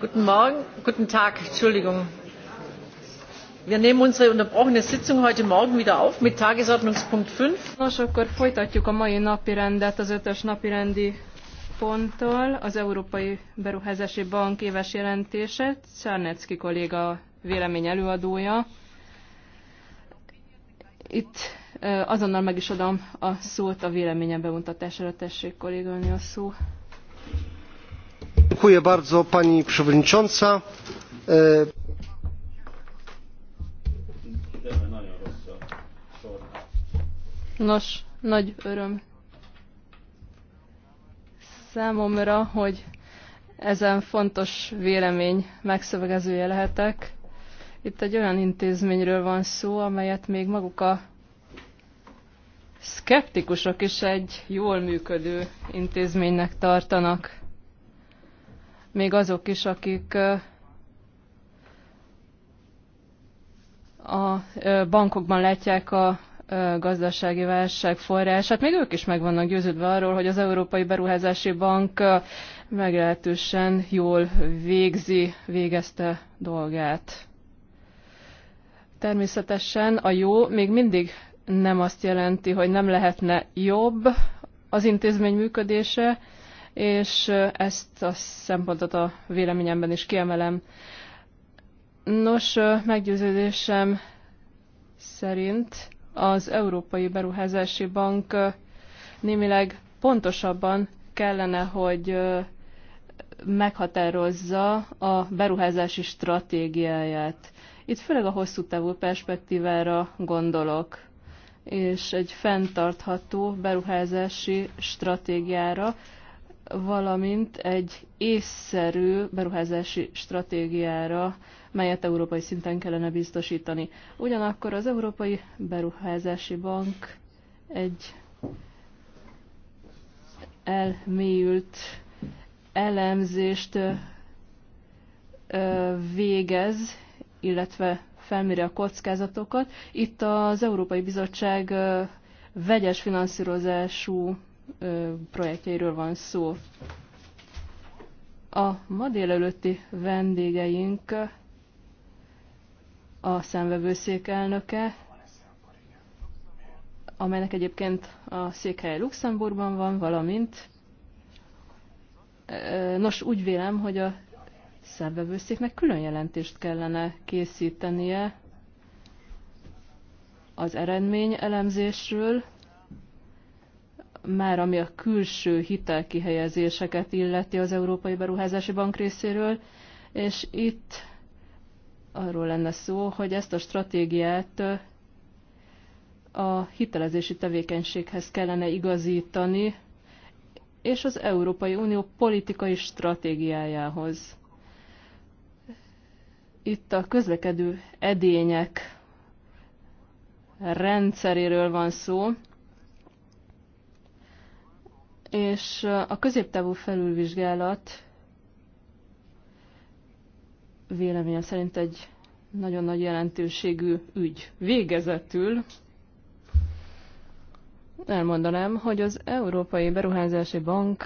Guten Morgen, guten Tag, Entschuldigung. Wir nehmen unsere unterbrochene Sitzung heute Morgen wieder auf mit Tagesordnungspunkt 5. Nos, akkor folytatjuk a mai napi rendet az ötös napi rendi ponttal, az Európai Beruházási Bank éves jelentése, Czarnecki kolléga vélemény előadója. Itt azonnal meg is adom a szót a véleményem bemutatására, tessék kolléganő a szó pani przewodnicząca. E, Nos, nagy öröm számomra, hogy ezen fontos vélemény megszövegezője lehetek. Itt egy olyan intézményről van szó, amelyet még maguk a szkeptikusok is egy jól működő intézménynek tartanak még azok is, akik a bankokban látják a gazdasági válság forrását. Még ők is meg vannak győződve arról, hogy az Európai Beruházási Bank meglehetősen jól végzi, végezte dolgát. Természetesen a jó még mindig nem azt jelenti, hogy nem lehetne jobb az intézmény működése, és ezt a szempontot a véleményemben is kiemelem. Nos, meggyőződésem szerint az Európai Beruházási Bank némileg pontosabban kellene, hogy meghatározza a beruházási stratégiáját. Itt főleg a hosszú távú perspektívára gondolok, és egy fenntartható beruházási stratégiára, valamint egy észszerű beruházási stratégiára, melyet európai szinten kellene biztosítani. Ugyanakkor az Európai Beruházási Bank egy elmélyült elemzést végez, illetve felméri a kockázatokat. Itt az Európai Bizottság vegyes finanszírozású projektjeiről van szó. A ma délelőtti vendégeink a szemvevőszék elnöke, amelynek egyébként a székhelye Luxemburgban van, valamint Nos, úgy vélem, hogy a szervevőszéknek külön jelentést kellene készítenie az eredmény elemzésről, már ami a külső hitelkihelyezéseket illeti az Európai Beruházási Bank részéről, és itt arról lenne szó, hogy ezt a stratégiát a hitelezési tevékenységhez kellene igazítani, és az Európai Unió politikai stratégiájához. Itt a közlekedő edények rendszeréről van szó, és a középtávú felülvizsgálat véleményem szerint egy nagyon nagy jelentőségű ügy. Végezetül elmondanám, hogy az Európai Beruházási Bank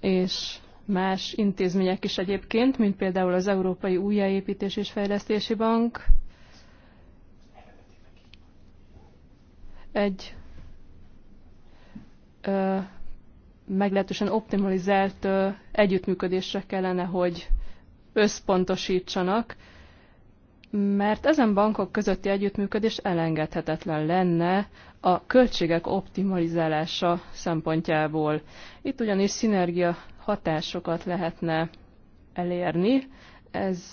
és más intézmények is egyébként, mint például az Európai Újjáépítés és Fejlesztési Bank. Egy ö, meglehetősen optimalizált ö, együttműködésre kellene, hogy összpontosítsanak, mert ezen bankok közötti együttműködés elengedhetetlen lenne a költségek optimalizálása szempontjából. Itt ugyanis szinergia hatásokat lehetne elérni, ez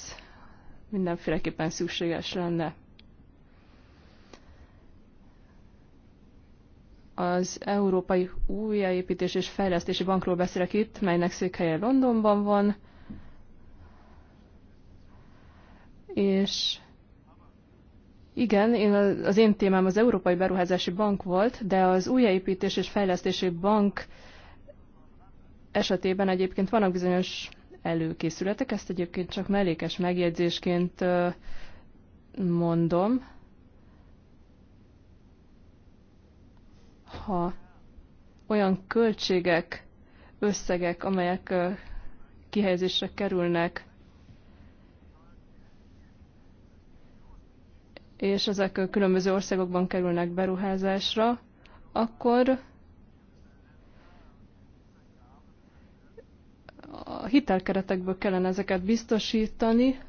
mindenféleképpen szükséges lenne. az Európai Újjáépítés és Fejlesztési Bankról beszélek itt, melynek székhelye Londonban van, és igen, én az én témám az Európai Beruházási Bank volt, de az Újjáépítés és Fejlesztési Bank esetében egyébként vannak bizonyos előkészületek, ezt egyébként csak mellékes megjegyzésként mondom. Ha olyan költségek, összegek, amelyek kihelyezésre kerülnek, és ezek különböző országokban kerülnek beruházásra, akkor a hitelkeretekből kellene ezeket biztosítani,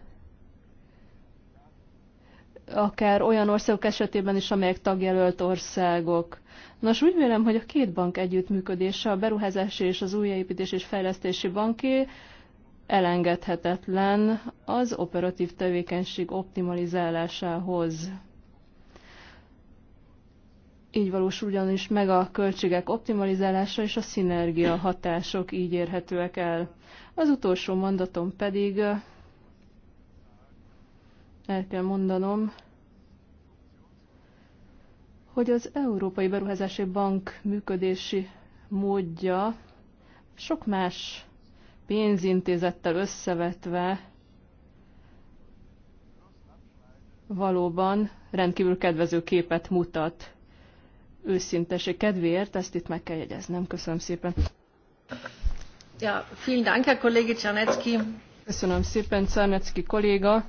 akár olyan országok esetében is, amelyek tagjelölt országok. Nos, úgy vélem, hogy a két bank együttműködése, a beruházási és az újjáépítés és fejlesztési banké elengedhetetlen az operatív tevékenység optimalizálásához. Így valósul ugyanis meg a költségek optimalizálása és a szinergia hatások így érhetőek el. Az utolsó mondatom pedig, el kell mondanom, hogy az Európai Beruházási Bank működési módja sok más pénzintézettel összevetve valóban rendkívül kedvező képet mutat. Őszinteség kedvéért ezt itt meg kell jegyeznem. Köszönöm szépen. Ja, vielen Dank, Herr Kollege Czarnecki. Köszönöm szépen, Czarnecki kolléga.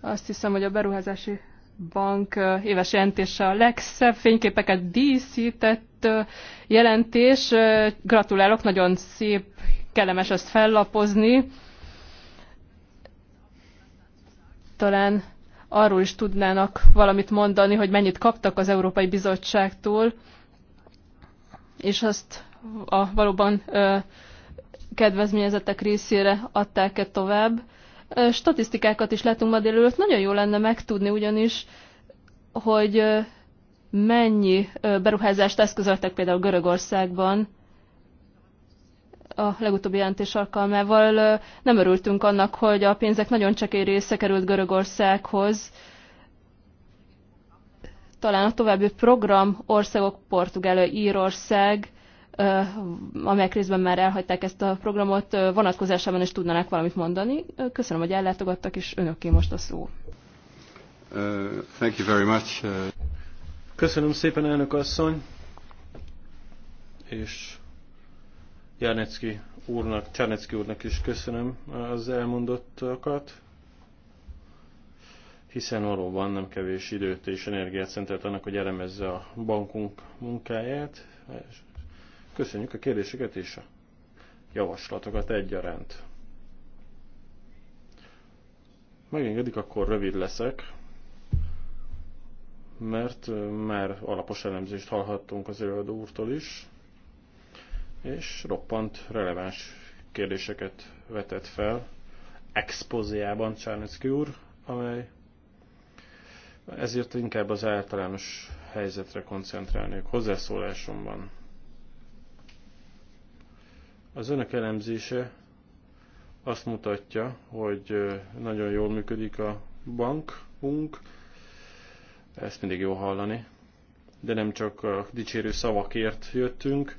Azt hiszem, hogy a beruházási Bank éves jelentése a legszebb fényképeket díszített jelentés. Gratulálok, nagyon szép, kellemes ezt fellapozni. Talán arról is tudnának valamit mondani, hogy mennyit kaptak az Európai Bizottságtól, és azt a valóban kedvezményezettek részére adták-e tovább. Statisztikákat is látunk ma délelőtt, nagyon jó lenne megtudni ugyanis, hogy mennyi beruházást eszközöltek például Görögországban, a legutóbbi jelentés alkalmával nem örültünk annak, hogy a pénzek nagyon csekély része került Görögországhoz. Talán a további program országok, Portugália, Írország amelyek részben már elhagyták ezt a programot, vonatkozásában is tudnának valamit mondani. Köszönöm, hogy ellátogattak, és önöké most a szó. thank you very much. Köszönöm szépen, elnök asszony, és Jánecki úrnak, Csánecki úrnak is köszönöm az elmondottakat, hiszen valóban nem kevés időt és energiát szentelt annak, hogy elemezze a bankunk munkáját, Köszönjük a kérdéseket és a javaslatokat egyaránt. Megengedik, akkor rövid leszek, mert már alapos elemzést hallhattunk az előadó úrtól is, és roppant releváns kérdéseket vetett fel expozéjában Csárnecki úr, amely ezért inkább az általános helyzetre koncentrálnék hozzászólásomban. Az önök elemzése azt mutatja, hogy nagyon jól működik a bankunk, ezt mindig jó hallani, de nem csak a dicsérő szavakért jöttünk,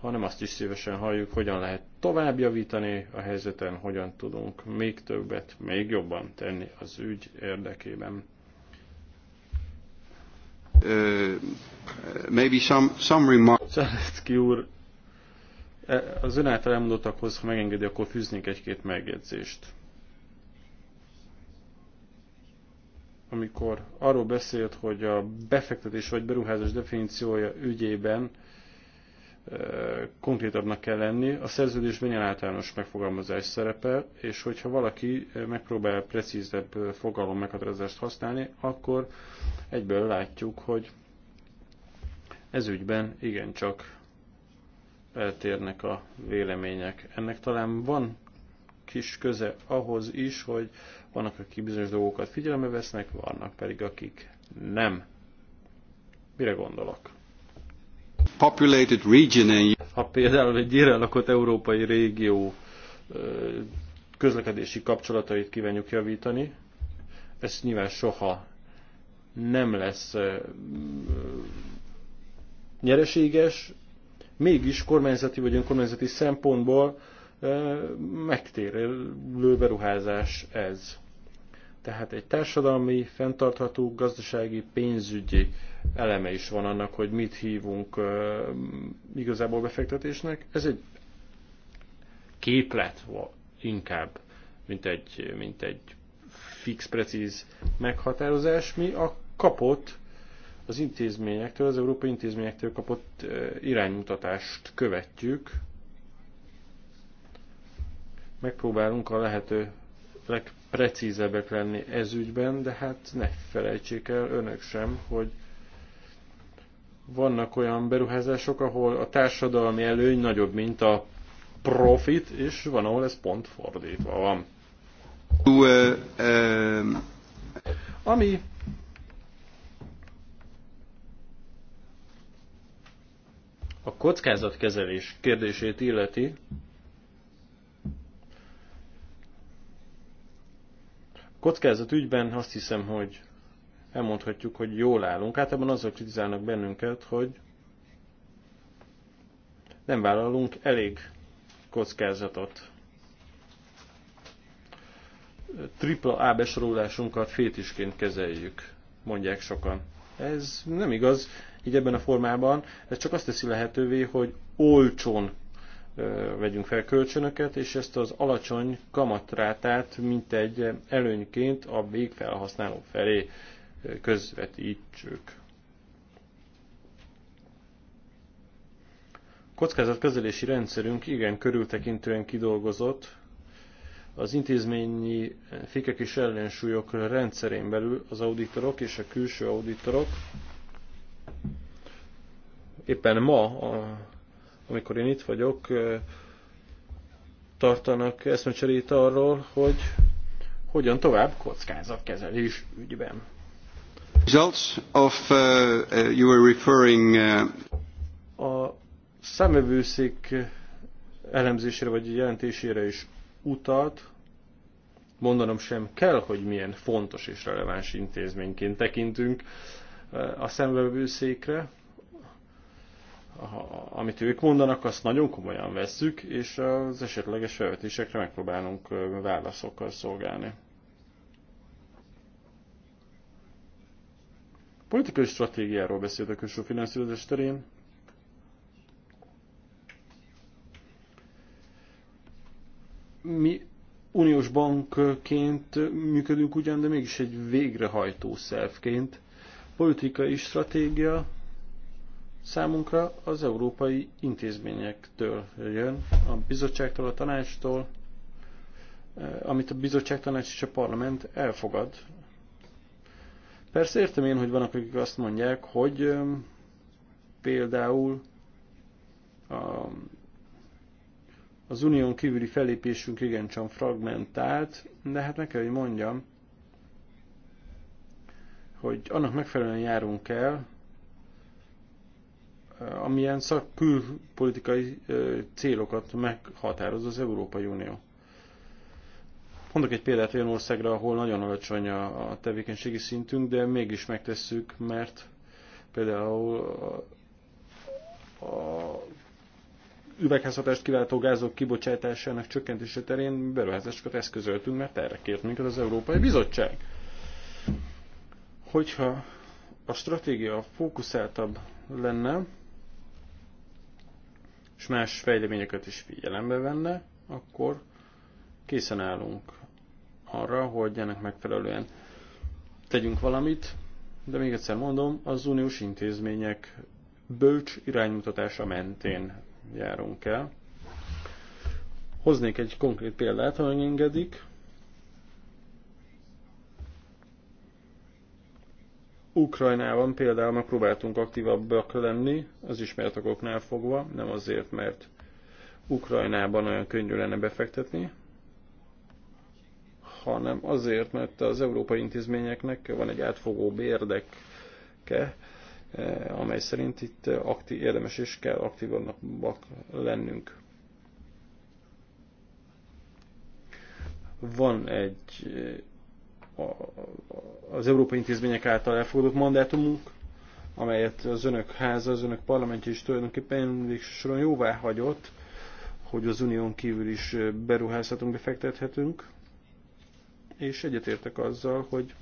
hanem azt is szívesen halljuk, hogyan lehet tovább javítani a helyzeten, hogyan tudunk még többet, még jobban tenni az ügy érdekében. Uh, maybe some, some remark... Szeretki úr E, az ön által elmondottakhoz, ha megengedi, akkor fűznék egy-két megjegyzést. Amikor arról beszélt, hogy a befektetés vagy beruházás definíciója ügyében e, konkrétabbnak kell lenni. A szerződésben ilyen általános megfogalmazás szerepel, és hogyha valaki e, megpróbál precízebb fogalom meghatározást használni, akkor egyből látjuk, hogy ez ügyben igencsak eltérnek a vélemények. Ennek talán van kis köze ahhoz is, hogy vannak, akik bizonyos dolgokat figyelembe vesznek, vannak pedig, akik nem. Mire gondolok? Populated region Ha például egy lakott európai régió közlekedési kapcsolatait kívánjuk javítani, ez nyilván soha nem lesz nyereséges, mégis kormányzati vagy önkormányzati szempontból megtérő beruházás ez. Tehát egy társadalmi, fenntartható, gazdasági, pénzügyi eleme is van annak, hogy mit hívunk igazából befektetésnek. Ez egy képlet inkább, mint egy, mint egy fix, precíz meghatározás. Mi a kapott az intézményektől, az európai intézményektől kapott iránymutatást követjük. Megpróbálunk a lehető legprecízebbek lenni ez ügyben, de hát ne felejtsék el önök sem, hogy vannak olyan beruházások, ahol a társadalmi előny nagyobb, mint a profit, és van, ahol ez pont fordítva van. Ami a kockázatkezelés kérdését illeti, kockázat ügyben azt hiszem, hogy elmondhatjuk, hogy jól állunk. Általában azzal kritizálnak bennünket, hogy nem vállalunk elég kockázatot. Tripla A besorolásunkat fétisként kezeljük, mondják sokan. Ez nem igaz így ebben a formában ez csak azt teszi lehetővé, hogy olcsón vegyünk fel kölcsönöket, és ezt az alacsony kamatrátát, mint egy előnyként a végfelhasználó felé közvetítsük. Kockázatkezelési rendszerünk igen körültekintően kidolgozott, az intézményi fékek és ellensúlyok rendszerén belül az auditorok és a külső auditorok éppen ma, amikor én itt vagyok, tartanak eszmecserét arról, hogy hogyan tovább kockázatkezelés ügyben. Results of uh, uh you were referring uh... a számövőszék elemzésére vagy jelentésére is utalt, mondanom sem kell, hogy milyen fontos és releváns intézményként tekintünk a számövőszékre, amit ők mondanak, azt nagyon komolyan vesszük, és az esetleges felvetésekre megpróbálunk válaszokkal szolgálni. Politikai stratégiáról beszélt a külső finanszírozás terén. Mi uniós bankként működünk ugyan, de mégis egy végrehajtó szervként. Politikai stratégia számunkra az európai intézményektől jön, a bizottságtól, a tanácstól, eh, amit a bizottság, tanács és a parlament elfogad. Persze értem én, hogy vannak, akik azt mondják, hogy eh, például a, az unión kívüli fellépésünk igencsak fragmentált, de hát meg kell, hogy mondjam, hogy annak megfelelően járunk el, amilyen szakkülpolitikai célokat meghatároz az Európai Unió. Mondok egy példát olyan országra, ahol nagyon alacsony a, a tevékenységi szintünk, de mégis megtesszük, mert például a, a üvegházhatást kiváltó gázok kibocsátásának csökkentése terén beruházásokat eszközöltünk, mert erre kért minket az Európai Bizottság. Hogyha a stratégia fókuszáltabb lenne, és más fejleményeket is figyelembe venne, akkor készen állunk arra, hogy ennek megfelelően tegyünk valamit, de még egyszer mondom, az uniós intézmények bölcs iránymutatása mentén járunk el. Hoznék egy konkrét példát, ha engedik. Ukrajnában például megpróbáltunk aktívabbak lenni, az ismert okoknál fogva, nem azért, mert Ukrajnában olyan könnyű lenne befektetni, hanem azért, mert az európai intézményeknek van egy átfogó érdeke, eh, amely szerint itt aktív, érdemes és kell aktívabbak lennünk. Van egy eh, az európai intézmények által elfogadott mandátumunk, amelyet az önök háza, az önök parlamentje is tulajdonképpen végsősoron jóvá hagyott, hogy az unión kívül is beruházhatunk, befektethetünk, és egyetértek azzal, hogy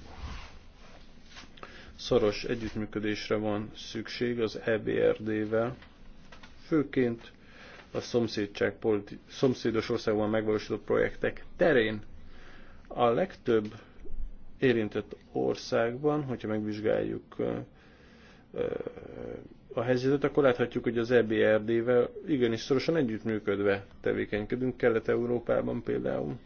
szoros együttműködésre van szükség az EBRD-vel, főként a szomszédság politi- szomszédos országban megvalósított projektek terén. A legtöbb érintett országban, hogyha megvizsgáljuk a helyzetet, akkor láthatjuk, hogy az EBRD-vel igenis szorosan együttműködve tevékenykedünk, Kelet-Európában például.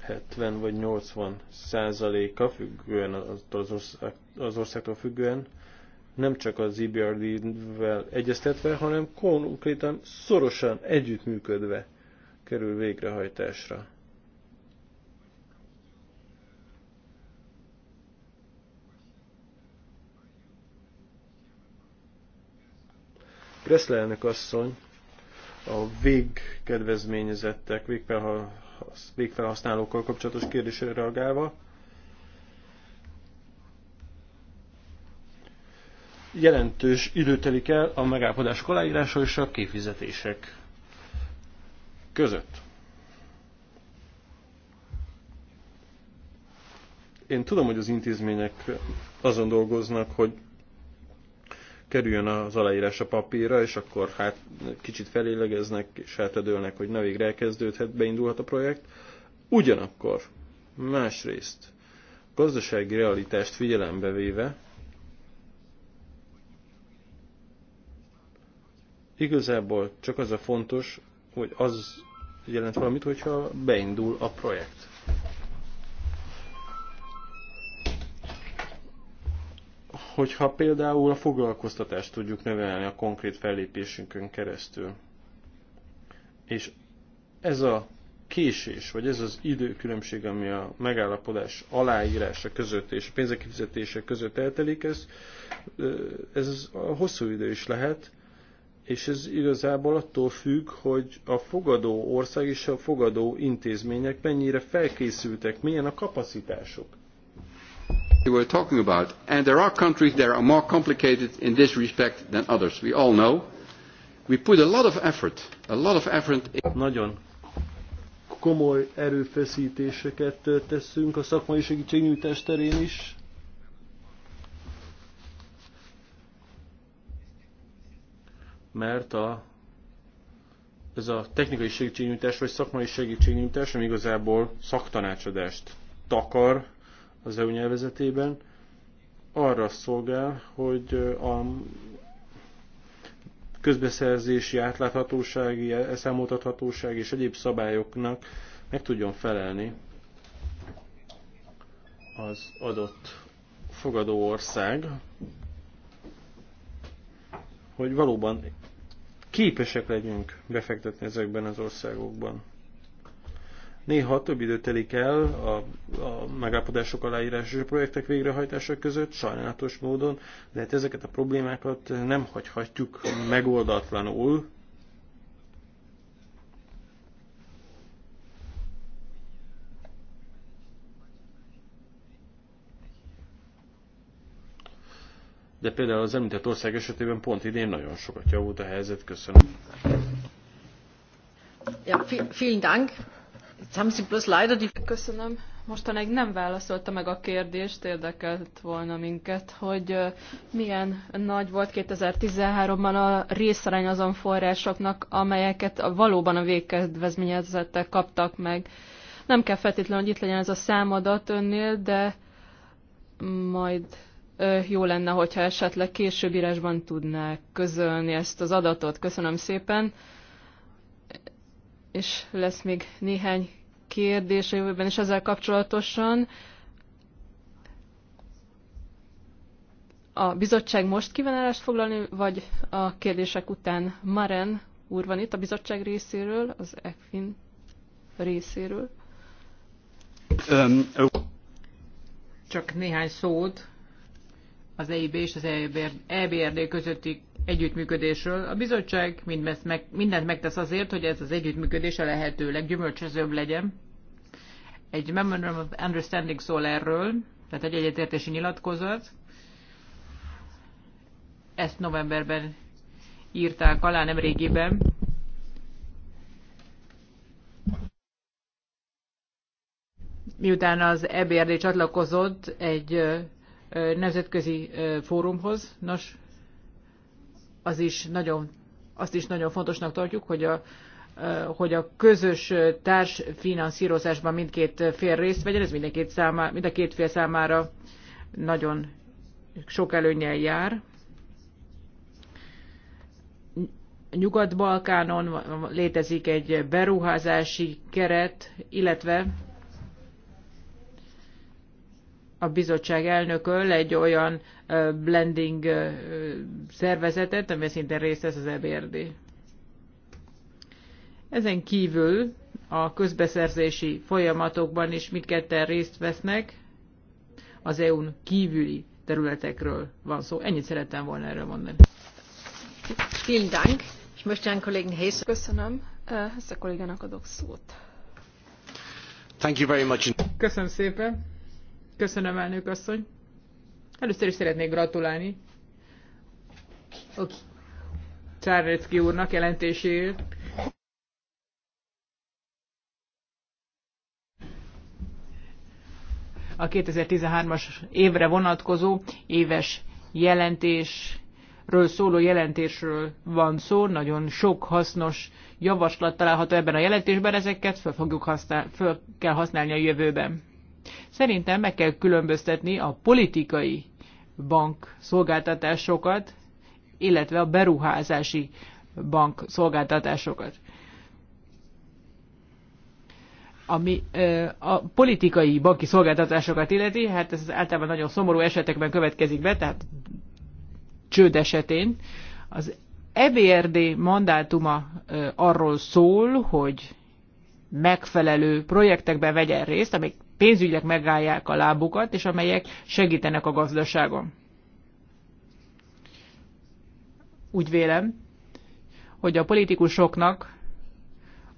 70 vagy 80 százaléka függően az, ország, az országtól függően nem csak az EBRD-vel egyeztetve, hanem konkrétan szorosan együttműködve kerül végrehajtásra. Kreszle elnök asszony a végkedvezményezettek, végfelhasználókkal kapcsolatos kérdésre reagálva. Jelentős idő telik el a megállapodások aláírása és a kifizetések között. Én tudom, hogy az intézmények azon dolgoznak, hogy kerüljön az aláírás a papírra, és akkor hát kicsit felélegeznek, és hátradőlnek, hogy na végre elkezdődhet, beindulhat a projekt. Ugyanakkor, másrészt, gazdasági realitást figyelembe véve, igazából csak az a fontos, hogy az jelent valamit, hogyha beindul a projekt. hogyha például a foglalkoztatást tudjuk növelni a konkrét fellépésünkön keresztül. És ez a késés, vagy ez az időkülönbség, ami a megállapodás aláírása között és a pénzek kifizetése között eltelik, ez, ez a hosszú idő is lehet, és ez igazából attól függ, hogy a fogadó ország és a fogadó intézmények mennyire felkészültek, milyen a kapacitásuk we were talking about. And there are countries that are more complicated in this respect than others. We all know. We put a lot of effort, a lot of effort. In Nagyon komoly erőfeszítéseket teszünk a szakmai segítségnyújtás terén is. Mert a, ez a technikai segítségnyújtás vagy szakmai segítségnyújtás, ami igazából szaktanácsadást takar, az EU nyelvezetében arra szolgál, hogy a közbeszerzési, átláthatósági, elszámoltathatóság és egyéb szabályoknak meg tudjon felelni az adott fogadó ország, hogy valóban képesek legyünk befektetni ezekben az országokban. Néha több idő telik el a, a megállapodások aláírás és a projektek végrehajtása között, sajnálatos módon, de hát ezeket a problémákat nem hagyhatjuk megoldatlanul. De például az említett ország esetében pont idén nagyon sokat javult a helyzet. Köszönöm. Ja, vielen Dank. Köszönöm. Mostanáig nem válaszolta meg a kérdést, érdekelt volna minket, hogy milyen nagy volt 2013-ban a részarány azon forrásoknak, amelyeket valóban a végkedvezményezettek kaptak meg. Nem kell feltétlenül, hogy itt legyen ez a számadat önnél, de majd jó lenne, hogyha esetleg később írásban tudnák közölni ezt az adatot. Köszönöm szépen és lesz még néhány kérdés a jövőben is ezzel kapcsolatosan. A bizottság most kíván foglalni, vagy a kérdések után Maren úr van itt a bizottság részéről, az ECFIN részéről? Csak néhány szót az EIB és az EBRD e közötti együttműködésről. A bizottság mindent megtesz azért, hogy ez az együttműködés a lehető leggyümölcsözőbb legyen. Egy Memorandum of Understanding szól erről, tehát egy egyetértési nyilatkozat. Ezt novemberben írták alá régiben. Miután az EBRD csatlakozott egy nemzetközi fórumhoz. Nos, az is nagyon, azt is nagyon fontosnak tartjuk, hogy a, hogy a közös társfinanszírozásban mindkét fél részt vegyen, ez mindenkét számára, mind a két fél számára nagyon sok előnyel jár. Nyugat-Balkánon létezik egy beruházási keret, illetve a bizottság elnököl egy olyan blending szervezetet, ami szintén részt vesz az EBRD. Ezen kívül a közbeszerzési folyamatokban is mindketten részt vesznek, az EU-n kívüli területekről van szó. Ennyit szerettem volna erről mondani. Vielen Dank. Ich möchte Herrn Kollegen Hayes. Köszönöm. kollégának adok szót. Thank you very much. Köszönöm szépen. Köszönöm, elnök asszony. Először is szeretnék gratulálni a Csárnecki úrnak jelentéséért. A 2013-as évre vonatkozó éves jelentésről szóló jelentésről van szó. Nagyon sok hasznos javaslat található ebben a jelentésben, ezeket fel, fogjuk használ, fel kell használni a jövőben. Szerintem meg kell különböztetni a politikai bank szolgáltatásokat, illetve a beruházási bank szolgáltatásokat. Ami a politikai banki szolgáltatásokat illeti, hát ez általában nagyon szomorú esetekben következik be, tehát csőd esetén. Az EBRD mandátuma arról szól, hogy megfelelő projektekben vegyen részt, amik pénzügyek megállják a lábukat, és amelyek segítenek a gazdaságon. Úgy vélem, hogy a politikusoknak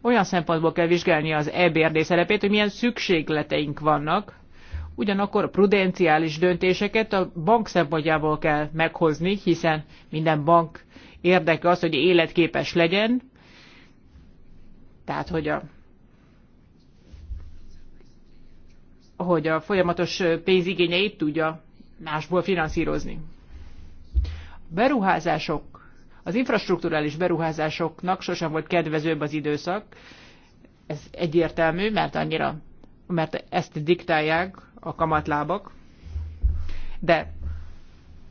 olyan szempontból kell vizsgálni az EBRD szerepét, hogy milyen szükségleteink vannak, ugyanakkor a prudenciális döntéseket a bank szempontjából kell meghozni, hiszen minden bank érdeke az, hogy életképes legyen, tehát hogy a hogy a folyamatos pénzigényeit tudja másból finanszírozni. Beruházások, az infrastruktúrális beruházásoknak sosem volt kedvezőbb az időszak, ez egyértelmű, mert annyira, mert ezt diktálják a kamatlábak, de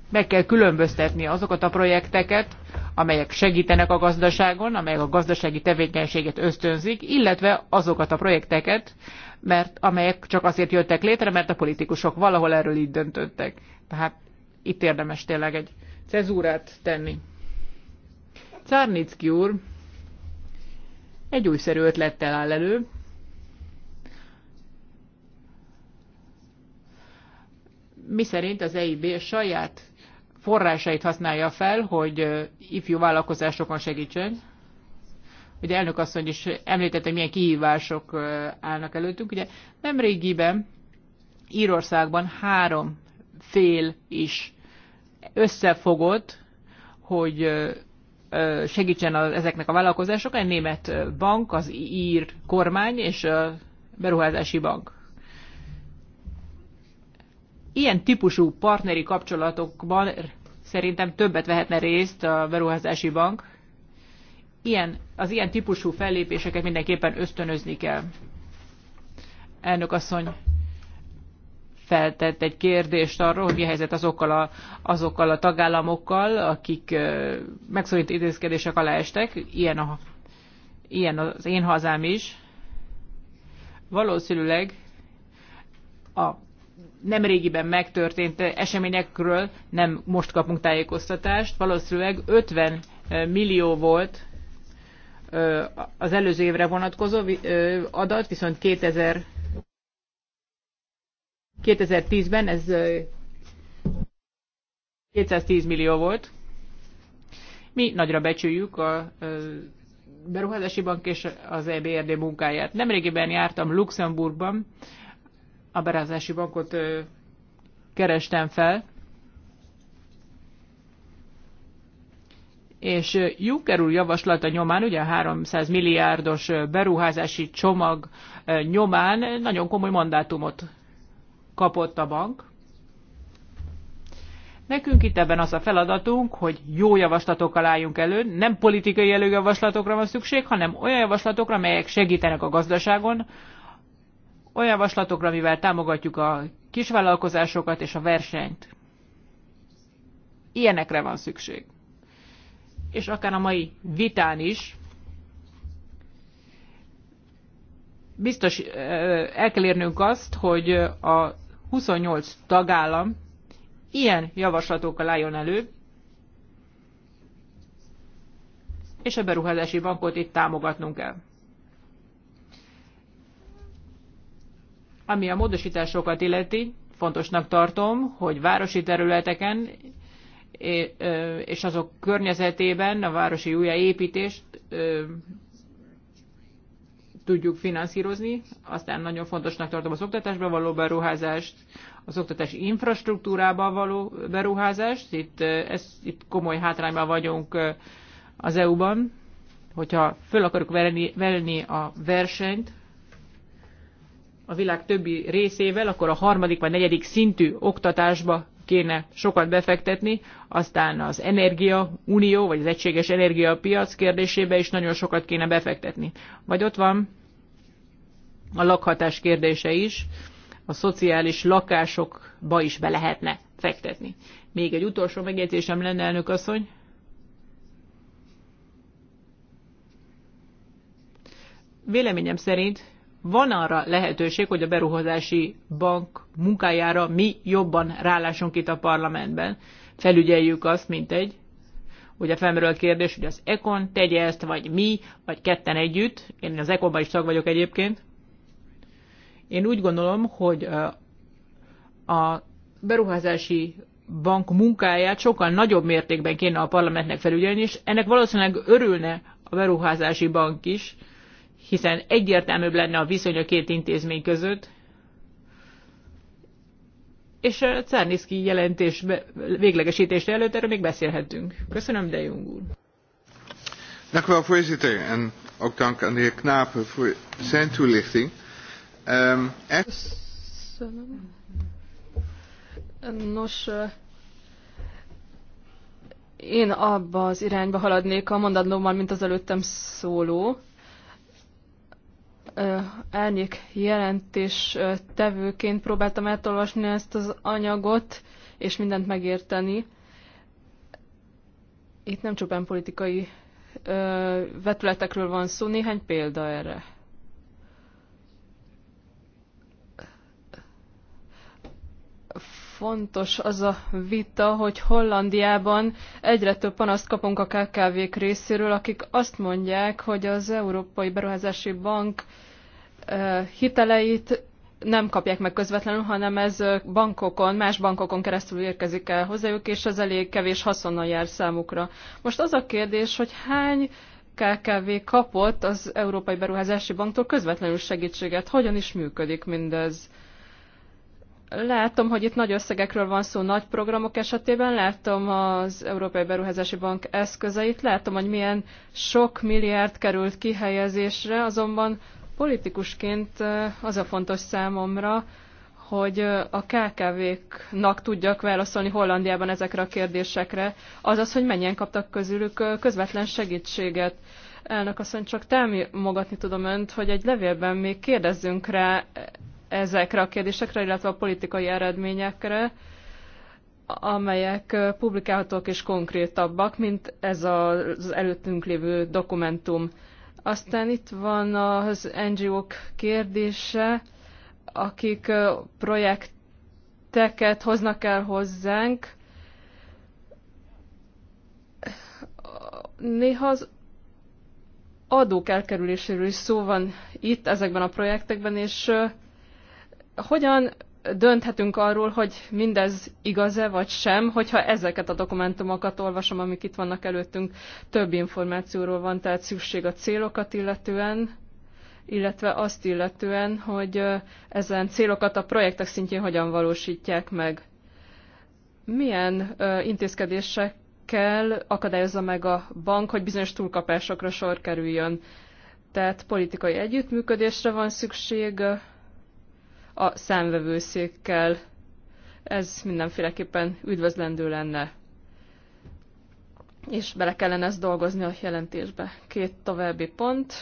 meg kell különböztetni azokat a projekteket, amelyek segítenek a gazdaságon, amelyek a gazdasági tevékenységet ösztönzik, illetve azokat a projekteket, mert amelyek csak azért jöttek létre, mert a politikusok valahol erről így döntöttek. Tehát itt érdemes tényleg egy cezúrát tenni. Czárnicki úr egy újszerű ötlettel áll elő, miszerint az EIB saját forrásait használja fel, hogy ifjú vállalkozásokon segítsen. Ugye elnök asszony is említette, milyen kihívások állnak előttünk. Ugye régiben Írországban három fél is összefogott, hogy segítsen az, ezeknek a vállalkozások, egy német bank, az ír kormány és a beruházási bank. Ilyen típusú partneri kapcsolatokban szerintem többet vehetne részt a beruházási bank. Ilyen, az ilyen típusú fellépéseket mindenképpen ösztönözni kell. Elnök asszony feltett egy kérdést arról, hogy mi a helyzet azokkal a, azokkal a tagállamokkal, akik megszorító intézkedések alá estek. Ilyen, a, ilyen az én hazám is. Valószínűleg a nem régiben megtörtént eseményekről nem most kapunk tájékoztatást. Valószínűleg 50 millió volt az előző évre vonatkozó adat, viszont 2000 2010-ben ez 210 millió volt. Mi nagyra becsüljük a beruházási bank és az EBRD munkáját. Nemrégiben jártam Luxemburgban, a berázási bankot kerestem fel, és Juncker úr javaslata nyomán, ugye a 300 milliárdos beruházási csomag nyomán nagyon komoly mandátumot kapott a bank. Nekünk itt ebben az a feladatunk, hogy jó javaslatokkal álljunk elő, nem politikai előjavaslatokra van szükség, hanem olyan javaslatokra, melyek segítenek a gazdaságon, olyan javaslatokra, amivel támogatjuk a kisvállalkozásokat és a versenyt. Ilyenekre van szükség. És akár a mai vitán is biztos el kell érnünk azt, hogy a 28 tagállam ilyen javaslatokkal álljon elő, és a beruházási bankot itt támogatnunk kell. Ami a módosításokat illeti, fontosnak tartom, hogy városi területeken és azok környezetében a városi újjáépítést tudjuk finanszírozni. Aztán nagyon fontosnak tartom az oktatásba való beruházást, az oktatási infrastruktúrába való beruházást. Itt, ez, itt komoly hátrányban vagyunk az EU-ban, hogyha föl akarjuk verni venni a versenyt, a világ többi részével, akkor a harmadik vagy negyedik szintű oktatásba kéne sokat befektetni, aztán az energia unió, vagy az egységes energiapiac kérdésébe is nagyon sokat kéne befektetni. Vagy ott van a lakhatás kérdése is, a szociális lakásokba is be lehetne fektetni. Még egy utolsó megjegyzésem lenne, elnök asszony. Véleményem szerint van arra lehetőség, hogy a beruházási bank munkájára mi jobban rálásunk itt a parlamentben. Felügyeljük azt, mint egy. Ugye felmerül a kérdés, hogy az Ekon tegye ezt, vagy mi, vagy ketten együtt. Én az Ekonban is tag vagyok egyébként. Én úgy gondolom, hogy a beruházási bank munkáját sokkal nagyobb mértékben kéne a parlamentnek felügyelni, és ennek valószínűleg örülne a beruházási bank is, hiszen egyértelműbb lenne a viszony a két intézmény között, és a Czerniszki jelentés véglegesítése előtt erről még beszélhetünk. Köszönöm, de jó úr. Dank En ook dank aan de heer Knapen voor zijn toelichting. Um, Köszönöm. Nos, eh, én abba az irányba haladnék a mondatlommal, mint az előttem szóló árnyék jelentés tevőként próbáltam átolvasni ezt az anyagot, és mindent megérteni. Itt nem csupán politikai ö, vetületekről van szó, néhány példa erre. fontos az a vita, hogy Hollandiában egyre több panaszt kapunk a KKV-k részéről, akik azt mondják, hogy az Európai Beruházási Bank hiteleit nem kapják meg közvetlenül, hanem ez bankokon, más bankokon keresztül érkezik el hozzájuk, és ez elég kevés haszonnal jár számukra. Most az a kérdés, hogy hány KKV kapott az Európai Beruházási Banktól közvetlenül segítséget? Hogyan is működik mindez? Látom, hogy itt nagy összegekről van szó nagy programok esetében, látom az Európai Beruházási Bank eszközeit, látom, hogy milyen sok milliárd került kihelyezésre, azonban Politikusként az a fontos számomra, hogy a KKV-knak tudjak válaszolni Hollandiában ezekre a kérdésekre, azaz, hogy mennyien kaptak közülük közvetlen segítséget. Elnök asszony, csak támogatni tudom önt, hogy egy levélben még kérdezzünk rá e, ezekre a kérdésekre, illetve a politikai eredményekre, amelyek publikálhatók és konkrétabbak, mint ez az előttünk lévő dokumentum. Aztán itt van az NGO-k kérdése, akik projekteket hoznak el hozzánk. Néha az adók elkerüléséről is szó van itt ezekben a projektekben, és hogyan dönthetünk arról, hogy mindez igaz-e vagy sem, hogyha ezeket a dokumentumokat olvasom, amik itt vannak előttünk. Több információról van tehát szükség a célokat illetően, illetve azt illetően, hogy ezen célokat a projektek szintjén hogyan valósítják meg. Milyen intézkedésekkel akadályozza meg a bank, hogy bizonyos túlkapásokra sor kerüljön? Tehát politikai együttműködésre van szükség, a számvevőszékkel. Ez mindenféleképpen üdvözlendő lenne. És bele kellene ezt dolgozni a jelentésbe. Két további pont.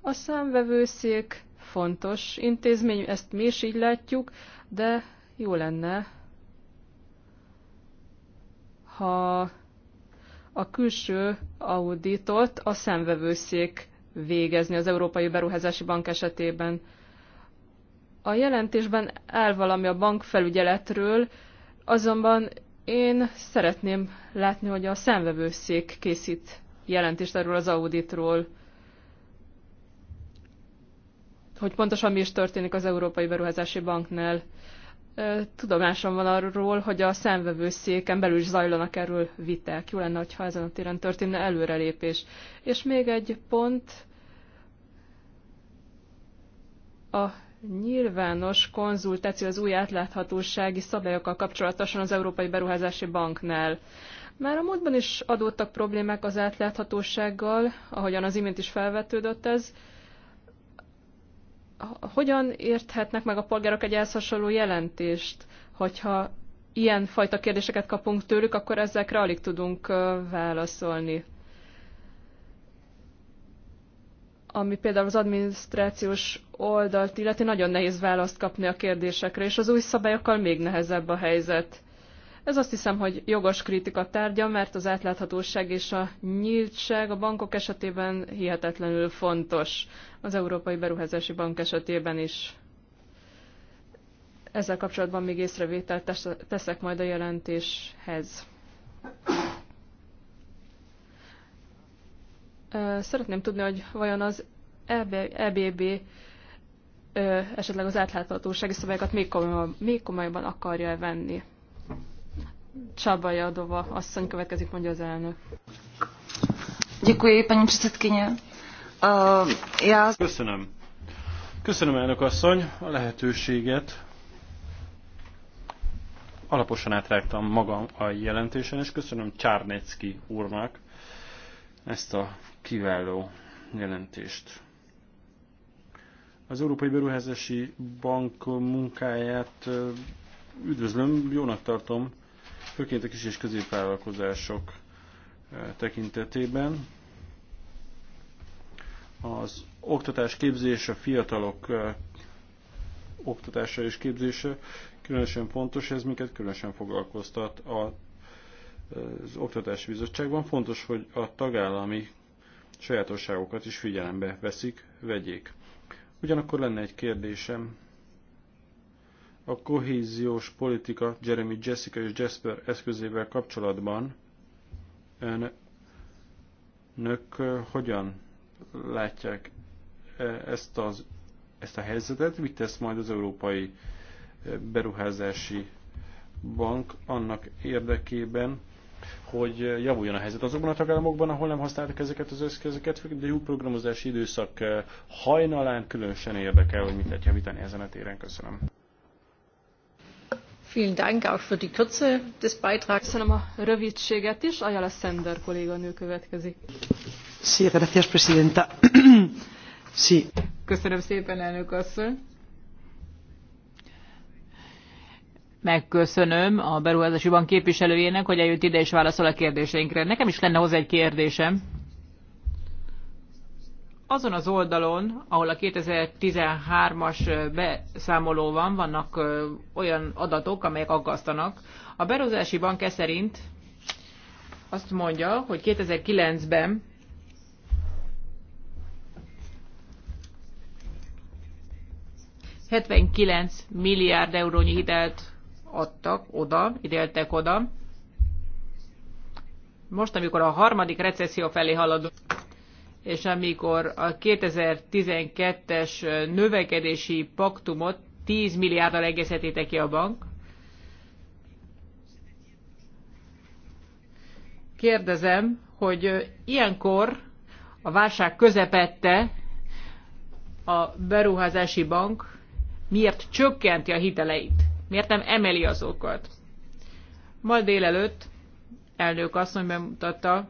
A számvevőszék fontos intézmény, ezt mi is így látjuk, de jó lenne, ha a külső auditot a szemvevőszék végezni az Európai Beruházási Bank esetében. A jelentésben áll valami a bankfelügyeletről, azonban én szeretném látni, hogy a számvevőszék készít jelentést erről az auditról, hogy pontosan mi is történik az Európai Beruházási Banknál. Tudomásom van arról, hogy a számvevőszéken belül is zajlanak erről viták. Jó lenne, ha ezen a téren történne előrelépés. És még egy pont, a nyilvános konzultáció az új átláthatósági szabályokkal kapcsolatosan az Európai Beruházási Banknál. Már a múltban is adódtak problémák az átláthatósággal, ahogyan az imént is felvetődött ez. Hogyan érthetnek meg a polgárok egy elszasoló jelentést, hogyha ilyen fajta kérdéseket kapunk tőlük, akkor ezekre alig tudunk válaszolni. ami például az adminisztrációs oldalt illeti, nagyon nehéz választ kapni a kérdésekre, és az új szabályokkal még nehezebb a helyzet. Ez azt hiszem, hogy jogos kritika tárgya, mert az átláthatóság és a nyíltság a bankok esetében hihetetlenül fontos. Az Európai Beruházási Bank esetében is. Ezzel kapcsolatban még észrevételt teszek majd a jelentéshez. Szeretném tudni, hogy vajon az EBB e esetleg az átláthatósági szabályokat még, komolyabban, még komolyabban akarja venni. Csaba Jadova asszony következik, mondja az elnök. Uh, já... Köszönöm. Köszönöm, elnök asszony, a lehetőséget. Alaposan átrágtam magam a jelentésen, és köszönöm Csárnecki úrnak ezt a kiváló jelentést. Az Európai Beruházási Bank munkáját üdvözlöm, jónak tartom, főként a kis és középvállalkozások tekintetében. Az oktatás képzése, fiatalok oktatása és képzése különösen fontos, ez minket különösen foglalkoztat a, az Oktatási Bizottságban. Fontos, hogy a tagállami sajátosságokat is figyelembe veszik, vegyék. Ugyanakkor lenne egy kérdésem. A kohéziós politika Jeremy Jessica és Jasper eszközével kapcsolatban önök hogyan látják ezt, az, ezt a helyzetet? Mit tesz majd az Európai Beruházási Bank annak érdekében, hogy javuljon a helyzet azokban a tagállamokban, ahol nem használtak ezeket az eszközöket, de jó programozási időszak eh, hajnalán különösen érdekel, hogy mit lehet javítani ezen a téren. Köszönöm. Vielen Dank auch für die Kürze des Beitrags. Köszönöm a rövidséget is. Ajala Sender kolléganő következik. Sí, gracias, presidenta. sí. Köszönöm szépen, elnök asszony. megköszönöm a Beruházási Bank képviselőjének, hogy eljött ide és válaszol a kérdéseinkre. Nekem is lenne hozzá egy kérdésem. Azon az oldalon, ahol a 2013-as beszámoló van, vannak olyan adatok, amelyek aggasztanak. A Beruházási Bank e szerint azt mondja, hogy 2009-ben ...79 milliárd eurónyi hitelt adtak oda, idéltek oda. Most, amikor a harmadik recesszió felé haladunk, és amikor a 2012-es növekedési paktumot 10 milliárdal egészítette ki a bank, kérdezem, hogy ilyenkor a válság közepette a beruházási bank miért csökkenti a hiteleit miért nem emeli azokat. Ma délelőtt elnök asszony bemutatta,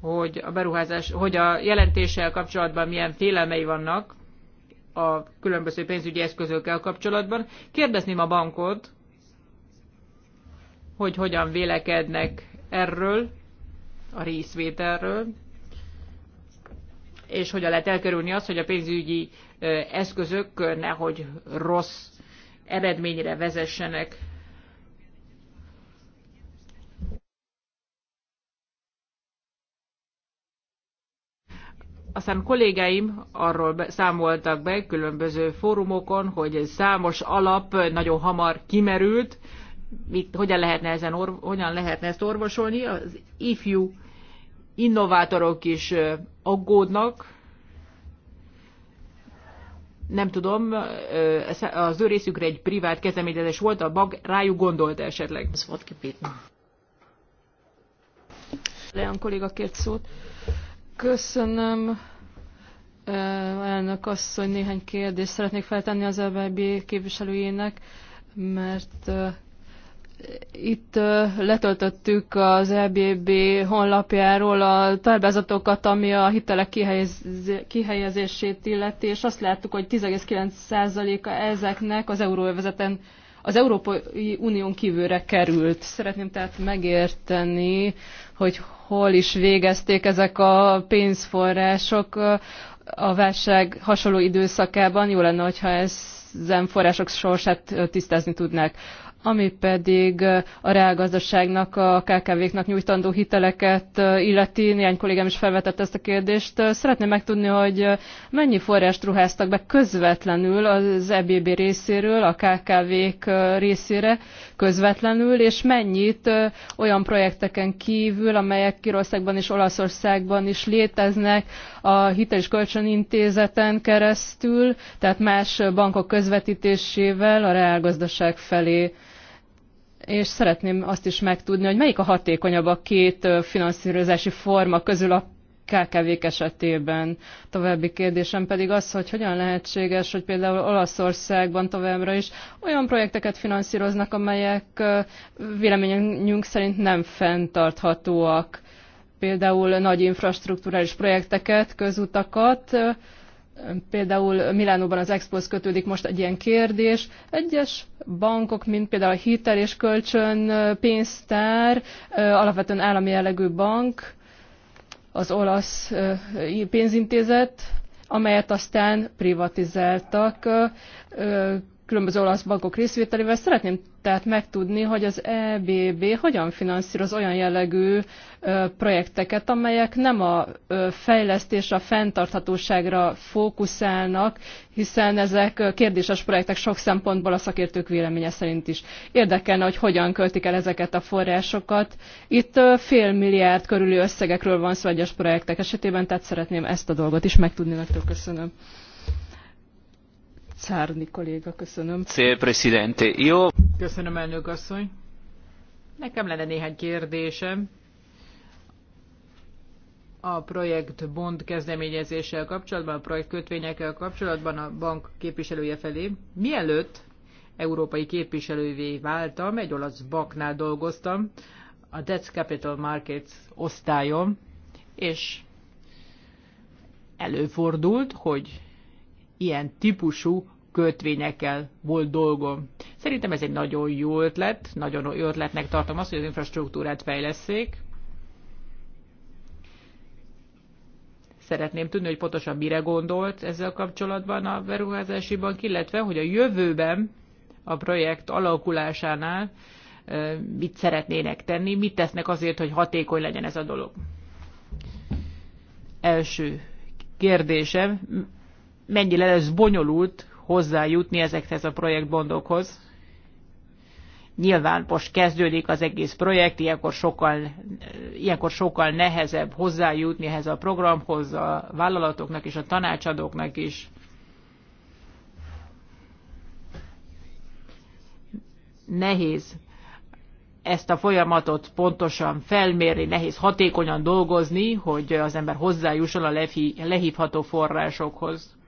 hogy a beruházás, hogy a jelentéssel kapcsolatban milyen félelmei vannak a különböző pénzügyi eszközökkel kapcsolatban. Kérdezném a bankot, hogy hogyan vélekednek erről, a részvételről, és hogyan lehet elkerülni azt, hogy a pénzügyi eszközök nehogy rossz eredményre vezessenek. Aztán kollégáim arról számoltak be különböző fórumokon, hogy számos alap nagyon hamar kimerült, mit, hogyan, lehetne ezen orv, hogyan lehetne ezt orvosolni. Az ifjú innovátorok is aggódnak, nem tudom, az ő részükre egy privát kezdeményezés volt, a bag rájuk gondolt esetleg. Ez volt kipítva. Leon kolléga kért szót. Köszönöm. Elnök asszony, néhány kérdést szeretnék feltenni az LBB képviselőjének, mert itt letöltöttük az EBB honlapjáról a táblázatokat, ami a hitelek kihelyez, kihelyezését illeti, és azt láttuk, hogy 10,9%-a ezeknek az euróövezeten az Európai Unión kívülre került. Szeretném tehát megérteni, hogy hol is végezték ezek a pénzforrások a válság hasonló időszakában. Jó lenne, hogyha ezen források sorsát tisztázni tudnák ami pedig a reálgazdaságnak, a KKV-knak nyújtandó hiteleket illeti. Néhány kollégám is felvetett ezt a kérdést. Szeretném megtudni, hogy mennyi forrást ruháztak be közvetlenül az EBB részéről, a KKV-k részére közvetlenül, és mennyit olyan projekteken kívül, amelyek Kirországban és Olaszországban is léteznek, a hitel és kölcsönintézeten keresztül, tehát más bankok közvetítésével a reálgazdaság felé és szeretném azt is megtudni, hogy melyik a hatékonyabb a két finanszírozási forma közül a KKV-k esetében. További kérdésem pedig az, hogy hogyan lehetséges, hogy például Olaszországban továbbra is olyan projekteket finanszíroznak, amelyek véleményünk szerint nem fenntarthatóak. Például nagy infrastruktúrális projekteket, közutakat, Például Milánóban az Expo kötődik most egy ilyen kérdés. Egyes bankok, mint például a hitel és kölcsön pénztár, alapvetően állami jellegű bank, az olasz pénzintézet, amelyet aztán privatizáltak különböző olasz bankok részvételével. Szeretném tehát megtudni, hogy az EBB hogyan finanszíroz olyan jellegű projekteket, amelyek nem a fejlesztés a fenntarthatóságra fókuszálnak, hiszen ezek kérdéses projektek sok szempontból a szakértők véleménye szerint is. Érdekelne, hogy hogyan költik el ezeket a forrásokat. Itt fél milliárd körüli összegekről van szó egyes projektek esetében, tehát szeretném ezt a dolgot is megtudni. Nagyon köszönöm. Czárni kolléga, köszönöm. Cél, presidente. Jó. Köszönöm, elnök asszony. Nekem lenne néhány kérdésem a projekt bond kezdeményezéssel kapcsolatban, a projekt kötvényekkel kapcsolatban a bank képviselője felé. Mielőtt európai képviselővé váltam, egy olasz banknál dolgoztam, a Debt Capital Markets osztályon, és előfordult, hogy ilyen típusú kötvényekkel volt dolgom. Szerintem ez egy nagyon jó ötlet, nagyon jó ötletnek tartom azt, hogy az infrastruktúrát fejleszék. Szeretném tudni, hogy pontosan mire gondolt ezzel kapcsolatban a beruházási bank, illetve hogy a jövőben a projekt alakulásánál mit szeretnének tenni, mit tesznek azért, hogy hatékony legyen ez a dolog. Első kérdésem, mennyire lesz bonyolult hozzájutni ezekhez a projektbondokhoz. Nyilván most kezdődik az egész projekt, ilyenkor sokkal, ilyenkor sokkal nehezebb hozzájutni ehhez a programhoz a vállalatoknak és a tanácsadóknak is. Nehéz ezt a folyamatot pontosan felmérni, nehéz hatékonyan dolgozni, hogy az ember hozzájusson a lehívható forrásokhoz.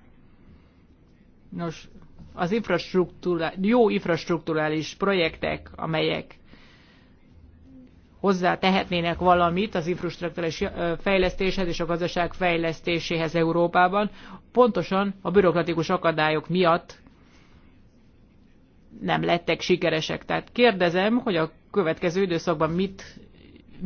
Nos, az infrastruktúra, jó infrastruktúrális projektek, amelyek hozzá tehetnének valamit az infrastruktúrális fejlesztéshez és a gazdaság fejlesztéséhez Európában, pontosan a bürokratikus akadályok miatt nem lettek sikeresek. Tehát kérdezem, hogy a következő időszakban mit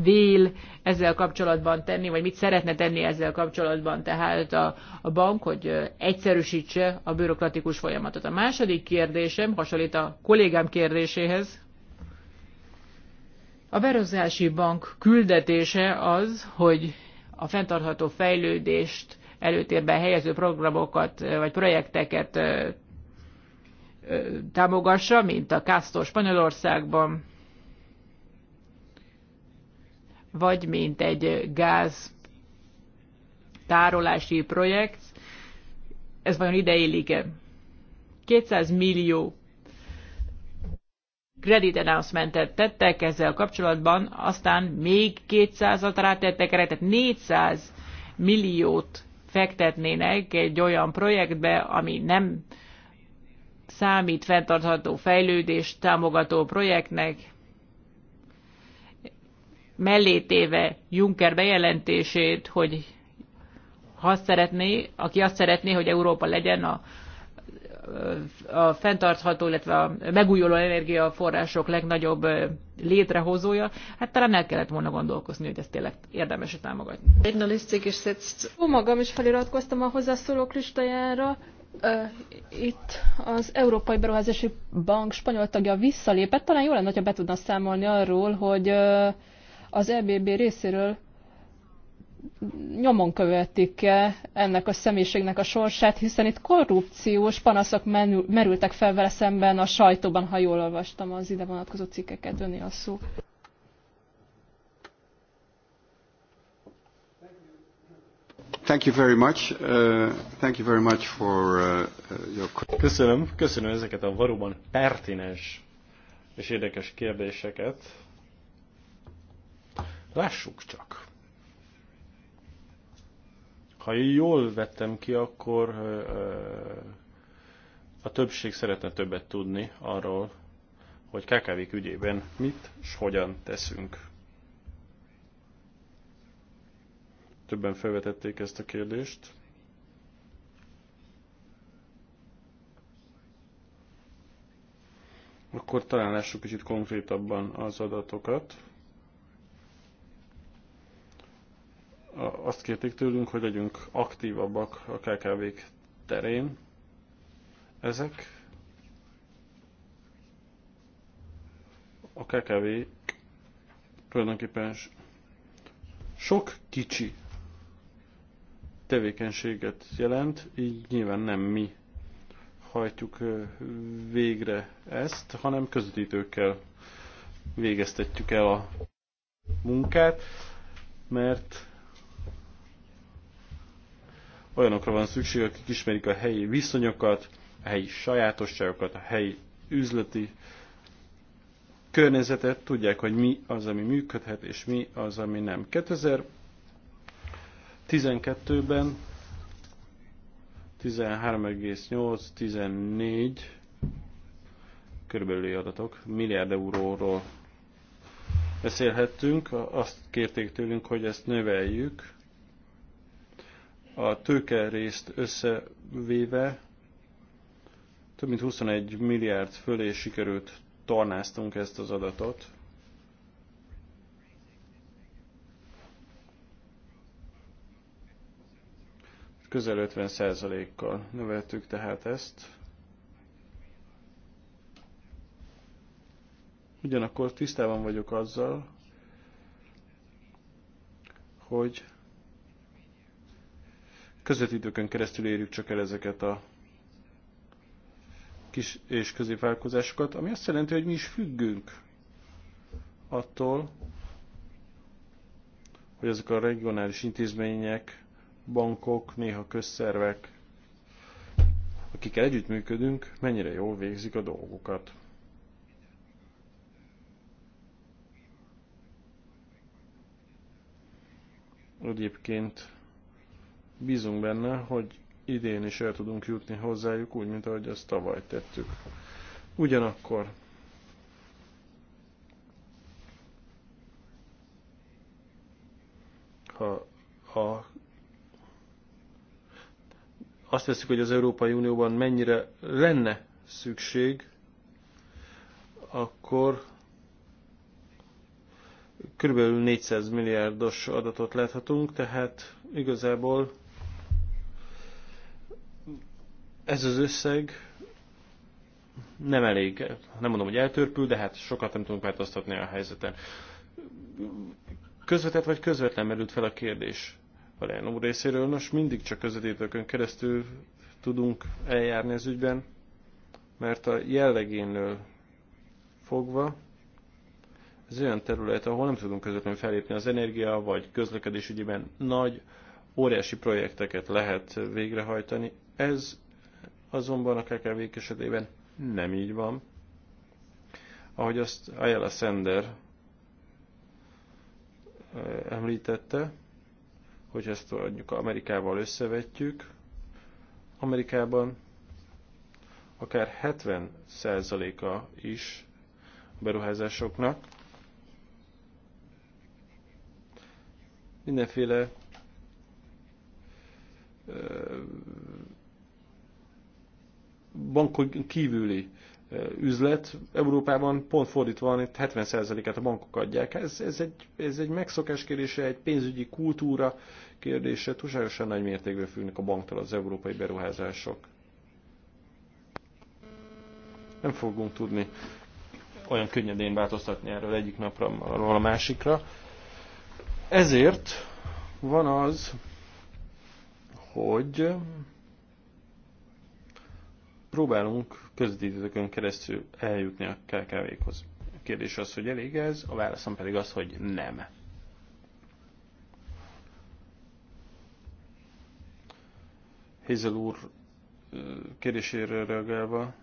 vél ezzel kapcsolatban tenni, vagy mit szeretne tenni ezzel kapcsolatban tehát a, a bank, hogy egyszerűsítse a bürokratikus folyamatot. A második kérdésem hasonlít a kollégám kérdéséhez. A Verozási bank küldetése az, hogy a fenntartható fejlődést előtérben helyező programokat vagy projekteket támogassa, mint a Castor Spanyolországban, vagy mint egy gáz tárolási projekt. Ez vajon ideillik-e? 200 millió credit announcementet tettek ezzel kapcsolatban, aztán még 200-at rátettek erre, tehát 400 milliót fektetnének egy olyan projektbe, ami nem számít fenntartható fejlődés támogató projektnek mellétéve Juncker bejelentését, hogy ha azt szeretné, aki azt szeretné, hogy Európa legyen a, a fenntartható, illetve a megújuló energiaforrások legnagyobb létrehozója, hát talán el kellett volna gondolkozni, hogy ezt tényleg érdemes -e támogatni. Jó magam is feliratkoztam a hozzászólók listájára. Itt az Európai Beruházási Bank spanyol tagja visszalépett, talán jó lenne, ha be tudna számolni arról, hogy az EBB részéről nyomon követik-e ennek a személyiségnek a sorsát, hiszen itt korrupciós panaszok merültek fel vele szemben a sajtóban, ha jól olvastam az ide vonatkozó cikkeket, öné a szó. Thank you very much. Uh, thank you very much for uh, your... Köszönöm, köszönöm ezeket a valóban pertinens és érdekes kérdéseket Lássuk csak. Ha jól vettem ki, akkor a többség szeretne többet tudni arról, hogy kkv ügyében mit és hogyan teszünk. Többen felvetették ezt a kérdést. Akkor talán lássuk kicsit konkrétabban az adatokat. azt kérték tőlünk, hogy legyünk aktívabbak a kkv terén. Ezek a KKV tulajdonképpen sok kicsi tevékenységet jelent, így nyilván nem mi hajtjuk végre ezt, hanem közvetítőkkel végeztetjük el a munkát, mert Olyanokra van szükség, akik ismerik a helyi viszonyokat, a helyi sajátosságokat, a helyi üzleti környezetet, tudják, hogy mi az, ami működhet, és mi az, ami nem. 2012-ben 13,8-14 körülbelüli adatok, milliárd euróról beszélhettünk, azt kérték tőlünk, hogy ezt növeljük a tőke részt összevéve több mint 21 milliárd fölé sikerült tornáztunk ezt az adatot. Közel 50%-kal növeltük tehát ezt. Ugyanakkor tisztában vagyok azzal, hogy közvetítőkön keresztül érjük csak el ezeket a kis és középvállalkozásokat, ami azt jelenti, hogy mi is függünk attól, hogy ezek a regionális intézmények, bankok, néha közszervek, akikkel együttműködünk, mennyire jól végzik a dolgukat. Egyébként Bízunk benne, hogy idén is el tudunk jutni hozzájuk, úgy, mint ahogy ezt tavaly tettük. Ugyanakkor ha, ha azt veszük, hogy az Európai Unióban mennyire lenne szükség, akkor körülbelül 400 milliárdos adatot láthatunk, tehát igazából ez az összeg nem elég, nem mondom, hogy eltörpül, de hát sokat nem tudunk változtatni a helyzeten. Közvetett vagy közvetlen merült fel a kérdés Valerian úr részéről. Nos, mindig csak közvetítőkön keresztül tudunk eljárni az ügyben, mert a jellegénől fogva ez olyan terület, ahol nem tudunk közvetlenül felépni az energia vagy közlekedés ügyében nagy, óriási projekteket lehet végrehajtani. Ez azonban a kkv esetében nem így van. Ahogy azt Ayala Sender eh, említette, hogy ezt mondjuk Amerikával összevetjük, Amerikában akár 70%-a is beruházásoknak mindenféle eh, bankok kívüli e, üzlet. Európában pont fordítva van, itt 70%-át a bankok adják. Ez, ez, egy, ez egy megszokás kérdése, egy pénzügyi kultúra kérdése. Túlságosan nagy mértékben függnek a banktól az európai beruházások. Nem fogunk tudni olyan könnyedén változtatni erről egyik napra, arról a másikra. Ezért van az, hogy Próbálunk közvetítőkön keresztül eljutni a kkv hoz A kérdés az, hogy elég ez, a válaszom pedig az, hogy nem. Hézel úr kérdésére reagálva,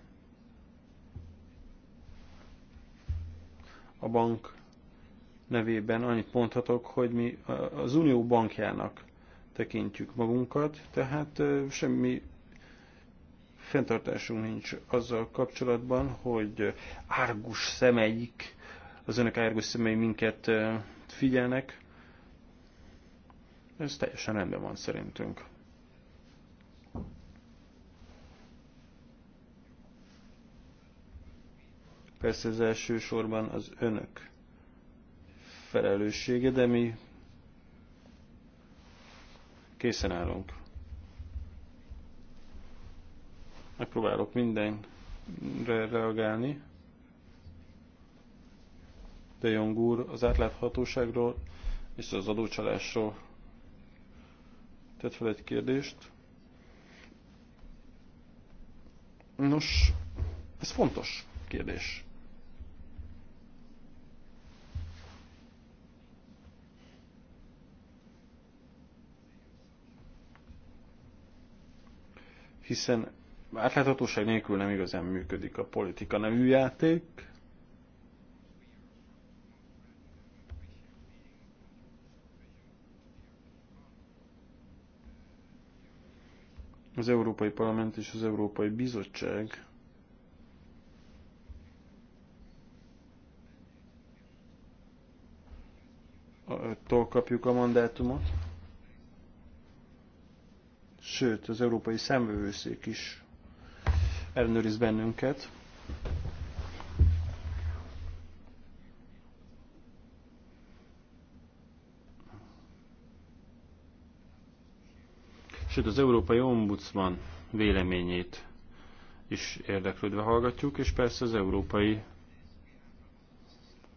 a bank nevében annyit mondhatok, hogy mi az Unió bankjának tekintjük magunkat, tehát semmi fenntartásunk nincs azzal kapcsolatban, hogy árgus szemeik, az önök árgus szemei minket figyelnek. Ez teljesen rendben van szerintünk. Persze ez elsősorban az önök felelőssége, de mi készen állunk. Megpróbálok mindenre reagálni. De Jong úr az átláthatóságról és az adócsalásról tett fel egy kérdést. Nos, ez fontos kérdés. hiszen átláthatóság nélkül nem igazán működik a politika nevű játék. Az Európai Parlament és az Európai Bizottság tól kapjuk a mandátumot. Sőt, az Európai Szemvőszék is ellenőriz bennünket. Sőt, az Európai Ombudsman véleményét is érdeklődve hallgatjuk, és persze az Európai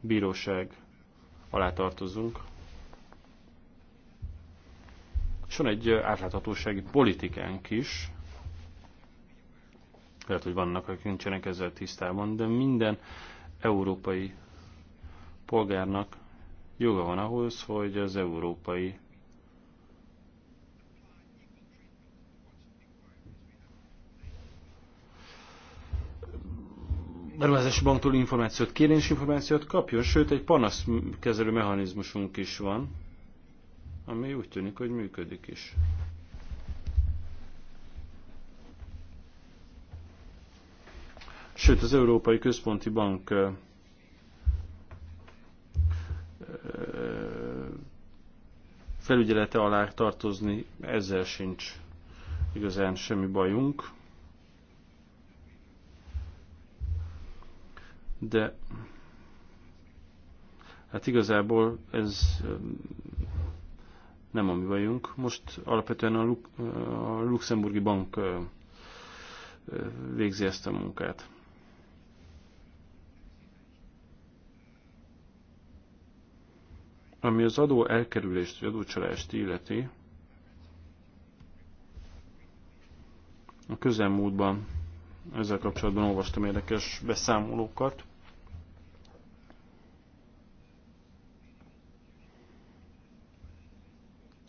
Bíróság alá tartozunk. És van egy átláthatósági politikánk is, lehet, hogy vannak, akik nincsenek ezzel tisztában, de minden európai polgárnak joga van ahhoz, hogy az európai beruházási banktól információt kérdés információt kapjon, sőt egy panaszkezelő mechanizmusunk is van, ami úgy tűnik, hogy működik is. Sőt, az Európai Központi Bank felügyelete alá tartozni, ezzel sincs igazán semmi bajunk. De hát igazából ez nem a mi bajunk. Most alapvetően a, a luxemburgi bank végzi ezt a munkát. Ami az adó elkerülést vagy adócsalást illeti, a közelmúltban ezzel kapcsolatban olvastam érdekes beszámolókat.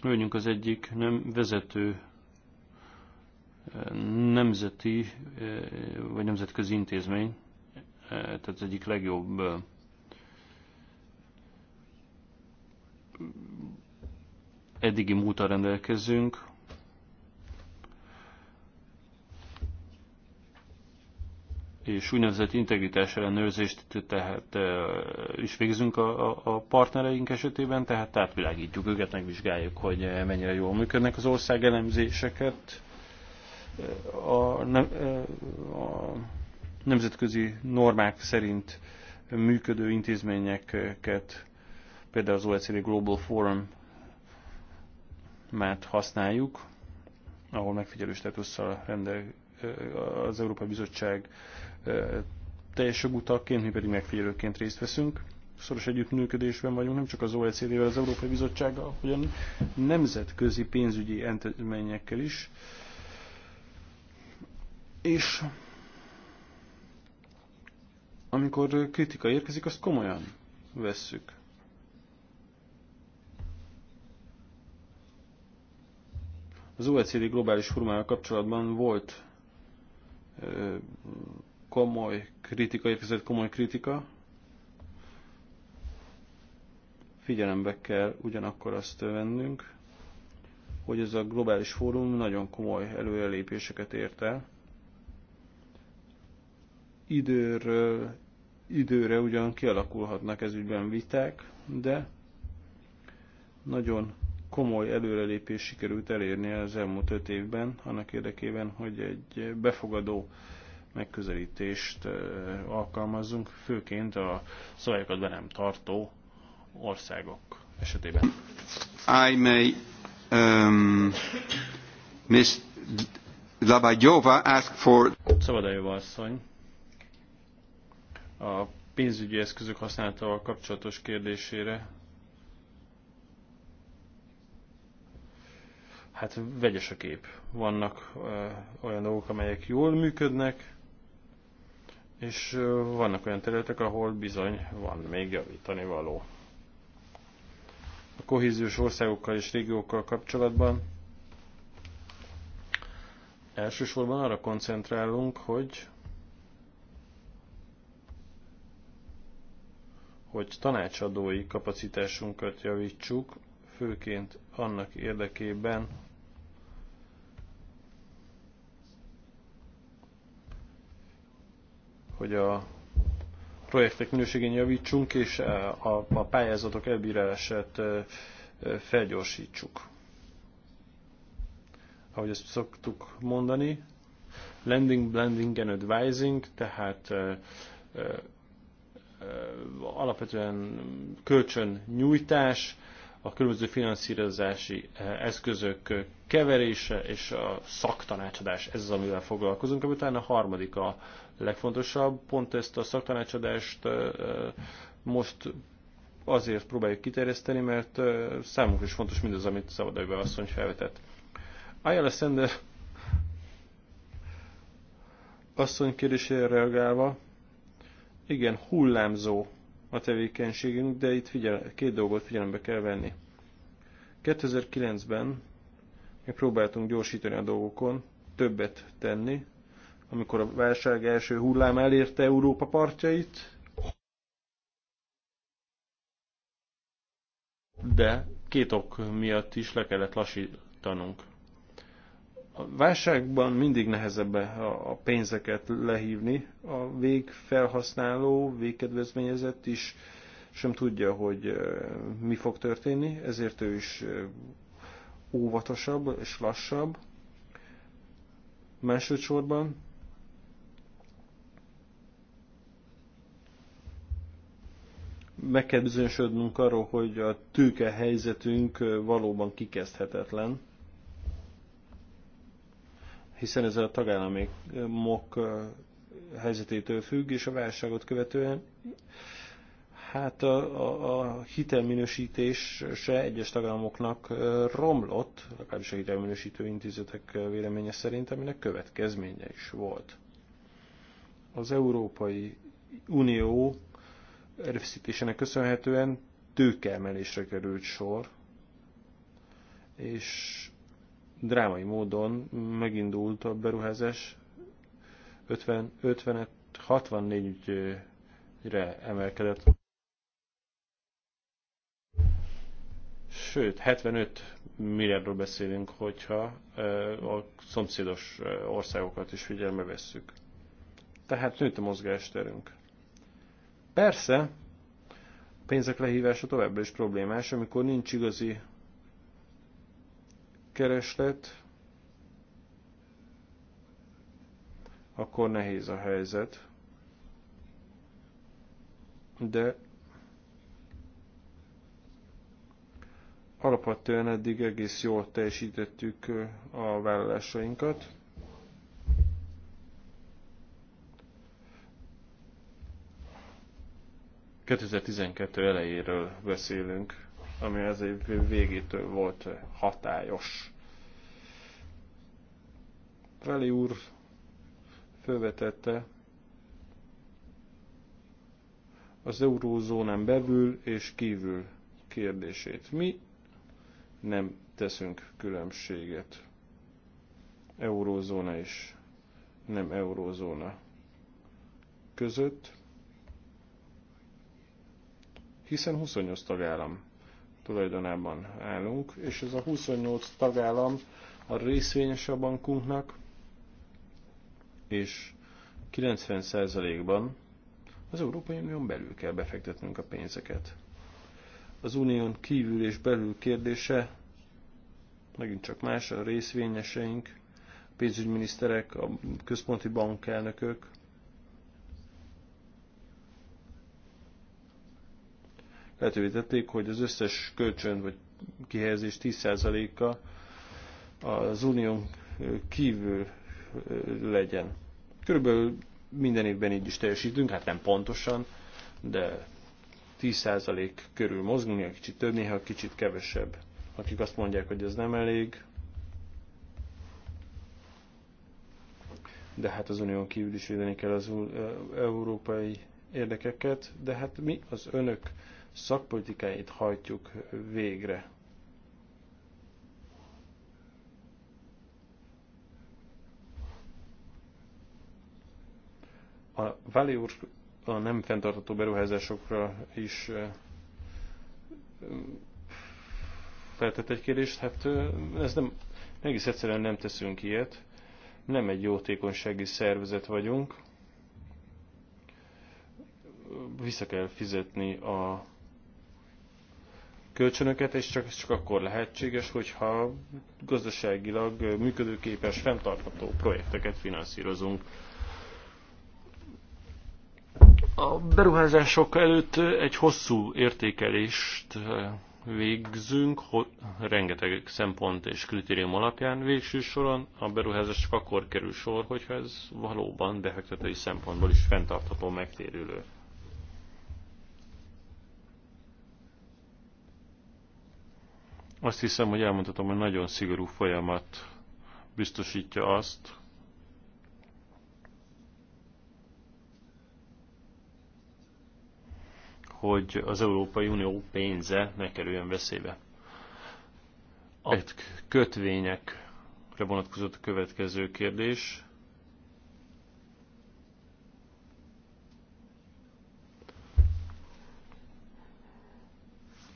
Hölgyünk az egyik nem vezető nemzeti eh, vagy nemzetközi intézmény, eh, tehát az egyik legjobb eh, eddigi múltal rendelkezünk. és úgynevezett integritás ellenőrzést tehát is végzünk a, a partnereink esetében, tehát átvilágítjuk őket, megvizsgáljuk, hogy mennyire jól működnek az ország elemzéseket. A, ne, a nemzetközi normák szerint működő intézményeket például az OECD Global Forum mert használjuk, ahol megfigyelő státusszal rendel az Európai Bizottság teljes jogú tagként, mi pedig megfigyelőként részt veszünk. Szoros együttműködésben vagyunk, nem csak az OECD-vel, az Európai Bizottsággal, hanem nemzetközi pénzügyi intézményekkel is. És amikor kritika érkezik, azt komolyan vesszük. Az OECD globális formája kapcsolatban volt komoly kritika, érkezett komoly kritika. Figyelembe kell ugyanakkor azt vennünk, hogy ez a globális fórum nagyon komoly előrelépéseket ért el. Időről időre ugyan kialakulhatnak ez ügyben viták, de nagyon komoly előrelépés sikerült elérni az elmúlt öt évben, annak érdekében, hogy egy befogadó megközelítést alkalmazzunk, főként a szabályokat be nem tartó országok esetében. I may, um, Miss Labajova ask for... Szabadajova asszony, a pénzügyi eszközök használatával kapcsolatos kérdésére hát vegyes a kép. Vannak olyan dolgok, amelyek jól működnek, és vannak olyan területek, ahol bizony van még javítani való. A kohéziós országokkal és régiókkal kapcsolatban elsősorban arra koncentrálunk, hogy hogy tanácsadói kapacitásunkat javítsuk, főként annak érdekében, hogy a projektek minőségén javítsunk, és e, a, a pályázatok elbírálását e, e, felgyorsítsuk. Ahogy ezt szoktuk mondani, lending, blending and advising, tehát alapvetően kölcsön nyújtás, a különböző finanszírozási eh, eszközök eh, keverése és a szaktanácsadás, ez az, amivel foglalkozunk, Amit a harmadik a legfontosabb. Pont ezt a szaktanácsadást eh, most azért próbáljuk kiterjeszteni, mert számunkra is fontos mindaz, amit Szabadagyba asszony felvetett. Ayala Sender asszony kérdésére reagálva, igen, hullámzó a tevékenységünk, de itt figyel, két dolgot figyelembe kell venni. 2009-ben még próbáltunk gyorsítani a dolgokon, többet tenni, amikor a válság első hullám elérte Európa partjait, de két ok miatt is le kellett lassítanunk. A válságban mindig nehezebb a pénzeket lehívni, a végfelhasználó, végkedvezményezett is sem tudja, hogy mi fog történni, ezért ő is óvatosabb és lassabb. Másodszorban meg kell bizonyosodnunk arról, hogy a tőke helyzetünk valóban kikezdhetetlen hiszen ez a tagállami mok helyzetétől függ, és a válságot követően hát a, a, a hitelminősítés se egyes tagállamoknak romlott, legalábbis a hitelminősítő intézetek véleménye szerint, aminek következménye is volt. Az Európai Unió erőfeszítésének köszönhetően tőkeemelésre került sor, és drámai módon megindult a beruházás 50, 50 64-re emelkedett. Sőt, 75 milliárdról beszélünk, hogyha a szomszédos országokat is figyelme vesszük. Tehát nőtt a mozgásterünk. Persze, pénzek lehívása továbbra is problémás, amikor nincs igazi kereslet, akkor nehéz a helyzet. De alapvetően eddig egész jól teljesítettük a vállalásainkat. ...2012 elejéről beszélünk ami az év végétől volt hatályos. Veli úr fölvetette az eurózónán belül és kívül kérdését. Mi nem teszünk különbséget. Eurózóna és nem eurózóna között, hiszen 28 tagállam tulajdonában állunk, és ez a 28 tagállam a részvényes a bankunknak, és 90%-ban az Európai Unión belül kell befektetnünk a pénzeket. Az unión kívül és belül kérdése megint csak más, a részvényeseink, a pénzügyminiszterek, a központi bankelnökök, lehetővé tették, hogy az összes kölcsön vagy kihelyezés 10%-a az unión kívül legyen. Körülbelül minden évben így is teljesítünk, hát nem pontosan, de 10% körül mozgunk, néha kicsit több, néha kicsit kevesebb. Akik azt mondják, hogy ez nem elég, de hát az unión kívül is védeni kell az európai érdekeket, de hát mi az önök szakpolitikáit hajtjuk végre. A Váli úr a nem fenntartató beruházásokra is eh, feltett egy kérdést, hát eh, ez nem, egész egyszerűen nem teszünk ilyet. Nem egy jótékonysági szervezet vagyunk. Vissza kell fizetni a kölcsönöket, és csak, csak akkor lehetséges, hogyha gazdaságilag működőképes, fenntartható projekteket finanszírozunk. A beruházások előtt egy hosszú értékelést végzünk, rengeteg szempont és kritérium alapján végső soron a beruházás csak akkor kerül sor, hogyha ez valóban befektetői szempontból is fenntartható megtérülő. Azt hiszem, hogy elmondhatom, hogy nagyon szigorú folyamat biztosítja azt, hogy az Európai Unió pénze ne kerüljön veszélybe. A kötvényekre vonatkozott a következő kérdés.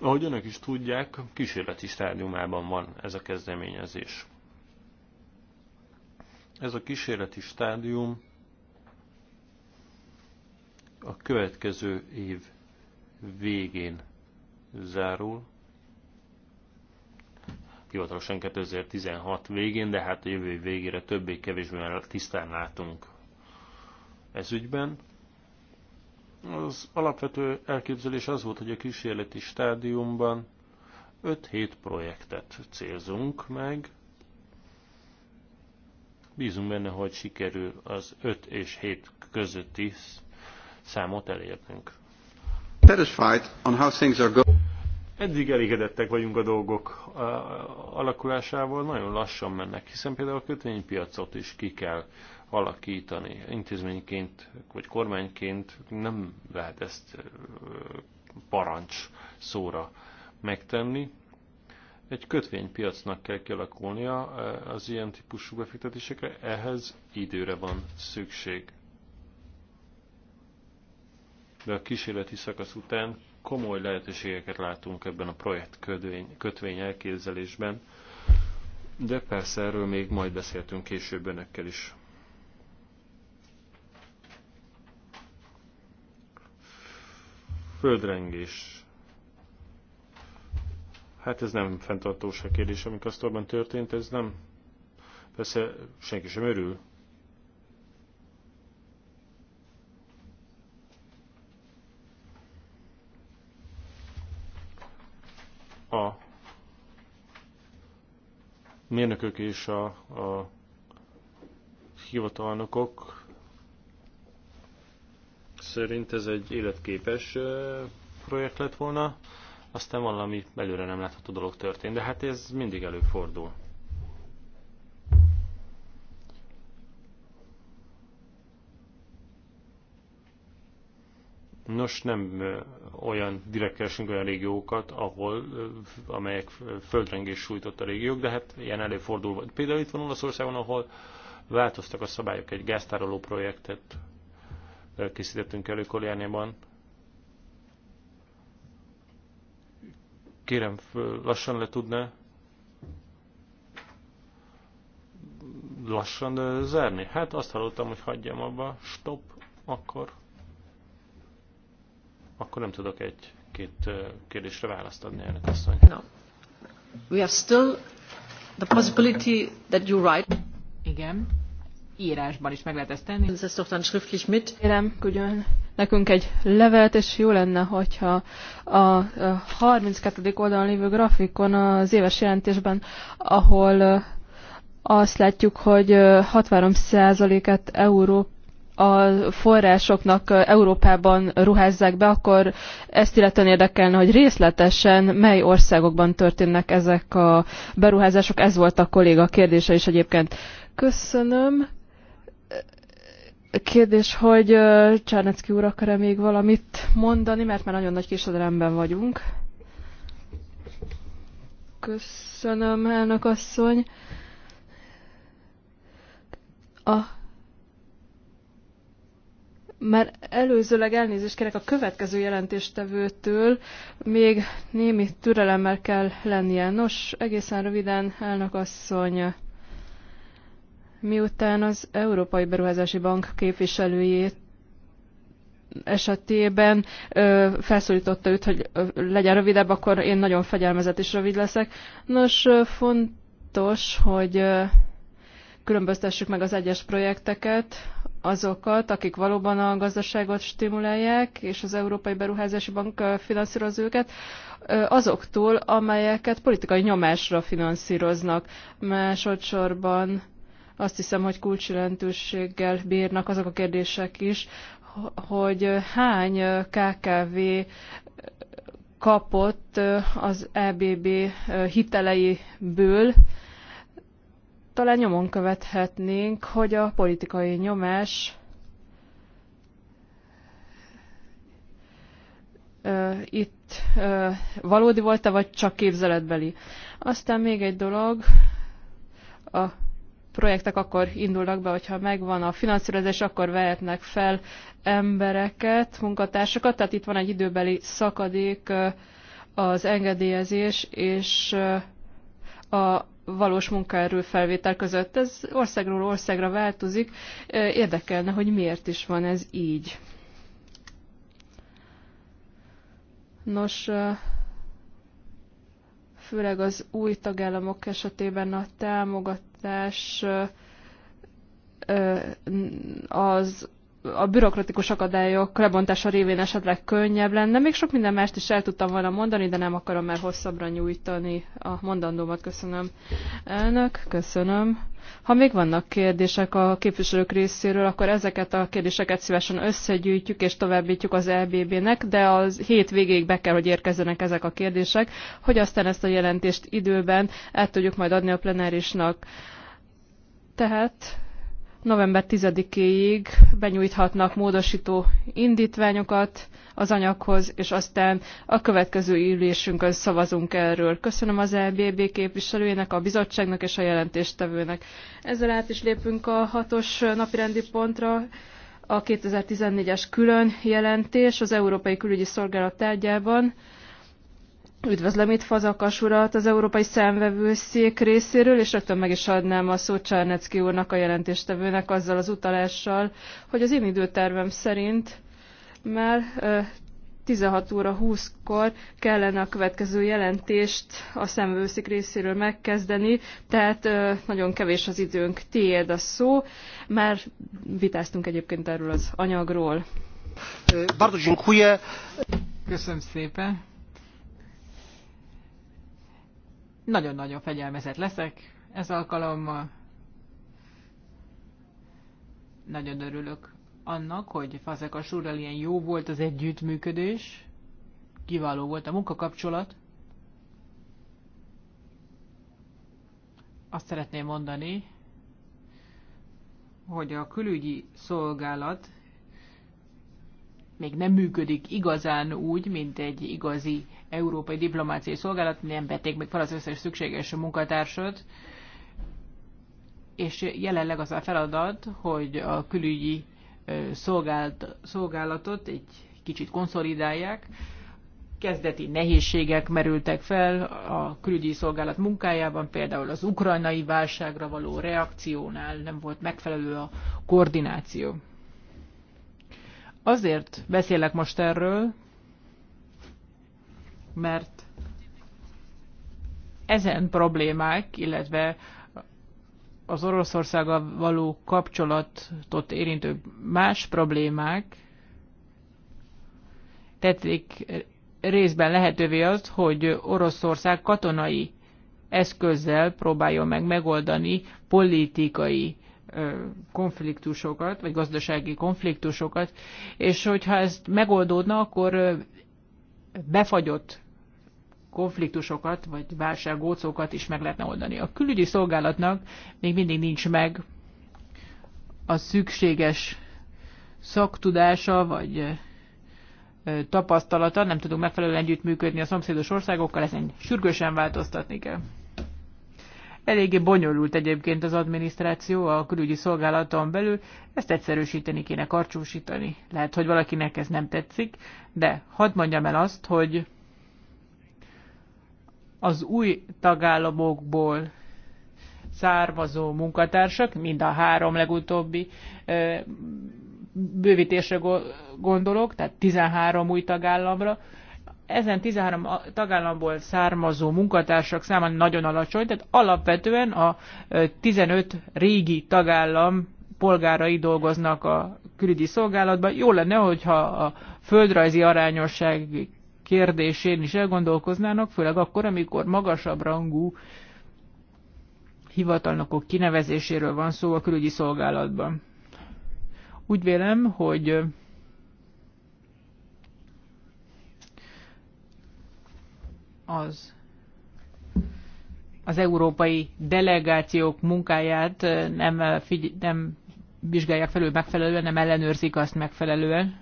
Ahogy önök is tudják, kísérleti stádiumában van ez a kezdeményezés. Ez a kísérleti stádium a következő év végén zárul. Hivatalosan 2016 végén, de hát a jövő végére többé-kevésbé már tisztán látunk ez ügyben. Az alapvető elképzelés az volt, hogy a kísérleti stádiumban 5-7 projektet célzunk meg. Bízunk benne, hogy sikerül az 5 és 7 közötti számot elérnünk. Eddig elégedettek vagyunk a dolgok alakulásával, nagyon lassan mennek, hiszen például a kötvénypiacot is ki kell alakítani. Intézményként vagy kormányként nem lehet ezt parancs szóra megtenni. Egy kötvénypiacnak kell kialakulnia az ilyen típusú befektetésekre, ehhez időre van szükség. De a kísérleti szakasz után komoly lehetőségeket látunk ebben a projekt kötvény, kötvény elképzelésben, de persze erről még majd beszéltünk később önökkel is. Földrengés. Hát ez nem fenntartóság kérdés, ami Kasztorban történt, ez nem. Persze senki sem örül. A mérnökök és a, a hivatalnokok szerint ez egy életképes projekt lett volna, aztán valami előre nem látható dolog történt, de hát ez mindig előfordul. Nos, nem olyan direkt keresünk olyan régiókat, ahol, amelyek földrengés sújtott a régiók, de hát ilyen előfordul. Például itt van Olaszországon, ahol változtak a szabályok, egy gáztároló projektet készítettünk elő Koliániában. Kérem, lassan le tudná lassan zárni? Hát azt hallottam, hogy hagyjam abba, stop, akkor akkor nem tudok egy-két kérdésre választ adni, elnök asszony. No. We have still the possibility that you write. Igen írásban is meg lehet ezt tenni. Ez doch schriftlich mit. Kérem, küldjön nekünk egy levelet, és jó lenne, hogyha a 32. oldalon lévő grafikon az éves jelentésben, ahol azt látjuk, hogy 63%-et Európa a forrásoknak Európában ruházzák be, akkor ezt illetően érdekelne, hogy részletesen mely országokban történnek ezek a beruházások. Ez volt a kolléga kérdése is egyébként. Köszönöm. Kérdés, hogy Csárnecki úr akar-e még valamit mondani, mert már nagyon nagy kisadalemben vagyunk. Köszönöm, elnök asszony. A... Már előzőleg elnézést kérek a következő jelentéstevőtől, még némi türelemmel kell lennie. Nos, egészen röviden, elnök asszony miután az Európai Beruházási Bank képviselőjét esetében ö, felszólította őt, hogy ö, legyen rövidebb, akkor én nagyon fegyelmezett és rövid leszek. Nos, ö, fontos, hogy ö, különböztessük meg az egyes projekteket, azokat, akik valóban a gazdaságot stimulálják, és az Európai Beruházási Bank finanszíroz őket, azoktól, amelyeket politikai nyomásra finanszíroznak. Másodszorban azt hiszem, hogy kulcsjelentőséggel bírnak azok a kérdések is, hogy hány KKV kapott az EBB hiteleiből, talán nyomon követhetnénk, hogy a politikai nyomás itt valódi volt-e, vagy csak képzeletbeli. Aztán még egy dolog, a projektek akkor indulnak be, hogyha megvan a finanszírozás, akkor vehetnek fel embereket, munkatársakat, tehát itt van egy időbeli szakadék az engedélyezés és a valós munkaerő felvétel között. Ez országról országra változik. Érdekelne, hogy miért is van ez így. Nos, főleg az új tagállamok esetében a támogatás támogatás az a bürokratikus akadályok lebontása révén esetleg könnyebb lenne. Még sok minden mást is el tudtam volna mondani, de nem akarom már hosszabbra nyújtani a mondandómat. Köszönöm. Elnök, köszönöm. Ha még vannak kérdések a képviselők részéről, akkor ezeket a kérdéseket szívesen összegyűjtjük és továbbítjuk az lbb nek de az hét végéig be kell, hogy érkezzenek ezek a kérdések, hogy aztán ezt a jelentést időben el tudjuk majd adni a plenárisnak. Tehát november 10-éig benyújthatnak módosító indítványokat az anyaghoz, és aztán a következő ülésünkön szavazunk erről. Köszönöm az LBB e képviselőjének, a bizottságnak és a jelentéstevőnek. Ezzel át is lépünk a hatos napirendi pontra, a 2014-es külön jelentés az Európai Külügyi Szolgálat tárgyában. Üdvözlöm itt Fazakas urat az Európai Szemvevőszék részéről, és rögtön meg is adnám a szót Csárnecki úrnak, a jelentéstevőnek azzal az utalással, hogy az én időtervem szerint már 16 óra 20-kor kellene a következő jelentést a szemvőszik részéről megkezdeni, tehát nagyon kevés az időnk. Tiéd a szó, már vitáztunk egyébként erről az anyagról. Köszönöm szépen. Nagyon-nagyon fegyelmezett leszek ez alkalommal. Nagyon örülök annak, hogy a úrral ilyen jó volt az együttműködés. Kiváló volt a munkakapcsolat. Azt szeretném mondani, hogy a külügyi szolgálat még nem működik igazán úgy, mint egy igazi Európai Diplomáciai Szolgálat nem vették meg fel az összes szükséges munkatársat, és jelenleg az a feladat, hogy a külügyi szolgált, szolgálatot egy kicsit konszolidálják. Kezdeti nehézségek merültek fel a külügyi szolgálat munkájában, például az ukrajnai válságra való reakciónál nem volt megfelelő a koordináció. Azért beszélek most erről, mert ezen problémák, illetve az Oroszországgal való kapcsolatot érintő más problémák tették részben lehetővé azt, hogy Oroszország katonai eszközzel próbálja meg megoldani politikai konfliktusokat, vagy gazdasági konfliktusokat, és hogyha ezt megoldódna, akkor befagyott konfliktusokat vagy válsággócokat is meg lehetne oldani. A külügyi szolgálatnak még mindig nincs meg a szükséges szaktudása vagy tapasztalata, nem tudunk megfelelően együttműködni a szomszédos országokkal, ezen sürgősen változtatni kell. Eléggé bonyolult egyébként az adminisztráció a külügyi szolgálaton belül, ezt egyszerűsíteni kéne, karcsúsítani. Lehet, hogy valakinek ez nem tetszik, de hadd mondjam el azt, hogy az új tagállamokból származó munkatársak, mind a három legutóbbi bővítésre gondolok, tehát 13 új tagállamra, ezen 13 tagállamból származó munkatársak száma nagyon alacsony, tehát alapvetően a 15 régi tagállam polgárai dolgoznak a külügyi szolgálatban. Jó lenne, hogyha a földrajzi arányosság kérdésén is elgondolkoznának, főleg akkor, amikor magasabb rangú hivatalnokok kinevezéséről van szó a külügyi szolgálatban. Úgy vélem, hogy az az európai delegációk munkáját nem, figy- nem vizsgálják felül megfelelően, nem ellenőrzik azt megfelelően.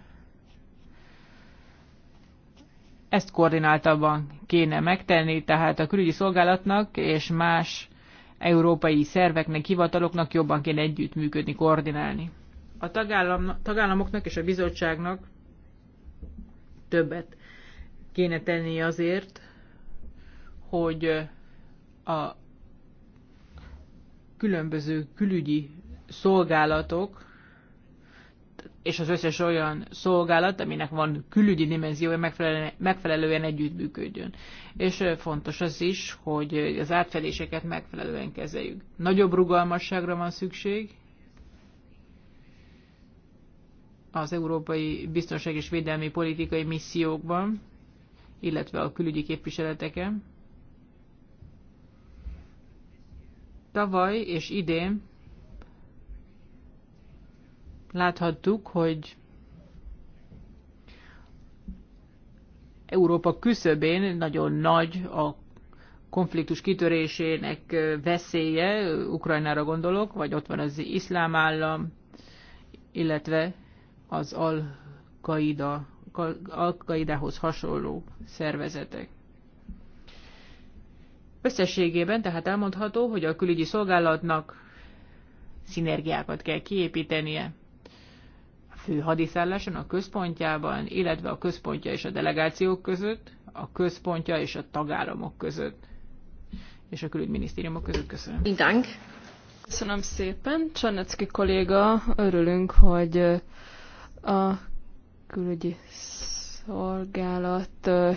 Ezt koordináltabban kéne megtenni, tehát a külügyi szolgálatnak és más európai szerveknek, hivataloknak jobban kéne együttműködni, koordinálni. A tagállam, tagállamoknak és a bizottságnak többet kéne tenni azért, hogy a különböző külügyi szolgálatok és az összes olyan szolgálat, aminek van külügyi dimenziója, megfelelően, megfelelően együttműködjön. És fontos az is, hogy az átfedéseket megfelelően kezeljük. Nagyobb rugalmasságra van szükség, az európai biztonság és védelmi politikai missziókban, illetve a külügyi képviseleteken. Tavaly és idén láthattuk, hogy Európa küszöbén nagyon nagy a konfliktus kitörésének veszélye, Ukrajnára gondolok, vagy ott van az iszlám állam, illetve az al-Qaidához hasonló szervezetek. Összességében tehát elmondható, hogy a külügyi szolgálatnak szinergiákat kell kiépítenie a fő hadiszálláson, a központjában, illetve a központja és a delegációk között, a központja és a tagállamok között, és a külügyminisztériumok között. Köszönöm. Dank. Köszönöm szépen. Csanecki kolléga, örülünk, hogy a külügyi szolgálat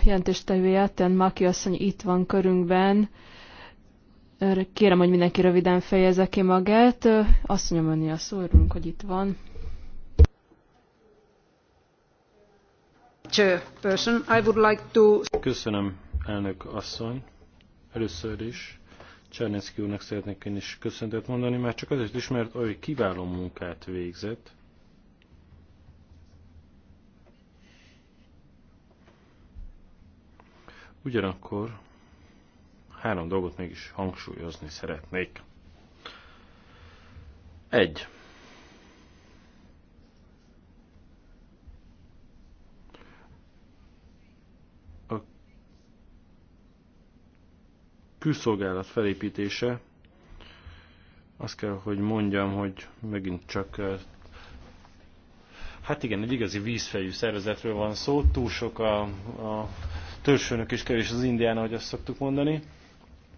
jelentéstevője, Atten Maki asszony itt van körünkben. Kérem, hogy mindenki röviden fejezze ki magát. Azt mondjam, önni a szó, örülünk, hogy itt van. I would like to... Köszönöm, elnök asszony. Először is Csernecki úrnak szeretnék én is köszöntet mondani, már csak azért is, mert oly kiváló munkát végzett, Ugyanakkor három dolgot mégis hangsúlyozni szeretnék. Egy. A külszolgálat felépítése azt kell, hogy mondjam, hogy megint csak eh, Hát igen, egy igazi vízfejű szervezetről van szó, túl sok a, a törzsőnök is kevés az indián, ahogy azt szoktuk mondani.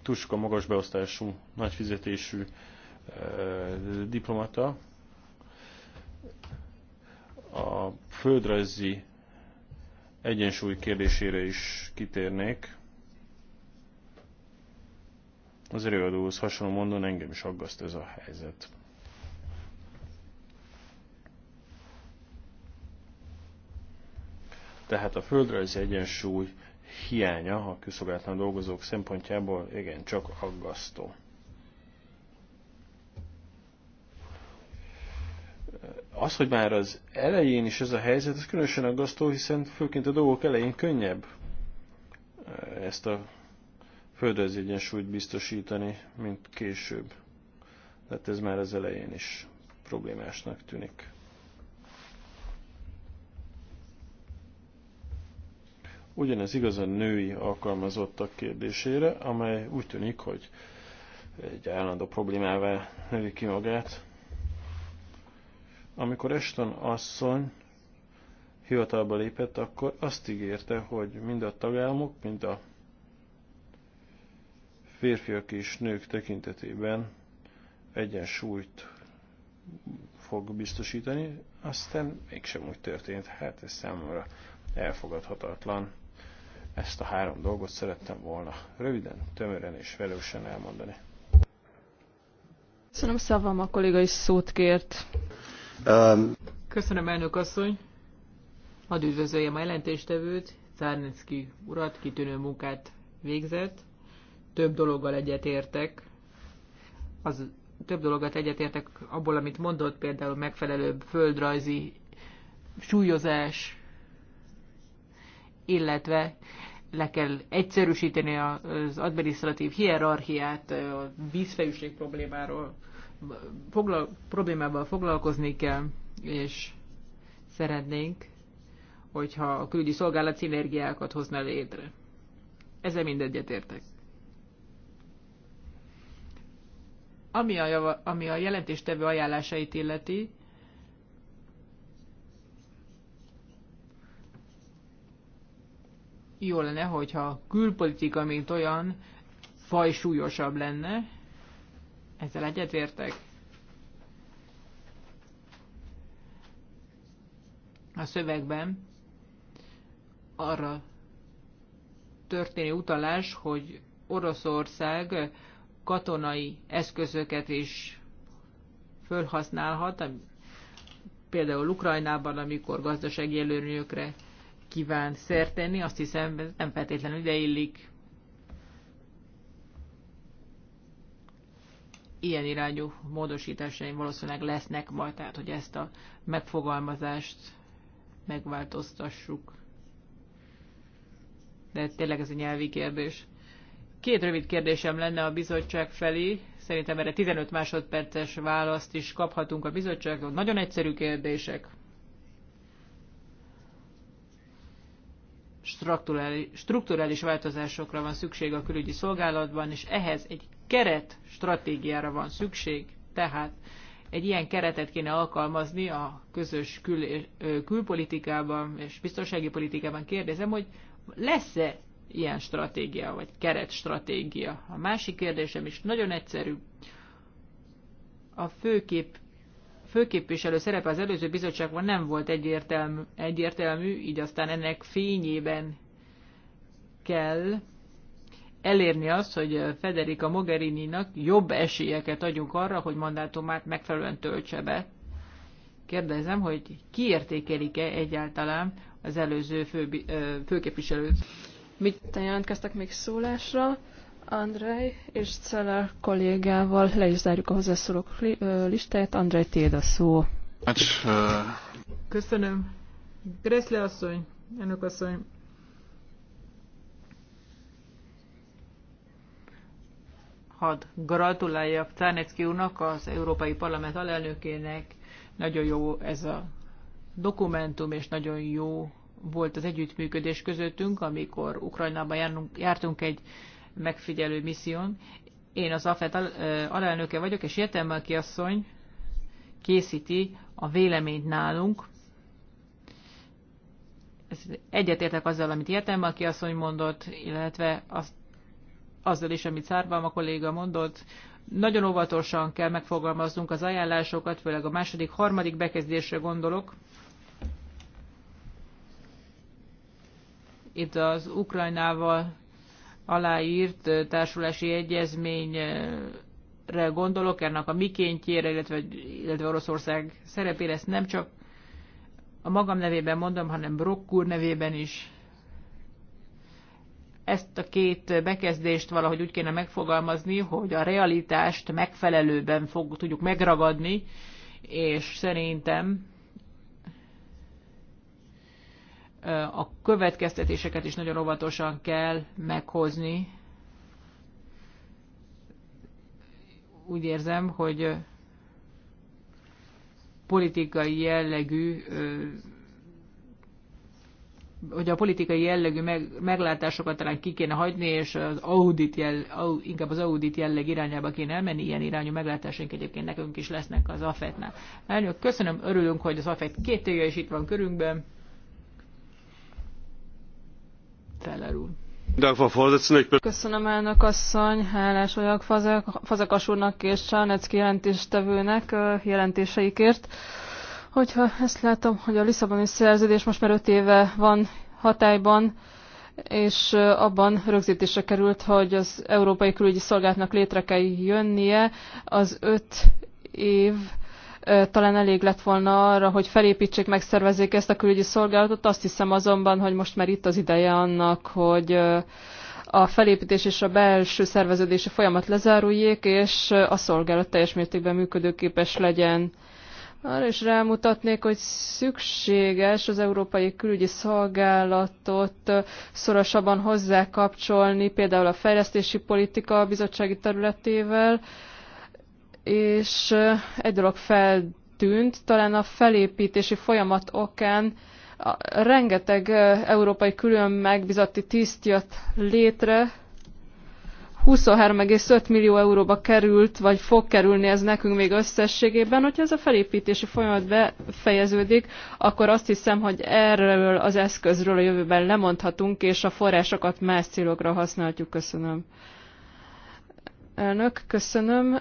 Túl sok a magas beosztású, nagy fizetésű e, diplomata. A földrajzi egyensúly kérdésére is kitérnék. Az előadóhoz hasonló mondon engem is aggaszt ez a helyzet. Tehát a földrajzi egyensúly hiánya a közszolgálatlan dolgozók szempontjából igen, csak aggasztó. Az, hogy már az elején is ez a helyzet, ez különösen aggasztó, hiszen főként a dolgok elején könnyebb eh, ezt a földrajzi egyensúlyt biztosítani, mint később. Tehát ez már az elején is problémásnak tűnik. Ugyanez igaz a női alkalmazottak kérdésére, amely úgy tűnik, hogy egy állandó problémává növi ki magát. Amikor Eston asszony hivatalba lépett, akkor azt ígérte, hogy mind a tagállamok, mind a férfiak és nők tekintetében egyensúlyt fog biztosítani, aztán mégsem úgy történt. Hát ez számomra elfogadhatatlan. Ezt a három dolgot szerettem volna röviden, tömören és velősen elmondani. Köszönöm, Szavam, a kolléga is szót kért. Um. Köszönöm, elnök asszony. Hadd üdvözöljem a jelentéstevőt, Czárnecki urat, kitűnő munkát végzett. Több dologgal egyetértek. Az több dologat egyetértek abból, amit mondott, például megfelelőbb földrajzi súlyozás, illetve le kell egyszerűsíteni az adminisztratív hierarchiát, a vízfejűség problémáról, Fogla- problémával foglalkozni kell, és szeretnénk, hogyha a küldi szolgálat szinergiákat hozna létre. Ezzel mind egyetértek. Ami a, java, ami a jelentéstevő ajánlásait illeti, jó lenne, hogyha a külpolitika, mint olyan, faj súlyosabb lenne. Ezzel egyetértek. A szövegben arra történő utalás, hogy Oroszország katonai eszközöket is fölhasználhat, például Ukrajnában, amikor gazdasági előnyökre kíván szertenni, azt hiszem ez nem feltétlenül ideillik ilyen irányú módosításaim valószínűleg lesznek majd, tehát hogy ezt a megfogalmazást megváltoztassuk. De tényleg ez egy nyelvi kérdés. Két rövid kérdésem lenne a bizottság felé. Szerintem erre 15 másodperces választ is kaphatunk a bizottságtól. Nagyon egyszerű kérdések. strukturális változásokra van szükség a külügyi szolgálatban, és ehhez egy keret stratégiára van szükség, tehát egy ilyen keretet kéne alkalmazni a közös kül, külpolitikában és biztonsági politikában. Kérdezem, hogy lesz-e ilyen stratégia, vagy keretstratégia? A másik kérdésem is nagyon egyszerű. A főkép főképviselő szerepe az előző bizottságban nem volt egyértelmű, egyértelmű, így aztán ennek fényében kell elérni azt, hogy Federica Mogherini-nak jobb esélyeket adjunk arra, hogy mandátumát megfelelően töltse be. Kérdezem, hogy kiértékelik-e egyáltalán az előző fő, főképviselőt? Mit jelentkeztek még szólásra? Andrej és Celer kollégával le is zárjuk a hozzászólók listáját. Andrej, tiéd a szó. Hát, Köszönöm. Greszle asszony, elnök asszony. Hadd gratuláljak Czárnecki úrnak, az Európai Parlament alelnökének. Nagyon jó ez a dokumentum, és nagyon jó volt az együttműködés közöttünk, amikor Ukrajnában jártunk egy megfigyelő misszión. Én az AFET alelnöke vagyok, és Jetemben asszony készíti a véleményt nálunk. Egyetértek azzal, amit Jetemben asszony mondott, illetve azt, azzal is, amit szárva a kolléga mondott, nagyon óvatosan kell megfogalmaznunk az ajánlásokat, főleg a második, harmadik bekezdésre gondolok. Itt az Ukrajnával aláírt társulási egyezményre gondolok, ennek a mikéntjére, illetve, illetve Oroszország szerepére, ezt nem csak a magam nevében mondom, hanem Brock úr nevében is. Ezt a két bekezdést valahogy úgy kéne megfogalmazni, hogy a realitást megfelelőben fog, tudjuk megragadni, és szerintem a következtetéseket is nagyon óvatosan kell meghozni. Úgy érzem, hogy politikai jellegű hogy a politikai jellegű meglátásokat talán ki kéne hagyni, és az audit jell, inkább az audit jelleg irányába kéne elmenni, ilyen irányú meglátásunk egyébként nekünk is lesznek az AFET-nál. Elnök, köszönöm, örülünk, hogy az AFET két éve is itt van körünkben úr. Köszönöm elnök asszony, hálás vagyok Fazek, Fazekas úrnak és Csánecki jelentéstevőnek jelentéseikért. Hogyha ezt látom, hogy a Lisszaboni szerződés most már öt éve van hatályban, és abban rögzítése került, hogy az Európai Külügyi Szolgálatnak létre kell jönnie az öt év talán elég lett volna arra, hogy felépítsék, megszervezzék ezt a külügyi szolgálatot. Azt hiszem azonban, hogy most már itt az ideje annak, hogy a felépítés és a belső szerveződési folyamat lezáruljék, és a szolgálat teljes mértékben működőképes legyen. Arra is rámutatnék, hogy szükséges az Európai Külügyi Szolgálatot szorosabban hozzákapcsolni, például a fejlesztési politika bizottsági területével, és egy dolog feltűnt, talán a felépítési folyamat okán rengeteg európai külön megbizatti tiszt jött létre, 23,5 millió euróba került, vagy fog kerülni ez nekünk még összességében. Hogyha ez a felépítési folyamat befejeződik, akkor azt hiszem, hogy erről az eszközről a jövőben lemondhatunk, és a forrásokat más célokra használhatjuk. Köszönöm. Elnök, köszönöm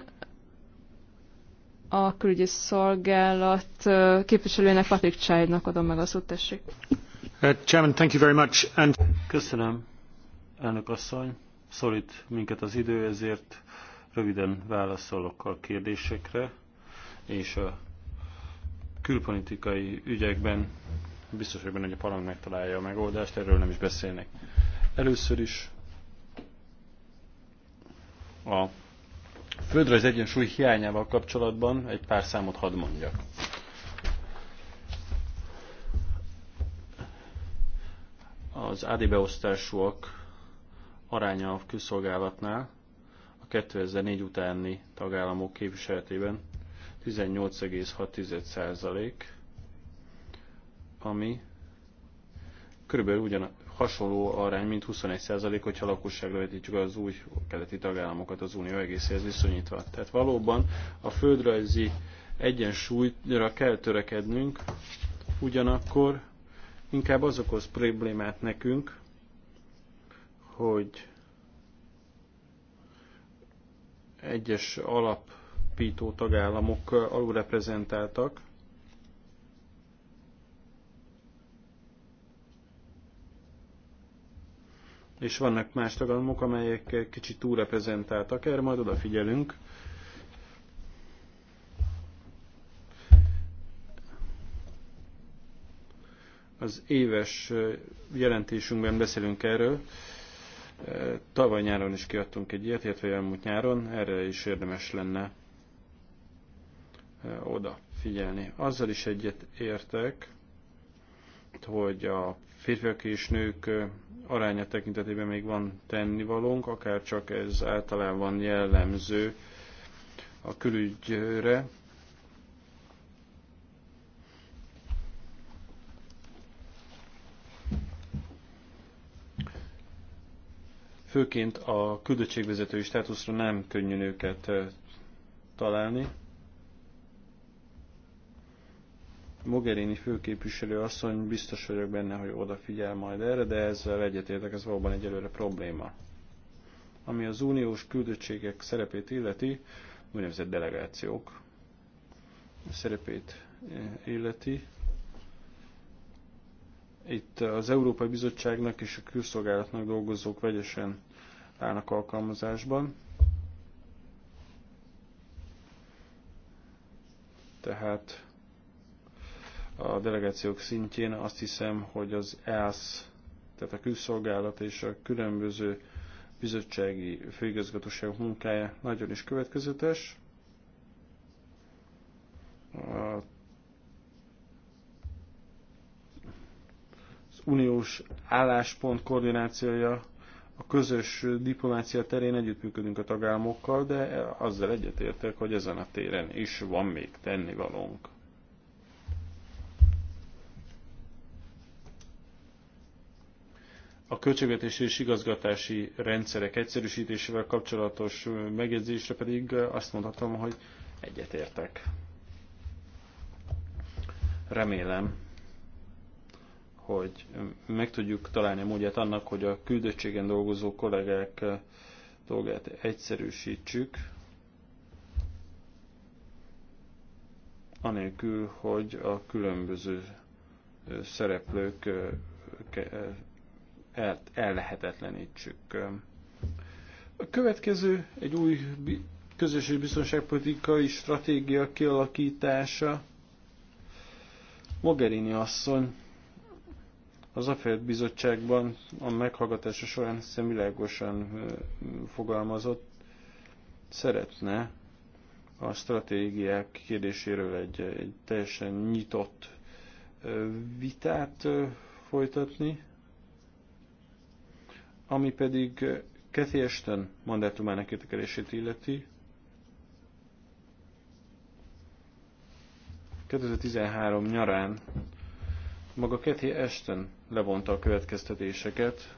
a külügyi szolgálat képviselőjének Patrick Csájdnak adom meg a szót, tessék. Uh, chairman, thank you very much. And... Köszönöm, elnök asszony. Szorít minket az idő, ezért röviden válaszolok a kérdésekre, és a külpolitikai ügyekben biztos hogy benne, hogy a parlament megtalálja a megoldást, erről nem is beszélnek. Először is a földrajz egyensúly hiányával kapcsolatban egy pár számot hadd mondjak. Az AD beosztásúak aránya a külszolgálatnál a 2004 utáni tagállamok képviseletében 18,6%, ami körülbelül ugyan hasonló arány, mint 21% hogyha lakosságra vetítjük az új keleti tagállamokat az unió egészéhez viszonyítva. Tehát valóban a földrajzi egyensúlyra kell törekednünk, ugyanakkor inkább az okoz problémát nekünk, hogy egyes alapító tagállamok alulreprezentáltak, és vannak más tagalmok, amelyek kicsit túlreprezentáltak, erre majd odafigyelünk. Az éves jelentésünkben beszélünk erről. Tavaly nyáron is kiadtunk egy ilyet, illetve elmúlt nyáron, erre is érdemes lenne oda figyelni. Azzal is egyet értek, hogy a férfiak és nők aránya tekintetében még van tennivalónk, akár csak ez általában jellemző a külügyre. Főként a küldöttségvezetői státuszra nem könnyű nőket találni. Mogherini főképviselő asszony, biztos vagyok benne, hogy odafigyel majd erre, de ezzel egyetértek, ez valóban egyelőre probléma. Ami az uniós küldöttségek szerepét illeti, úgynevezett delegációk szerepét eh, illeti. Itt az Európai Bizottságnak és a külszolgálatnak dolgozók vegyesen állnak alkalmazásban. Tehát a delegációk szintjén. Azt hiszem, hogy az ELSZ, tehát a külszolgálat és a különböző bizottsági főigazgatóság munkája nagyon is következetes. Az uniós álláspont koordinációja a közös diplomácia terén együttműködünk a tagállamokkal, de azzal egyetértek, hogy ezen a téren is van még tennivalónk. a költségvetési és igazgatási rendszerek egyszerűsítésével kapcsolatos megjegyzésre pedig azt mondhatom, hogy egyetértek. Remélem, hogy meg tudjuk találni a módját annak, hogy a küldöttségen dolgozó kollégák dolgát egyszerűsítsük, anélkül, hogy a különböző szereplők el, ellehetetlenítsük. A következő egy új közös és biztonságpolitikai stratégia kialakítása. Mogherini asszony az Afert bizottságban a meghallgatása során hiszen fogalmazott, szeretne a stratégiák kérdéséről egy, egy teljesen nyitott vitát folytatni. Ami pedig Kathy eh, Ashton mandátumának értekelését illeti, 2013 nyarán maga Kathy Ashton levonta a következtetéseket,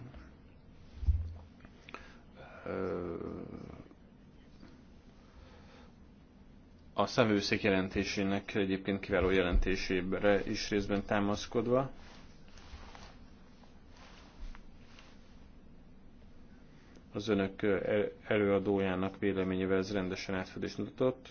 eh, a szemőszék jelentésének egyébként kiváló jelentésébre is részben támaszkodva. az önök előadójának véleményével ez rendesen átfedést mutatott.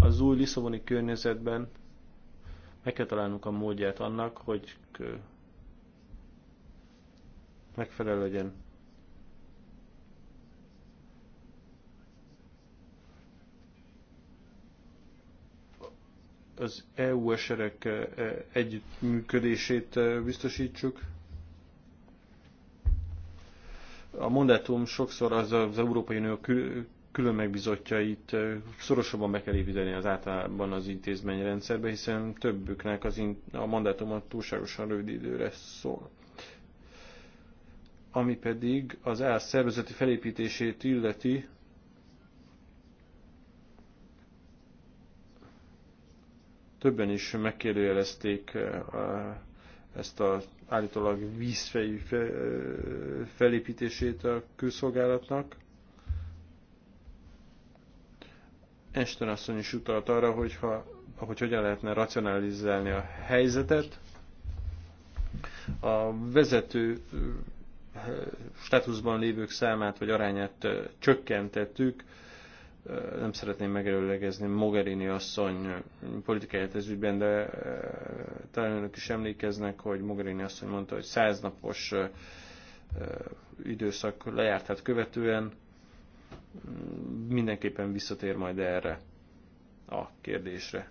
Az új Lisszaboni környezetben meg kell találnunk a módját annak, hogy megfelelő legyen az EU eserek e, e, együttműködését e, biztosítsuk. A mandátum sokszor az, az Európai Unió külön megbizotjait szorosabban be kell építeni az általában az intézményrendszerbe, hiszen többüknek az in, a mandátuma túlságosan rövid időre szól. Ami pedig az áll szervezeti felépítését illeti, Többen is megkérdőjelezték eh, ezt az állítólag vízfejű eh, felépítését a külszolgálatnak. Einstein asszony is utalt arra, hogyha, hogy hogyan lehetne racionalizálni a helyzetet. A vezető eh, státuszban lévők számát vagy arányát csökkentettük, nem szeretném megerőlegezni Mogherini asszony politikáját ez ügyben, de talán önök is emlékeznek, hogy Mogherini asszony mondta, hogy száznapos időszak hát követően mm, mindenképpen visszatér majd erre a kérdésre.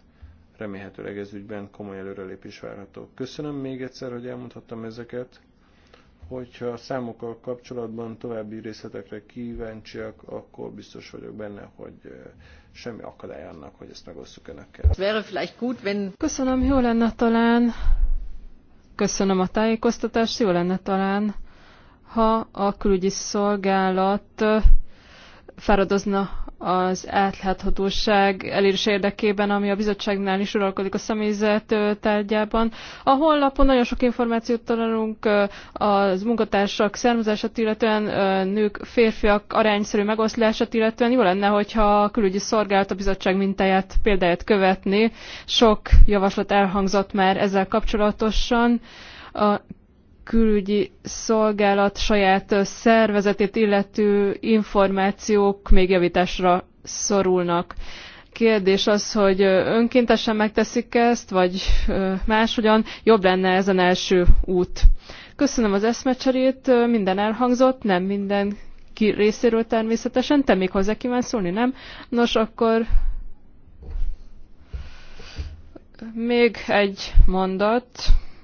Remélhetőleg ez ügyben komoly előrelépés várható. Köszönöm még egyszer, hogy elmondhattam ezeket. Hogyha a számokkal kapcsolatban további részletekre kíváncsiak, akkor biztos vagyok benne, hogy semmi akadály annak, hogy ezt megosztjuk önökkel. Köszönöm, jó lenne talán. Köszönöm a tájékoztatást, jó lenne talán, ha a külügyi szolgálat feladozna az átláthatóság elérés érdekében, ami a bizottságnál is uralkodik a személyzet tárgyában. A honlapon nagyon sok információt találunk az munkatársak származását illetően, nők, férfiak arányszerű megoszlását illetően. Jó lenne, hogyha a külügyi szolgálat a bizottság mintáját, példáját követni. Sok javaslat elhangzott már ezzel kapcsolatosan. A külügyi szolgálat saját szervezetét illető információk még javításra szorulnak. Kérdés az, hogy önkéntesen megteszik ezt, vagy máshogyan jobb lenne ezen első út. Köszönöm az eszmecserét, minden elhangzott, nem minden ki részéről természetesen, te még hozzá kíván szólni, nem? Nos, akkor még egy mondat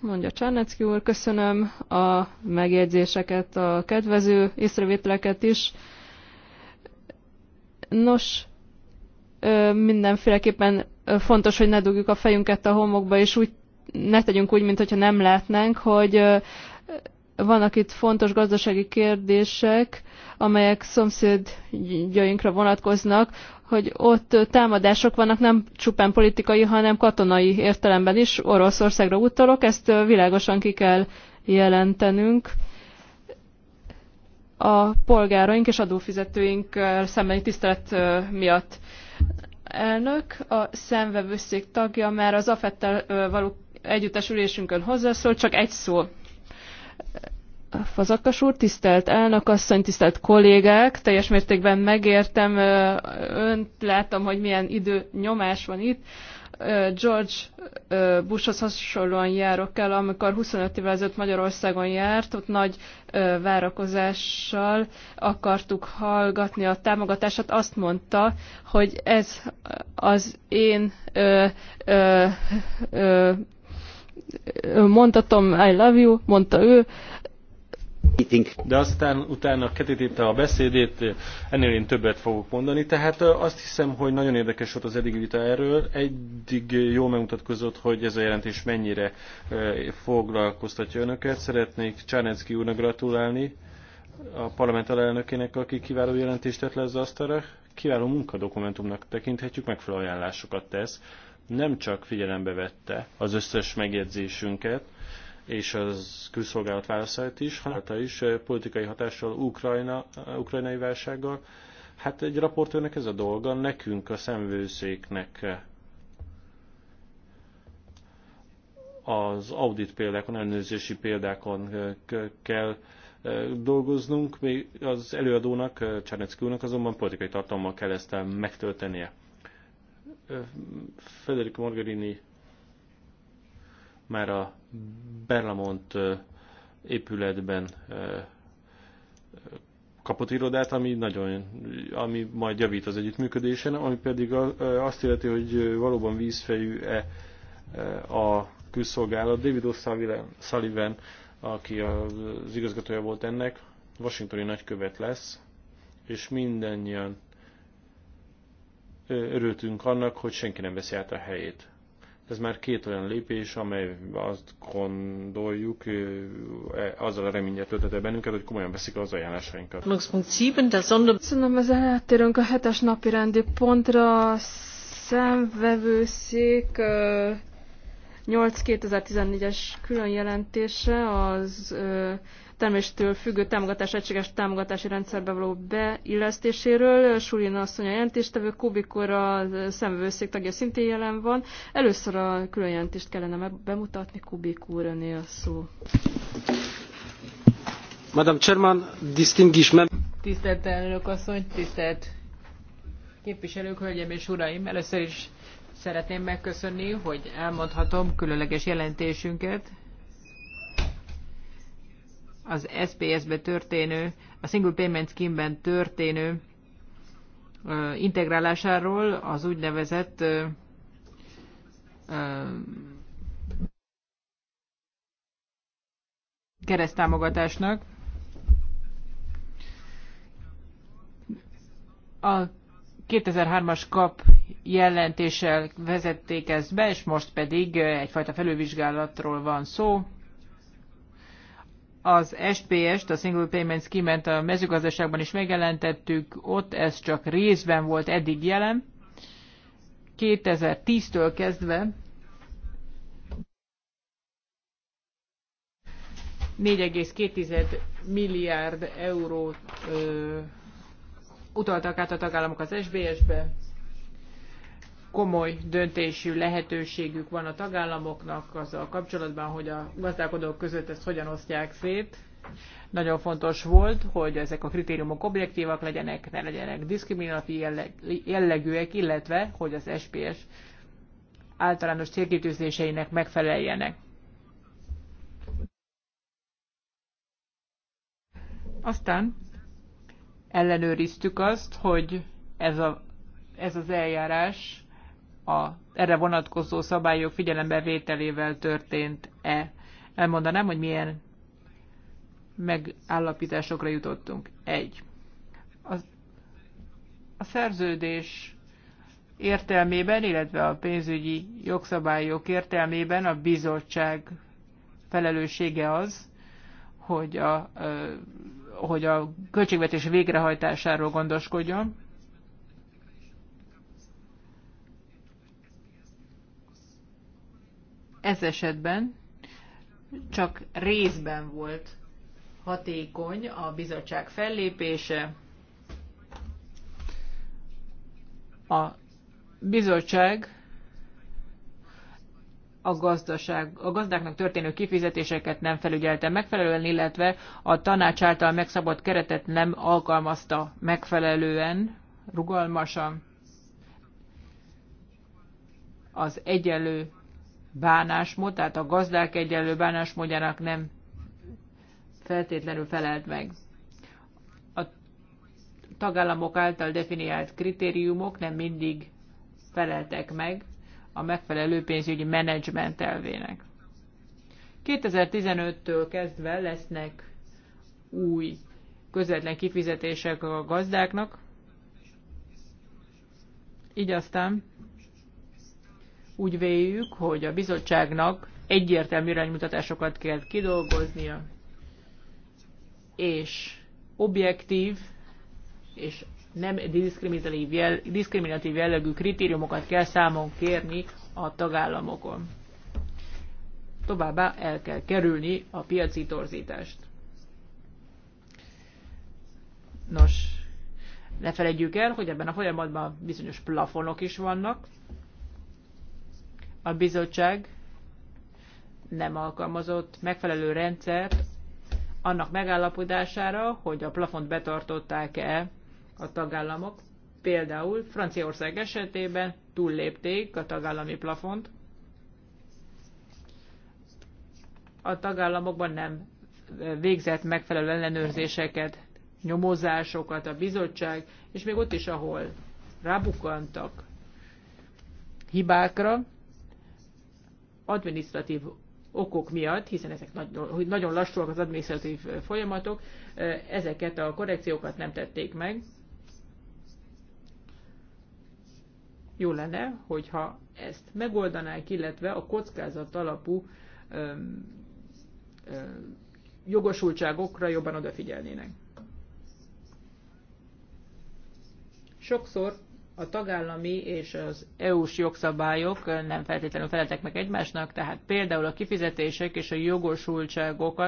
mondja Csarnecki úr. Köszönöm a megjegyzéseket, a kedvező észrevételeket is. Nos, mindenféleképpen fontos, hogy ne dugjuk a fejünket a homokba, és úgy ne tegyünk úgy, mintha nem látnánk, hogy vannak itt fontos gazdasági kérdések, amelyek szomszédjainkra vonatkoznak, hogy ott támadások vannak, nem csupán politikai, hanem katonai értelemben is. Oroszországra utalok, ezt világosan ki kell jelentenünk a polgáraink és adófizetőink szembeni tisztelet miatt. Elnök, a szemvevőszék tagja már az AFET-tel való együttesülésünkön hozzászól, csak egy szó. Fazakas úr, tisztelt elnök asszony, tisztelt kollégák, teljes mértékben megértem önt, látom, hogy milyen idő nyomás van itt. George Bushhoz hasonlóan járok el, amikor 25 évvel ezelőtt Magyarországon járt, ott nagy várakozással akartuk hallgatni a támogatását. Azt mondta, hogy ez az én ö, ö, ö, mondhatom, I love you, mondta ő. De aztán utána ketítette a beszédét, ennél én többet fogok mondani, tehát azt hiszem, hogy nagyon érdekes volt az eddigi vita erről. Eddig jól megmutatkozott, hogy ez a jelentés mennyire foglalkoztatja önöket. Szeretnék Csánecki úrnak gratulálni, a parlament alelnökének, aki kiváló jelentést tett le az asztalra. Kiváló munkadokumentumnak tekinthetjük, megfelelő ajánlásokat tesz nem csak figyelembe vette az összes megjegyzésünket, és az külszolgálat válaszait is, hanem is eh, politikai hatással Ukrajna, eh, ukrajnai válsággal. Hát egy raportőrnek ez a dolga, nekünk a szemvőszéknek eh, az audit példákon, ellenőrzési példákon kell dolgoznunk, még az előadónak, Csernecki úrnak azonban politikai tartalommal kell ezt megtöltenie. Federico Morgherini már a Berlamont épületben kapott irodát, ami nagyon, ami majd javít az együttműködésen, ami pedig azt illeti, hogy valóban vízfejű-e a külszolgálat. David O'Sullivan, aki az igazgatója volt ennek, washingtoni nagykövet lesz, és mindannyian örültünk annak, hogy senki nem veszi át a helyét. Ez már két olyan lépés, amely azt gondoljuk, azzal a reményet töltete bennünket, hogy komolyan veszik az ajánlásainkat. Szerintem ezzel áttérünk a hetes napi rendi pontra. Szemvevőszék 8-2014-es külön jelentése az terméstől függő támogatás egységes támogatási rendszerbe való beillesztéséről. Sulina asszony a jelentéstevő, Kubikor a szemvőszék tagja szintén jelen van. Először a külön jelentést kellene bemutatni, Kubik úr öné a szó. Madam Chairman, distinguished member. Tisztelt elnök asszony, tisztelt képviselők, hölgyeim és uraim! Először is szeretném megköszönni, hogy elmondhatom különleges jelentésünket, az SPS-be történő, a Single Payment Scheme-ben történő integrálásáról az úgynevezett keresztámogatásnak. A 2003-as kap jelentéssel vezették ezt be, és most pedig egyfajta felülvizsgálatról van szó az SPS-t, a Single Payment Scheme-et a mezőgazdaságban is megjelentettük, ott ez csak részben volt eddig jelen. 2010-től kezdve 4,2 milliárd eurót ö, utaltak át a tagállamok az SBS-be, komoly döntésű lehetőségük van a tagállamoknak azzal kapcsolatban, hogy a gazdálkodók között ezt hogyan osztják szét. Nagyon fontos volt, hogy ezek a kritériumok objektívak legyenek, ne legyenek diszkriminatív jellegűek, illetve hogy az SPS általános célkitűzéseinek megfeleljenek. Aztán ellenőriztük azt, hogy ez, a, ez az eljárás a erre vonatkozó szabályok figyelembevételével történt-e. Elmondanám, hogy milyen megállapításokra jutottunk. Egy. A, a szerződés értelmében, illetve a pénzügyi jogszabályok értelmében a bizottság felelőssége az, hogy a, hogy a költségvetés végrehajtásáról gondoskodjon. ez esetben csak részben volt hatékony a bizottság fellépése. A bizottság a, gazdaság, a gazdáknak történő kifizetéseket nem felügyelte megfelelően, illetve a tanács által megszabott keretet nem alkalmazta megfelelően, rugalmasan. Az egyenlő bánásmód, tehát a gazdák egyenlő bánásmódjának nem feltétlenül felelt meg. A tagállamok által definiált kritériumok nem mindig feleltek meg a megfelelő pénzügyi menedzsment elvének. 2015-től kezdve lesznek új közvetlen kifizetések a gazdáknak, így aztán úgy véljük, hogy a bizottságnak egyértelmű iránymutatásokat kell kidolgoznia, és objektív és nem diszkriminatív, jell diszkriminatív jellegű kritériumokat kell számon kérni a tagállamokon. Továbbá el kell kerülni a piaci torzítást. Nos, ne felejtjük el, hogy ebben a folyamatban bizonyos plafonok is vannak, a bizottság nem alkalmazott megfelelő rendszert annak megállapodására, hogy a plafont betartották-e a tagállamok. Például Franciaország esetében túllépték a tagállami plafont. A tagállamokban nem végzett megfelelő ellenőrzéseket, nyomozásokat a bizottság, és még ott is, ahol rábukkantak hibákra, administratív okok miatt, hiszen ezek nagyon, nagyon lassúak az administratív folyamatok, ezeket a korrekciókat nem tették meg. Jó lenne, hogyha ezt megoldanák, illetve a kockázat alapú öm, öm, jogosultságokra jobban odafigyelnének. Sokszor a tagállami és az EU-s jogszabályok nem feltétlenül feleltek meg egymásnak, tehát például a kifizetések és a jogosultságok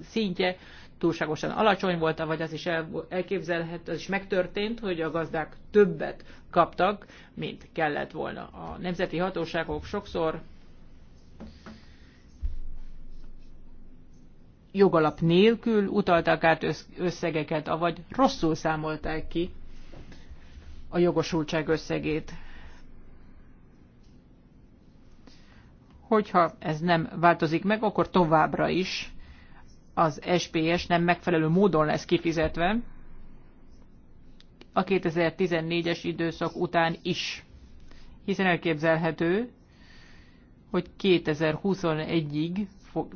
szintje túlságosan alacsony volt, vagy az is elképzelhet, az is megtörtént, hogy a gazdák többet kaptak, mint kellett volna. A nemzeti hatóságok sokszor jogalap nélkül utalták át összegeket, avagy rosszul számolták ki a jogosultság összegét. Hogyha ez nem változik meg, akkor továbbra is az SPS nem megfelelő módon lesz kifizetve a 2014-es időszak után is. Hiszen elképzelhető, hogy 2021-ig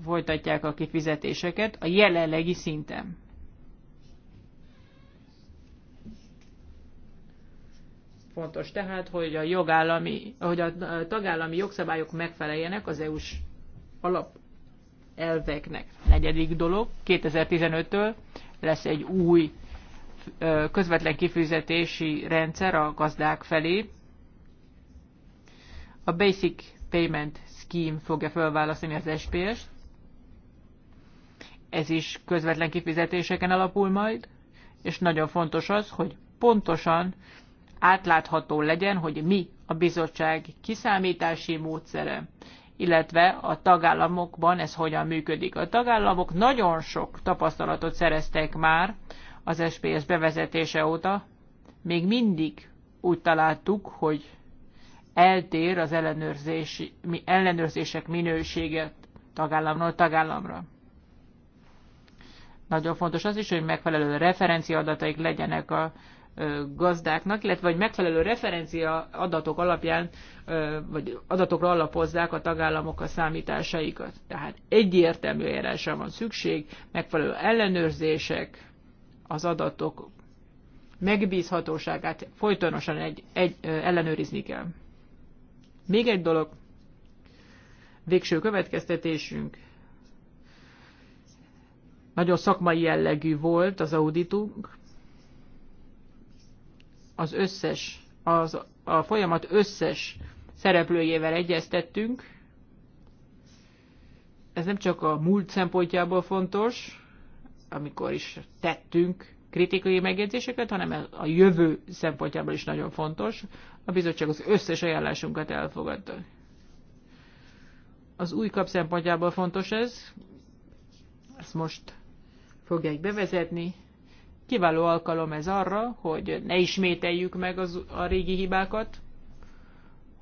folytatják a kifizetéseket a jelenlegi szinten. Fontos tehát, hogy a, jogállami, hogy a tagállami jogszabályok megfeleljenek az EU-s alapelveknek. Negyedik dolog, 2015-től lesz egy új közvetlen kifizetési rendszer a gazdák felé. A Basic Payment Scheme fogja felválasztani az SPS-t. Ez is közvetlen kifizetéseken alapul majd, és nagyon fontos az, hogy pontosan átlátható legyen, hogy mi a bizottság kiszámítási módszere, illetve a tagállamokban ez hogyan működik. A tagállamok nagyon sok tapasztalatot szereztek már az SPS bevezetése óta, még mindig úgy találtuk, hogy eltér az ellenőrzési, ellenőrzések minőséget tagállamról tagállamra. Nagyon fontos az is, hogy megfelelő referenciadataik legyenek a gazdáknak, illetve hogy megfelelő referencia adatok alapján, vagy adatokra alapozzák a tagállamok a számításaikat. Tehát egyértelmű eljárásra van szükség, megfelelő ellenőrzések, az adatok megbízhatóságát folytonosan egy, egy, ellenőrizni kell. Még egy dolog, végső következtetésünk, nagyon szakmai jellegű volt az auditunk, az összes, az, a folyamat összes szereplőjével egyeztettünk. Ez nem csak a múlt szempontjából fontos, amikor is tettünk kritikai megjegyzéseket, hanem a jövő szempontjából is nagyon fontos. A bizottság az összes ajánlásunkat elfogadta. Az új kap szempontjából fontos ez. Ezt most fogják bevezetni. Kiváló alkalom ez arra, hogy ne ismételjük meg az, a régi hibákat,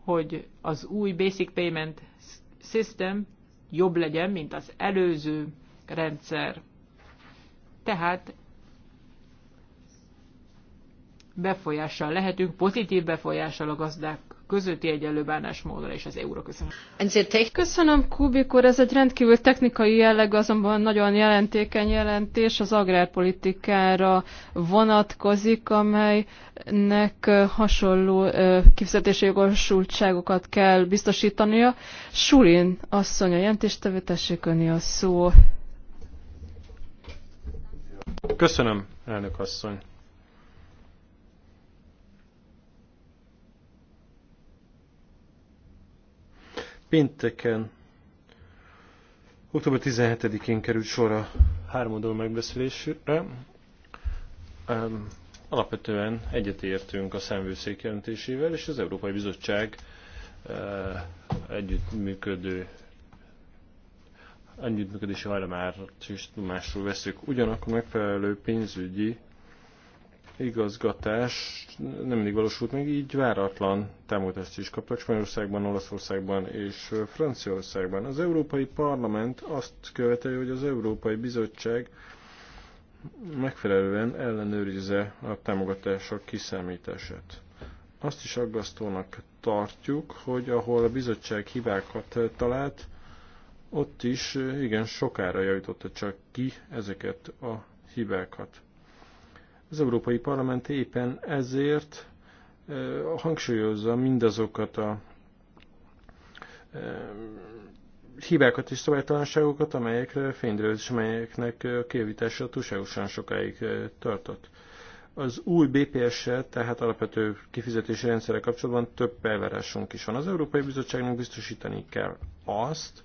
hogy az új Basic Payment System jobb legyen, mint az előző rendszer. Tehát befolyással lehetünk, pozitív befolyással a gazdák közötti egyenlő bánásmódra és az euró Köszönöm. Köszönöm, Kubik úr. Ez egy rendkívül technikai jelleg, azonban nagyon jelentékeny jelentés az agrárpolitikára vonatkozik, amelynek hasonló kifizetési jogosultságokat kell biztosítania. Sulin asszony a jelentéstevő, tessék önni a szó. Köszönöm, elnök asszony. Pénteken, október 17-én került sor a háromadó megbeszélésre. Alapvetően egyetértünk a szemvőszék jelentésével, és az Európai Bizottság e, együttműködő együttműködési hajlamát és másról veszük. Ugyanakkor megfelelő pénzügyi igazgatás nem mindig valósult meg, így váratlan támogatást is kaptak Spanyolországban, Olaszországban és Franciaországban. Az Európai Parlament azt követeli, hogy az Európai Bizottság megfelelően ellenőrizze a támogatások kiszámítását. Azt is aggasztónak tartjuk, hogy ahol a bizottság hibákat talált, ott is igen sokára javította csak ki ezeket a hibákat. Az Európai Parlament éppen ezért hangsúlyozza mindazokat a hibákat és szabálytalanságokat, amelyekre fényderült, és amelyeknek a kiavítása túlságosan sokáig tartott. Az új BPS-sel, tehát alapvető kifizetési rendszerrel kapcsolatban több elvárásunk is van. Az Európai Bizottságnak biztosítani kell azt,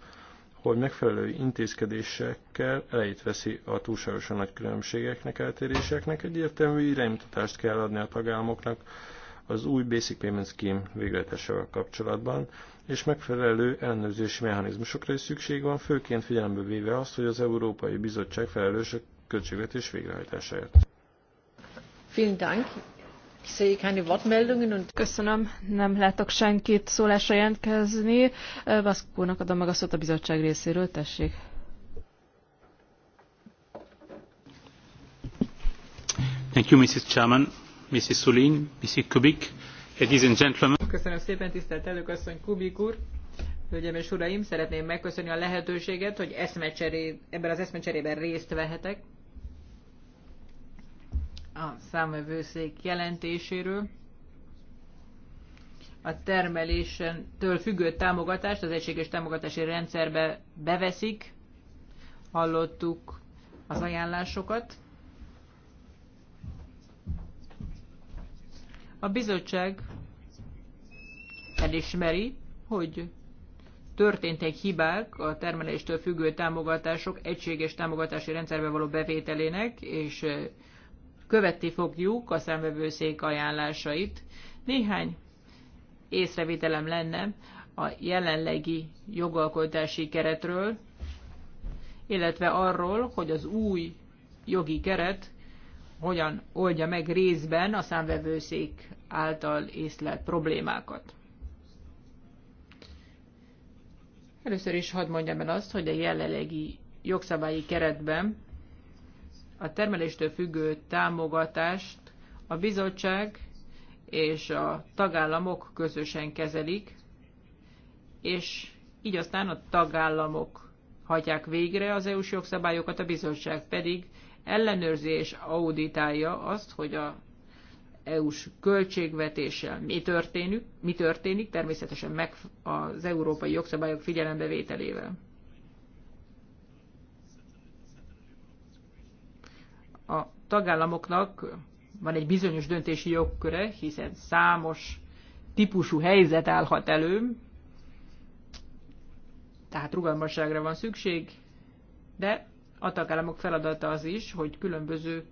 hogy megfelelő intézkedésekkel elejét veszi a túlságosan nagy különbségeknek, eltéréseknek, egyértelmű iránymutatást kell adni a tagállamoknak az új Basic Payment Scheme végletesével kapcsolatban, és megfelelő ellenőrzési mechanizmusokra is szükség van, főként figyelembe véve azt, hogy az Európai Bizottság felelős a költségvetés végrehajtásáért. Vielen Dank. Köszönöm, nem látok senkit szólásra jelentkezni. Baszkónak adom meg a szót a bizottság részéről, tessék. Thank you, Mrs. Chairman, Mrs. Sulin, Mrs. Kubik, ladies and gentlemen. Köszönöm szépen, tisztelt elnökasszony Kubik úr. Hölgyeim és uraim, szeretném megköszönni a lehetőséget, hogy eszmecseré, ebben az eszmecserében részt vehetek a számövőszék jelentéséről. A termeléstől függő támogatást az egységes támogatási rendszerbe beveszik. Hallottuk az ajánlásokat. A bizottság elismeri, hogy történtek hibák a termeléstől függő támogatások egységes támogatási rendszerbe való bevételének és követni fogjuk a szemvevőszék ajánlásait. Néhány észrevételem lenne a jelenlegi jogalkotási keretről, illetve arról, hogy az új jogi keret hogyan oldja meg részben a számvevőszék által észlelt problémákat. Először is hadd mondjam el azt, hogy a jelenlegi jogszabályi keretben a termeléstől függő támogatást a bizottság és a tagállamok közösen kezelik, és így aztán a tagállamok hagyják végre az EU-s jogszabályokat, a bizottság pedig ellenőrzi és auditálja azt, hogy a EU-s költségvetéssel mi történik, mi történik természetesen meg az európai jogszabályok figyelembevételével. tagállamoknak van egy bizonyos döntési jogköre, hiszen számos típusú helyzet állhat elő, tehát rugalmasságra van szükség, de a tagállamok feladata az is, hogy különböző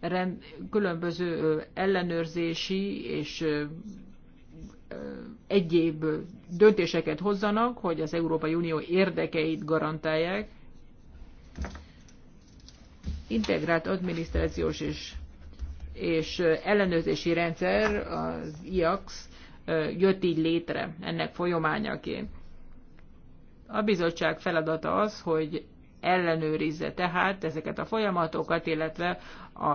rend, különböző ellenőrzési és egyéb döntéseket hozzanak, hogy az Európai Unió érdekeit garantálják integrált adminisztrációs és, és ellenőrzési rendszer, az IAX jött így létre ennek folyamányaként. A bizottság feladata az, hogy ellenőrizze tehát ezeket a folyamatokat, illetve a,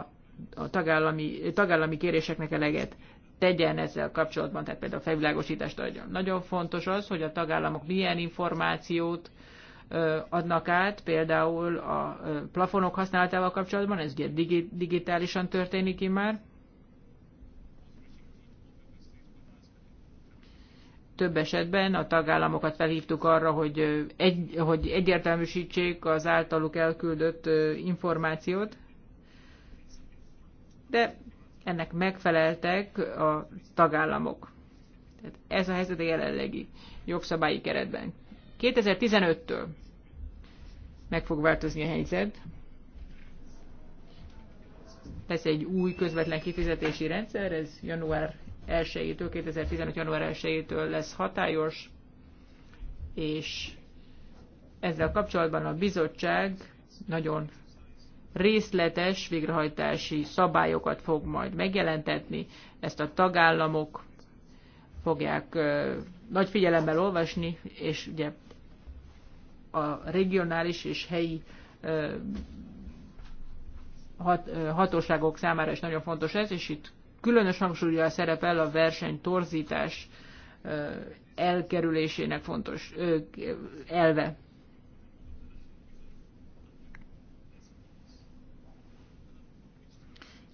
a tagállami, tagállami kéréseknek eleget tegyen ezzel kapcsolatban, tehát például felvilágosítást adjon. Nagyon fontos az, hogy a tagállamok milyen információt, adnak át, például a plafonok használatával kapcsolatban, ez ugye digitálisan történik immár. Több esetben a tagállamokat felhívtuk arra, hogy, egy, hogy egyértelműsítsék az általuk elküldött információt, de ennek megfeleltek a tagállamok. Tehát ez a helyzet a jelenlegi jogszabályi keretben. 2015-től meg fog változni a helyzet. Lesz egy új közvetlen kifizetési rendszer, ez január 1-től, 2015. január 1-től lesz hatályos, és ezzel kapcsolatban a bizottság nagyon részletes végrehajtási szabályokat fog majd megjelentetni, ezt a tagállamok fogják nagy figyelemmel olvasni, és ugye a regionális és helyi hat, hatóságok számára is nagyon fontos ez, és itt különös hangsúlyjal szerepel a verseny torzítás elkerülésének fontos elve.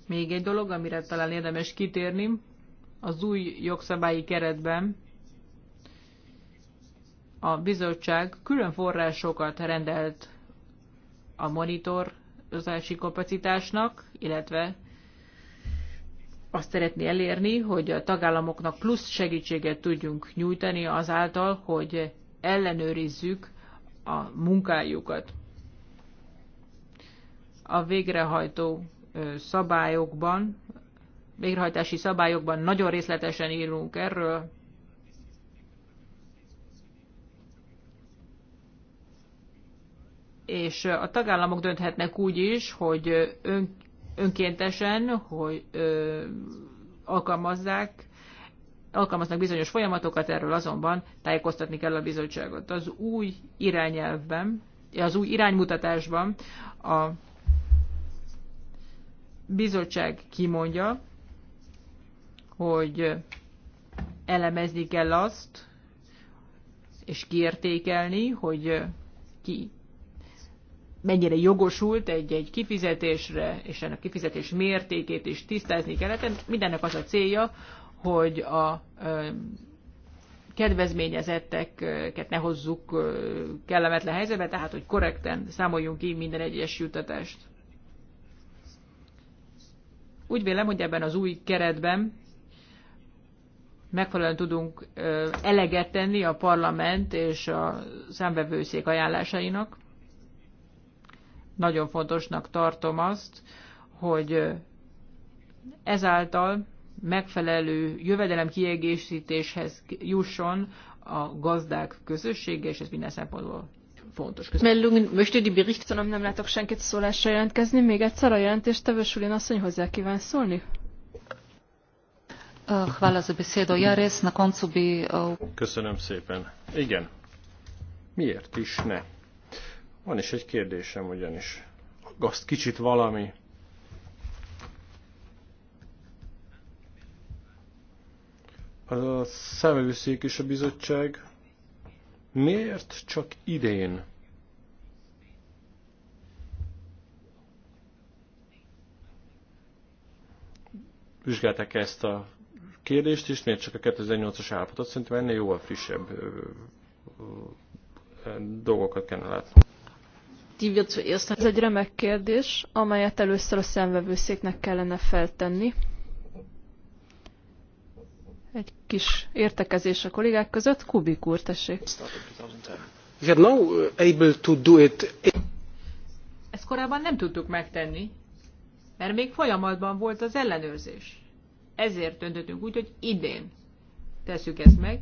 Még egy dolog, amire talán érdemes kitérni, az új jogszabályi keretben a bizottság külön forrásokat rendelt a monitorozási kapacitásnak, illetve azt szeretné elérni, hogy a tagállamoknak plusz segítséget tudjunk nyújtani azáltal, hogy ellenőrizzük a munkájukat. A végrehajtó szabályokban, végrehajtási szabályokban nagyon részletesen írunk erről, és a tagállamok dönthetnek úgy is, hogy ön, önkéntesen, hogy ö, alkalmazzák, alkalmaznak bizonyos folyamatokat, erről azonban tájékoztatni kell a bizottságot. Az új irányelvben, az új iránymutatásban a bizottság kimondja, hogy elemezni kell azt, és kiértékelni, hogy ki mennyire jogosult egy, egy kifizetésre, és ennek kifizetés mértékét is tisztázni kellett. Mindennek az a célja, hogy a kedvezményezetteket ne hozzuk kellemetlen helyzetbe, tehát hogy korrekten számoljunk ki minden egyes jutatást. Úgy vélem, hogy ebben az új keretben megfelelően tudunk eleget tenni a parlament és a számbevőszék ajánlásainak. Nagyon fontosnak tartom azt, hogy ezáltal megfelelő jövedelem kiegészítéshez jusson a gazdák közössége, és ez minden szempontból fontos. Meldungen möchte die Berichterstattung. Nem látok senkit szólásra jelentkezni. Még egyszer a jelentéstevő Sulin asszony hozzá kíván szólni. Köszönöm szépen. Igen. Miért is ne? Van is egy kérdésem ugyanis. Aggaszt kicsit valami. A szemelőszék és a bizottság miért csak idén vizsgálták -e ezt a kérdést, is miért csak a 2008-as állapotot, szerintem ennél jóval frissebb dolgokat kellene látnunk. Ez egy remek kérdés, amelyet először a szemvevőszéknek kellene feltenni. Egy kis értekezés a kollégák között. Kubik úr, tessék. Uh, ezt korábban nem tudtuk megtenni, mert még folyamatban volt az ellenőrzés. Ezért döntöttünk úgy, hogy idén tesszük ezt meg,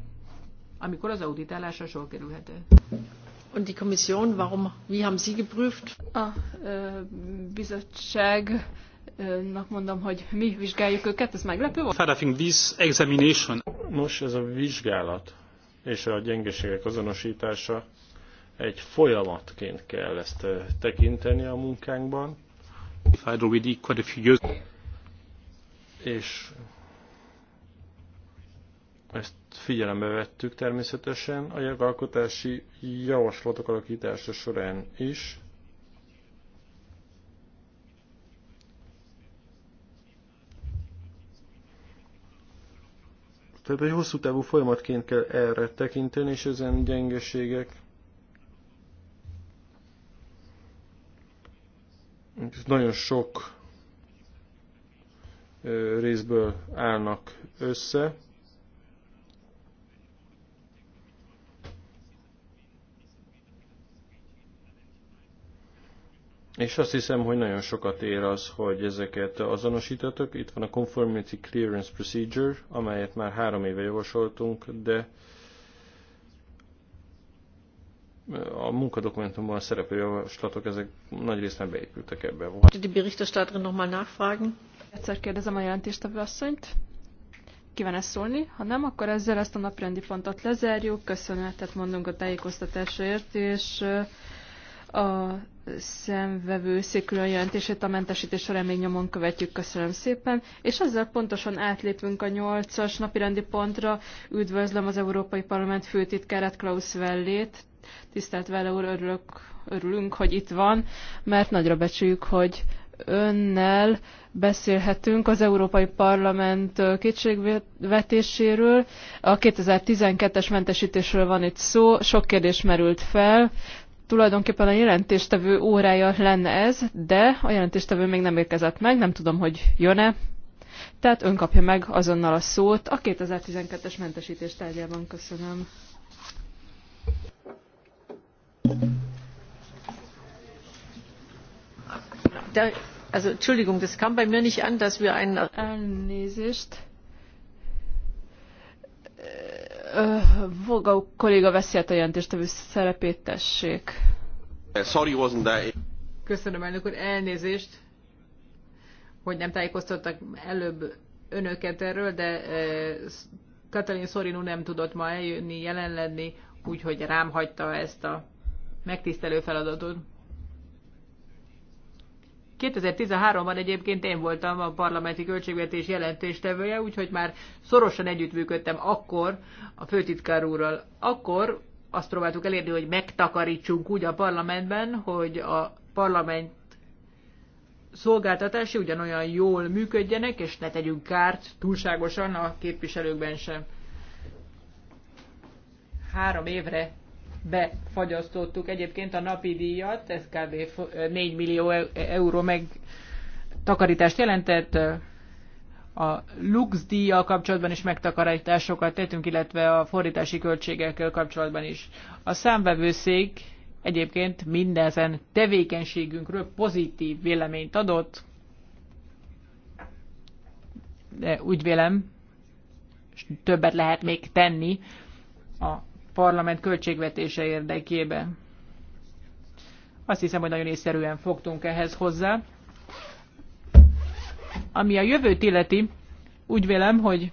amikor az auditálásra sor kerülhető. Und die Kommission, warum, wie haben Sie geprüft? A bizottság bizottságnak mondom, hogy mi vizsgáljuk őket, ez meglepő volt? This examination. most ez a vizsgálat és a gyengeségek azonosítása egy folyamatként kell ezt tekinteni a munkánkban. És ezt figyelembe vettük természetesen a jogalkotási javaslatok alakítása során is. Tehát egy hosszú távú folyamatként kell erre tekinteni, és ezen gyengeségek nagyon sok részből állnak össze. És azt hiszem, hogy nagyon sokat ér az, hogy ezeket azonosítatok. Itt van a Conformity Clearance Procedure, amelyet már három éve javasoltunk, de a munkadokumentumban szereplő javaslatok, ezek nagy nem beépültek ebbe. Die Berichterstatterin nochmal nachfragen. Egyszer kérdezem a jelentéstevő asszonyt. Kíván ezt szólni? Ha nem, akkor ezzel ezt a naprendi pontot lezárjuk. Köszönetet mondunk a tájékoztatásért, és a szemvevő külön jelentését a mentesítés során még nyomon követjük. Köszönöm szépen. És ezzel pontosan átlépünk a nyolcas napirendi pontra. Üdvözlöm az Európai Parlament főtitkárát Klaus Vellét. Tisztelt Velle úr, örülök, örülünk, hogy itt van, mert nagyra becsüljük, hogy önnel beszélhetünk az Európai Parlament kétségvetéséről. A 2012-es mentesítésről van itt szó, sok kérdés merült fel, Tulajdonképpen a jelentéstevő órája lenne ez, de a jelentéstevő még nem érkezett meg, nem tudom, hogy jön-e. Tehát ön kapja meg azonnal a szót a 2012-es mentesítés tárgyában. Köszönöm. De, also, Entschuldigung, das kam bei mir nicht an, dass wir einen... Elnézést. Voga kolléga veszi át a jelentéstevő szerepét, tessék. Sorry, wasn't that... Köszönöm, elnök úr, elnézést, hogy nem tájékoztattak előbb önöket erről, de Katalin Szorinu nem tudott ma eljönni, jelen lenni, úgyhogy rám hagyta ezt a megtisztelő feladatot. 2013-ban egyébként én voltam a parlamenti költségvetés jelentéstevője, úgyhogy már szorosan együttműködtem akkor a főtitkár úrral. Akkor azt próbáltuk elérni, hogy megtakarítsunk úgy a parlamentben, hogy a parlament szolgáltatási ugyanolyan jól működjenek, és ne tegyünk kárt túlságosan a képviselőkben sem. Három évre befagyasztottuk egyébként a napi díjat, ez kb. 4 millió euró meg takarítást jelentett, a Lux díjjal kapcsolatban is megtakarításokat tettünk, illetve a fordítási költségekkel kapcsolatban is. A számvevőszék egyébként mindezen tevékenységünkről pozitív véleményt adott, de úgy vélem, többet lehet még tenni a parlament költségvetése érdekében. Azt hiszem, hogy nagyon észszerűen fogtunk ehhez hozzá. Ami a jövőt illeti, úgy vélem, hogy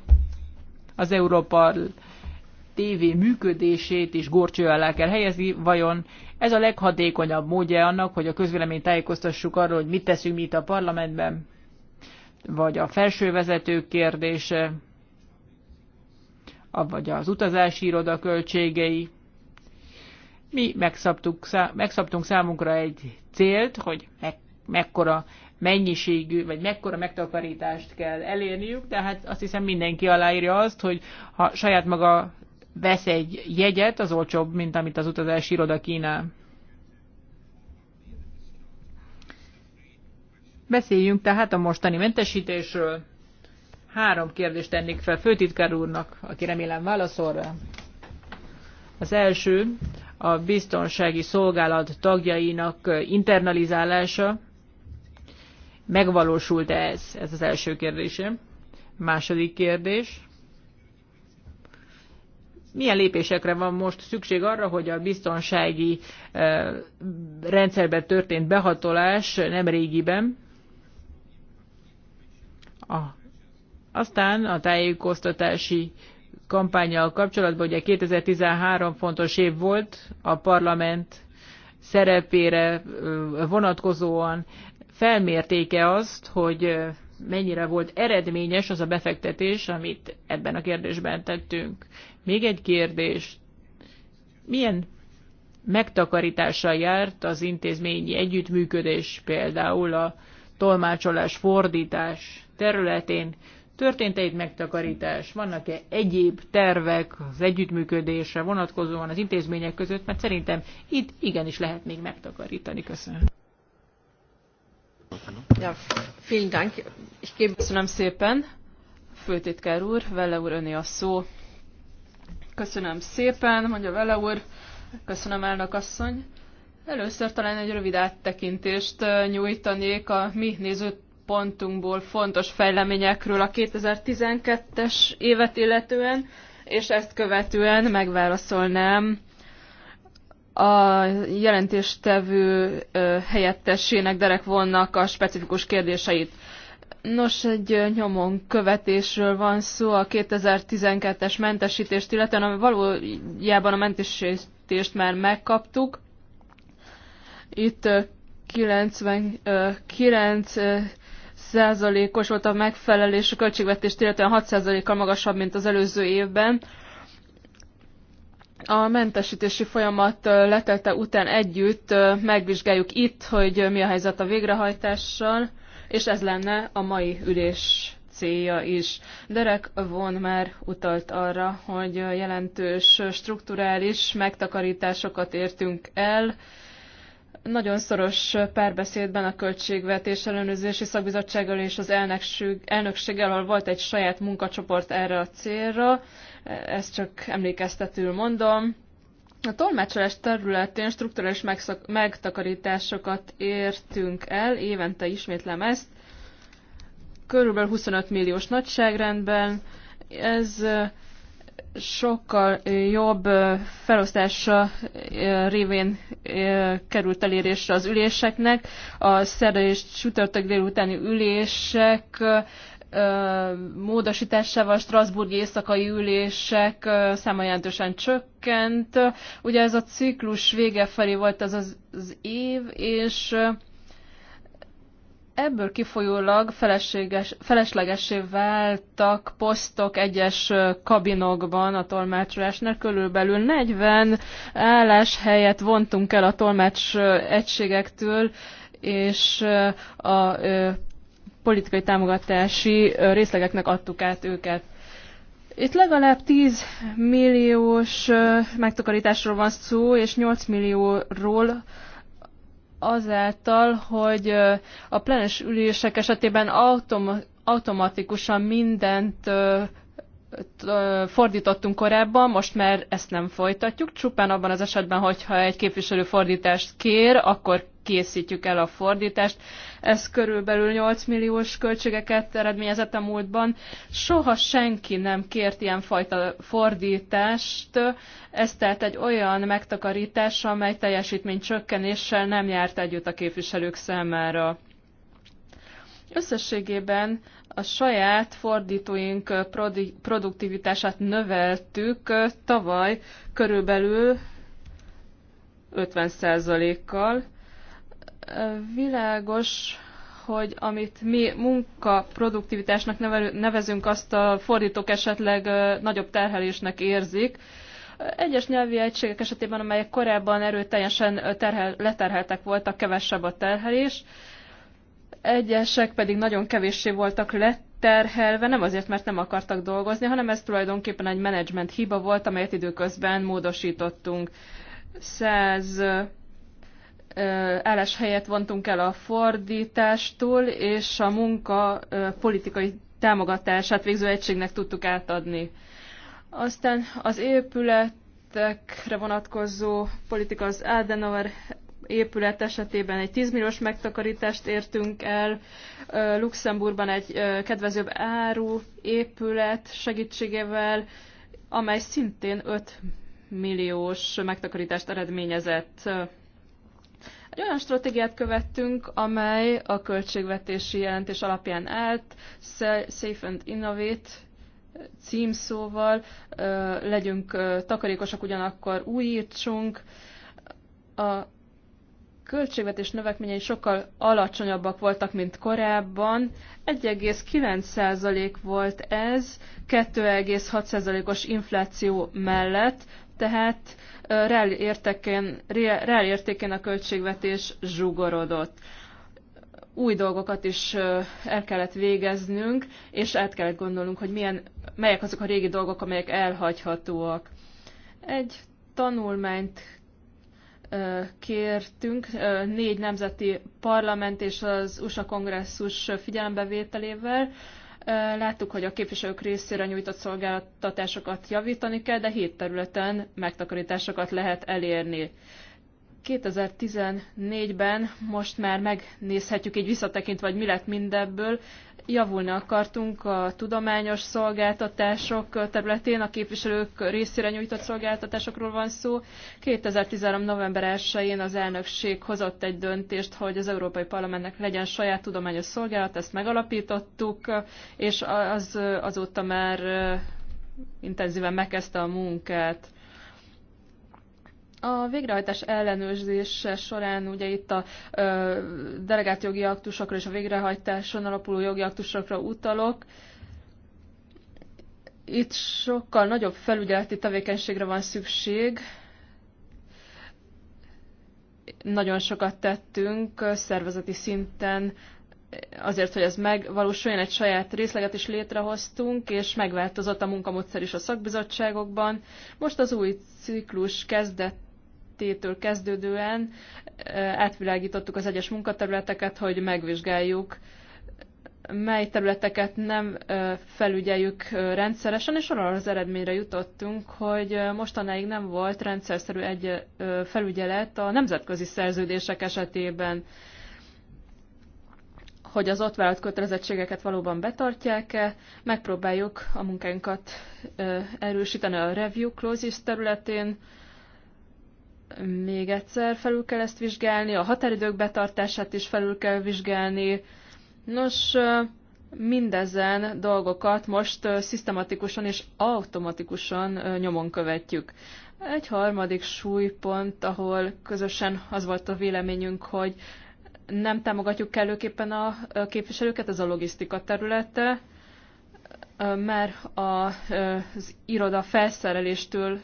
az Európa TV működését is gorcső alá kell helyezni, vajon ez a leghatékonyabb módja annak, hogy a közvéleményt tájékoztassuk arról, hogy mit teszünk mi itt a parlamentben, vagy a felső vezetők kérdése, vagy az utazási iroda költségei. Mi megszabtuk, megszabtunk számunkra egy célt, hogy me- mekkora mennyiségű, vagy mekkora megtakarítást kell elérniük, de hát azt hiszem mindenki aláírja azt, hogy ha saját maga vesz egy jegyet, az olcsóbb, mint amit az utazási iroda kínál. Beszéljünk tehát a mostani mentesítésről. Három kérdést tennék fel főtitkár úrnak, aki remélem válaszol rá. Az első a biztonsági szolgálat tagjainak internalizálása. Megvalósult-e ez? Ez az első kérdésem. Második kérdés. Milyen lépésekre van most szükség arra, hogy a biztonsági rendszerbe történt behatolás nem régiben, a aztán a tájékoztatási kampányjal kapcsolatban, ugye 2013 fontos év volt a parlament szerepére vonatkozóan, felmértéke azt, hogy mennyire volt eredményes az a befektetés, amit ebben a kérdésben tettünk. Még egy kérdés. Milyen megtakarítással járt az intézményi együttműködés, például a tolmácsolás, fordítás területén Történt-e itt megtakarítás? Vannak-e egyéb tervek az együttműködésre vonatkozóan az intézmények között? Mert szerintem itt igenis lehet még megtakarítani. Köszönöm. Ja, vielen Dank. Ich gebe... Köszönöm szépen. Főtitkár úr, vele úr öné a szó. Köszönöm szépen, mondja vele úr. Köszönöm elnök asszony. Először talán egy rövid áttekintést nyújtanék a mi nézőt pontunkból fontos fejleményekről a 2012-es évet illetően, és ezt követően megválaszolnám a jelentéstevő helyettesének Derek vonnak a specifikus kérdéseit. Nos, egy nyomon követésről van szó a 2012-es mentesítést, illetően ami valójában a mentesítést már megkaptuk. Itt 99 százalékos volt a megfelelés, a költségvetést illetően 6 százalékkal magasabb, mint az előző évben. A mentesítési folyamat letelte után együtt megvizsgáljuk itt, hogy mi a helyzet a végrehajtással, és ez lenne a mai ülés célja is. Derek von már utalt arra, hogy jelentős strukturális megtakarításokat értünk el, nagyon szoros párbeszédben a Költségvetés Ellenőrzési Szakbizottsággal és az elnökség, elnökséggel, ahol volt egy saját munkacsoport erre a célra, ezt csak emlékeztetül mondom. A tolmácsolás területén struktúrális megtakarításokat értünk el, évente ismétlem ezt, körülbelül 25 milliós nagyságrendben. Ez sokkal jobb felosztása révén került elérésre az üléseknek. A szerda és csütörtök délutáni ülések módosításával Strasburgi éjszakai ülések száma jelentősen csökkent. Ugye ez a ciklus vége felé volt az az év, és Ebből kifolyólag felesleges, feleslegesé váltak posztok egyes kabinokban a tolmácsolásnál. Körülbelül 40 állás helyet vontunk el a tolmács egységektől, és a politikai támogatási részlegeknek adtuk át őket. Itt legalább 10 milliós megtakarításról van szó, és 8 millióról azáltal, hogy a plenes ülések esetében autom, automatikusan mindent fordítottunk korábban, most már ezt nem folytatjuk, csupán abban az esetben, hogyha egy képviselő fordítást kér, akkor készítjük el a fordítást. Ez körülbelül 8 milliós költségeket eredményezett a múltban. Soha senki nem kért ilyenfajta fordítást. Ez tehát egy olyan megtakarítás, amely teljesítmény csökkenéssel nem járt együtt a képviselők számára. Összességében a saját fordítóink produktivitását növeltük tavaly körülbelül 50%-kal, Világos, hogy amit mi munka produktivitásnak nevezünk, azt a fordítók esetleg nagyobb terhelésnek érzik. Egyes nyelvi egységek esetében, amelyek korábban erőteljesen terhel, leterheltek voltak, kevesebb a terhelés, egyesek pedig nagyon kevéssé voltak leterhelve, nem azért, mert nem akartak dolgozni, hanem ez tulajdonképpen egy menedzsment hiba volt, amelyet időközben módosítottunk. 100 helyett vontunk el a fordítástól, és a munka politikai támogatását végző egységnek tudtuk átadni. Aztán az épületekre vonatkozó politika az Adenauer épület esetében egy 10 milliós megtakarítást értünk el, Luxemburgban egy kedvezőbb áru épület segítségével, amely szintén 5 milliós megtakarítást eredményezett egy olyan stratégiát követtünk, amely a költségvetési jelentés alapján állt, Safe and Innovate címszóval, legyünk takarékosak, ugyanakkor újítsunk. A költségvetés növekményei sokkal alacsonyabbak voltak, mint korábban. 1,9% volt ez, 2,6%-os infláció mellett, tehát reál, értékén a költségvetés zsugorodott. Új dolgokat is el kellett végeznünk, és át kellett gondolnunk, hogy milyen, melyek azok a régi dolgok, amelyek elhagyhatóak. Egy tanulmányt kértünk négy nemzeti parlament és az USA kongresszus figyelembevételével, Láttuk, hogy a képviselők részére nyújtott szolgáltatásokat javítani kell, de hét területen megtakarításokat lehet elérni. 2014-ben most már megnézhetjük így visszatekintve, hogy mi lett mindebből javulni akartunk a tudományos szolgáltatások területén, a képviselők részére nyújtott szolgáltatásokról van szó. 2013. november 1-én az elnökség hozott egy döntést, hogy az Európai Parlamentnek legyen saját tudományos szolgálat, ezt megalapítottuk, és az azóta már intenzíven megkezdte a munkát. A végrehajtás ellenőrzése során ugye itt a ö, delegált jogi aktusokra és a végrehajtáson alapuló jogi aktusokra utalok. Itt sokkal nagyobb felügyeleti tevékenységre van szükség. Nagyon sokat tettünk szervezeti szinten azért, hogy ez megvalósuljon, egy saját részleget is létrehoztunk, és megváltozott a munkamódszer is a szakbizottságokban. Most az új ciklus kezdett kezdetétől kezdődően átvilágítottuk az egyes munkaterületeket, hogy megvizsgáljuk, mely területeket nem felügyeljük rendszeresen, és arra az eredményre jutottunk, hogy mostanáig nem volt rendszerszerű egy felügyelet a nemzetközi szerződések esetében hogy az ott vállalt kötelezettségeket valóban betartják-e. Megpróbáljuk a munkánkat erősíteni a review clauses területén, még egyszer felül kell ezt vizsgálni, a határidők betartását is felül kell vizsgálni. Nos, mindezen dolgokat most szisztematikusan és automatikusan nyomon követjük. Egy harmadik súlypont, ahol közösen az volt a véleményünk, hogy nem támogatjuk kellőképpen a képviselőket, ez a logisztika területe, mert az iroda felszereléstől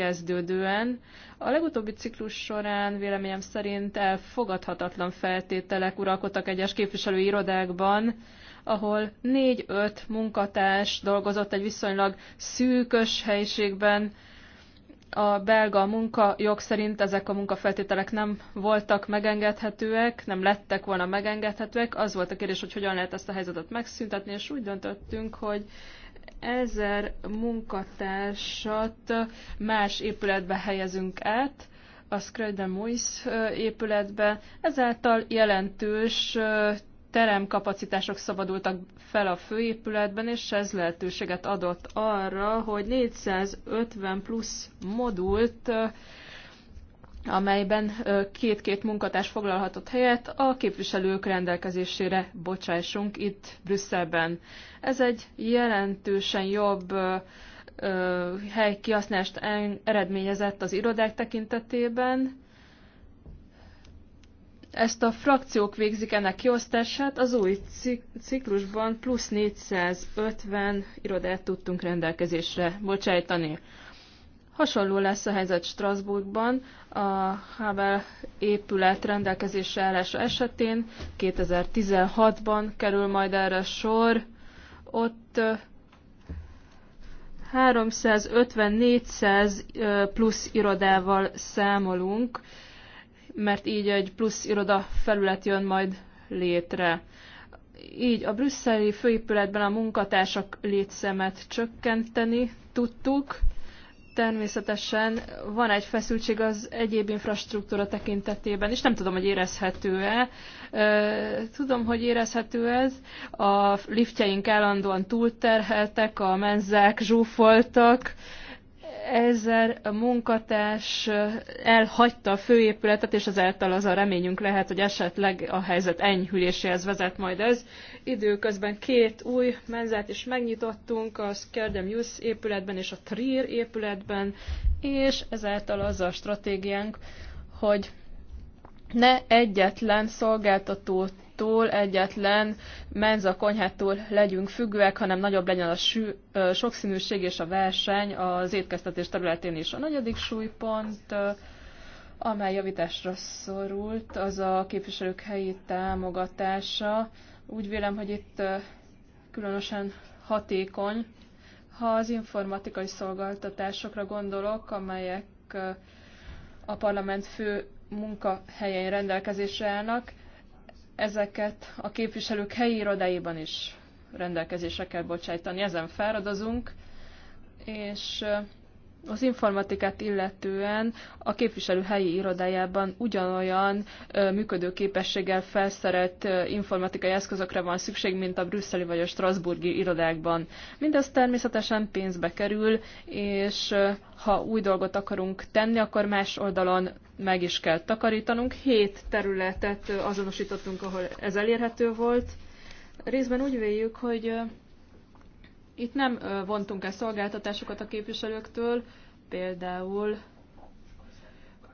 kezdődően. A legutóbbi ciklus során véleményem szerint elfogadhatatlan feltételek uralkodtak egyes képviselői irodákban, ahol négy-öt munkatárs dolgozott egy viszonylag szűkös helyiségben, a belga munka jog szerint ezek a munkafeltételek nem voltak megengedhetőek, nem lettek volna megengedhetőek. Az volt a kérdés, hogy hogyan lehet ezt a helyzetet megszüntetni, és úgy döntöttünk, hogy ezer munkatársat más épületbe helyezünk át, a Scröder Mois épületbe, ezáltal jelentős teremkapacitások szabadultak fel a főépületben, és ez lehetőséget adott arra, hogy 450 plusz modult amelyben két-két munkatárs foglalhatott helyet a képviselők rendelkezésére bocsássunk itt Brüsszelben. Ez egy jelentősen jobb hely kihasználást eredményezett az irodák tekintetében. Ezt a frakciók végzik ennek kiosztását, az új ciklusban plusz 450 irodát tudtunk rendelkezésre bocsájtani. Hasonló lesz a helyzet Strasbourgban, a Havel épület rendelkezésre állása esetén 2016-ban kerül majd erre sor. Ott 350-400 plusz irodával számolunk, mert így egy plusz iroda felület jön majd létre. Így a brüsszeli főépületben a munkatársak létszemet csökkenteni tudtuk, természetesen van egy feszültség az egyéb infrastruktúra tekintetében, és nem tudom, hogy érezhető-e. Tudom, hogy érezhető ez. A liftjeink állandóan túlterheltek, a menzák zsúfoltak, ezer munkatárs eh, elhagyta a főépületet, és ezáltal az a reményünk lehet, hogy esetleg a helyzet enyhüléséhez vezet majd ez. Időközben két új menzát is megnyitottunk, a Skerdem Youth épületben és a Trier épületben, és ezáltal az a stratégiánk, hogy ne egyetlen szolgáltatót konyhától, egyetlen menza konyhától legyünk függőek, hanem nagyobb legyen a sü- sokszínűség és a verseny az étkeztetés területén is. A negyedik súlypont amely javításra szorult, az a képviselők helyi támogatása. Úgy vélem, hogy itt különösen hatékony. Ha az informatikai szolgáltatásokra gondolok, amelyek a parlament fő munkahelyein rendelkezésre állnak, ezeket a képviselők helyi irodáiban is rendelkezésre kell bocsájtani. Ezen fáradozunk, és az informatikát illetően a képviselő helyi irodájában ugyanolyan működőképességgel felszerelt informatikai eszközökre van szükség, mint a brüsszeli vagy a strasburgi irodákban. Mindez természetesen pénzbe kerül, és ha új dolgot akarunk tenni, akkor más oldalon meg is kell takarítanunk. Hét területet azonosítottunk, ahol ez elérhető volt. Részben úgy véljük, hogy itt nem vontunk el szolgáltatásokat a képviselőktől, például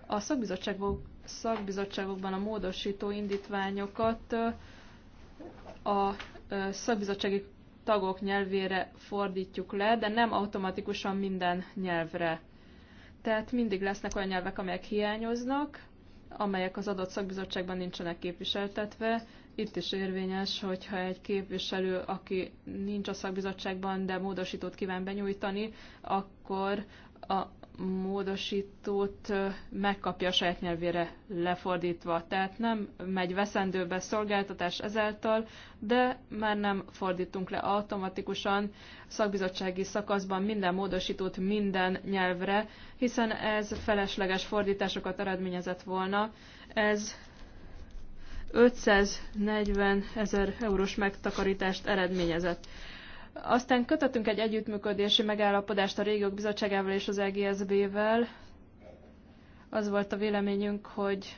a szakbizottságok, szakbizottságokban a módosító indítványokat a szakbizottsági tagok nyelvére fordítjuk le, de nem automatikusan minden nyelvre. Tehát mindig lesznek olyan nyelvek, amelyek hiányoznak, amelyek az adott szakbizottságban nincsenek képviseltetve, itt is érvényes, hogyha egy képviselő, aki nincs a szakbizottságban, de módosítót kíván benyújtani, akkor a módosítót megkapja a saját nyelvére lefordítva. Tehát nem megy veszendőbe szolgáltatás ezáltal, de már nem fordítunk le automatikusan szakbizottsági szakaszban minden módosítót minden nyelvre, hiszen ez felesleges fordításokat eredményezett volna. Ez 540 ezer eurós megtakarítást eredményezett. Aztán kötöttünk egy együttműködési megállapodást a régiók bizottságával és az EGSB-vel. Az volt a véleményünk, hogy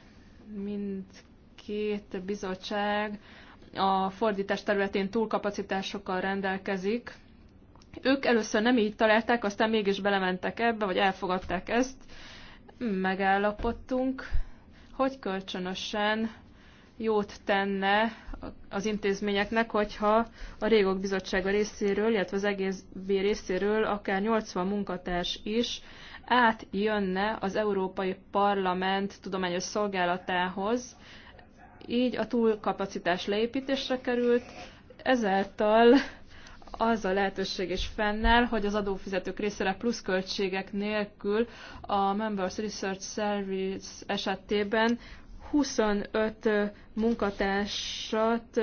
mindkét bizottság a fordítás területén túlkapacitásokkal rendelkezik. Ők először nem így találták, aztán mégis belementek ebbe, vagy elfogadták ezt. Megállapodtunk, hogy kölcsönösen jót tenne az intézményeknek, hogyha a Régok Bizottsága részéről, illetve az egész B részéről akár 80 munkatárs is átjönne az Európai Parlament tudományos szolgálatához, így a túlkapacitás leépítésre került, ezáltal az a lehetőség is fennáll, hogy az adófizetők részére pluszköltségek nélkül a Members Research Service esetében 25 munkatársat,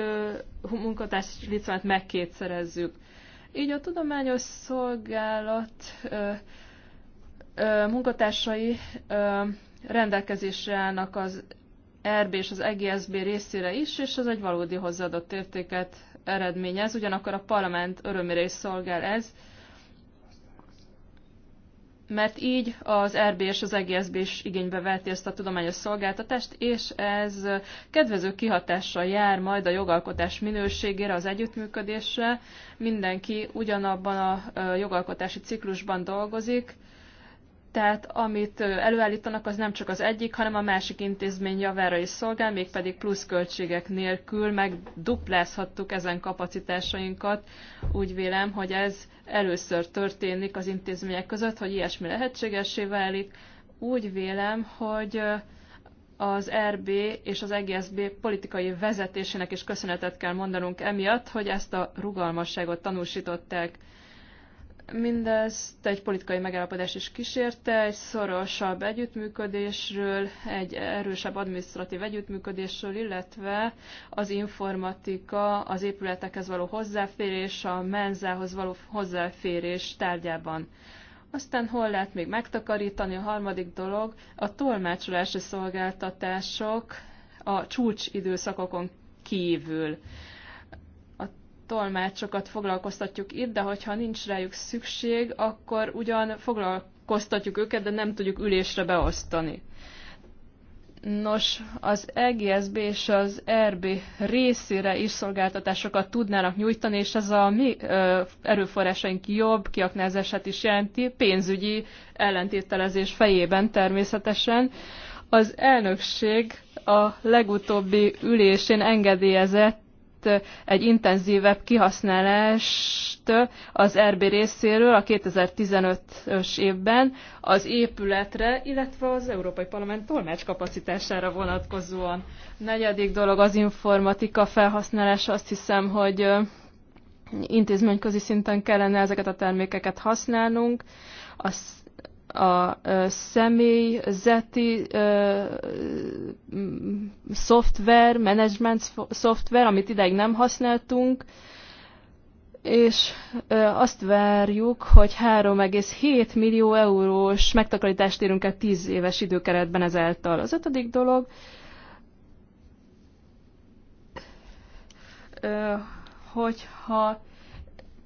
munkatárs licitát megkétszerezzük. Így a tudományos szolgálat munkatársai rendelkezésre állnak az RB és az EGSB részére is, és ez egy valódi hozzáadott értéket eredményez, ugyanakkor a parlament örömére is szolgál ez, mert így az RB és az EGSB is igénybe veheti ezt a tudományos szolgáltatást, és ez kedvező kihatással jár majd a jogalkotás minőségére, az együttműködésre. Mindenki ugyanabban a jogalkotási ciklusban dolgozik, tehát amit előállítanak, az nem csak az egyik, hanem a másik intézmény javára is szolgál, mégpedig pluszköltségek nélkül megduplázhattuk ezen kapacitásainkat. Úgy vélem, hogy ez először történik az intézmények között, hogy ilyesmi lehetségessé válik. Úgy vélem, hogy az RB és az EGSB politikai vezetésének is köszönetet kell mondanunk emiatt, hogy ezt a rugalmasságot tanúsították. Mindezt egy politikai megállapodás is kísérte, egy szorosabb együttműködésről, egy erősebb adminisztratív együttműködésről, illetve az informatika, az épületekhez való hozzáférés, a menzához való hozzáférés tárgyában. Aztán hol lehet még megtakarítani? A harmadik dolog a tolmácsolási szolgáltatások a csúcsidőszakokon kívül tolmácsokat foglalkoztatjuk itt, de hogyha nincs rájuk szükség, akkor ugyan foglalkoztatjuk őket, de nem tudjuk ülésre beosztani. Nos, az EGSB és az RB részére is szolgáltatásokat tudnának nyújtani, és ez a mi ö, erőforrásaink jobb kiaknázását is jelenti, pénzügyi ellentételezés fejében természetesen. Az elnökség a legutóbbi ülésén engedélyezett egy intenzívebb kihasználást az RB részéről a 2015-ös évben az épületre, illetve az Európai Parlament kapacitására vonatkozóan. Negyedik dolog az informatika felhasználása. Azt hiszem, hogy intézményközi szinten kellene ezeket a termékeket használnunk. Azt a személyzeti szoftver, management szoftver, amit ideig nem használtunk, és azt várjuk, hogy 3,7 millió eurós megtakarítást érünk el 10 éves időkeretben ezáltal. Az ötödik dolog, hogyha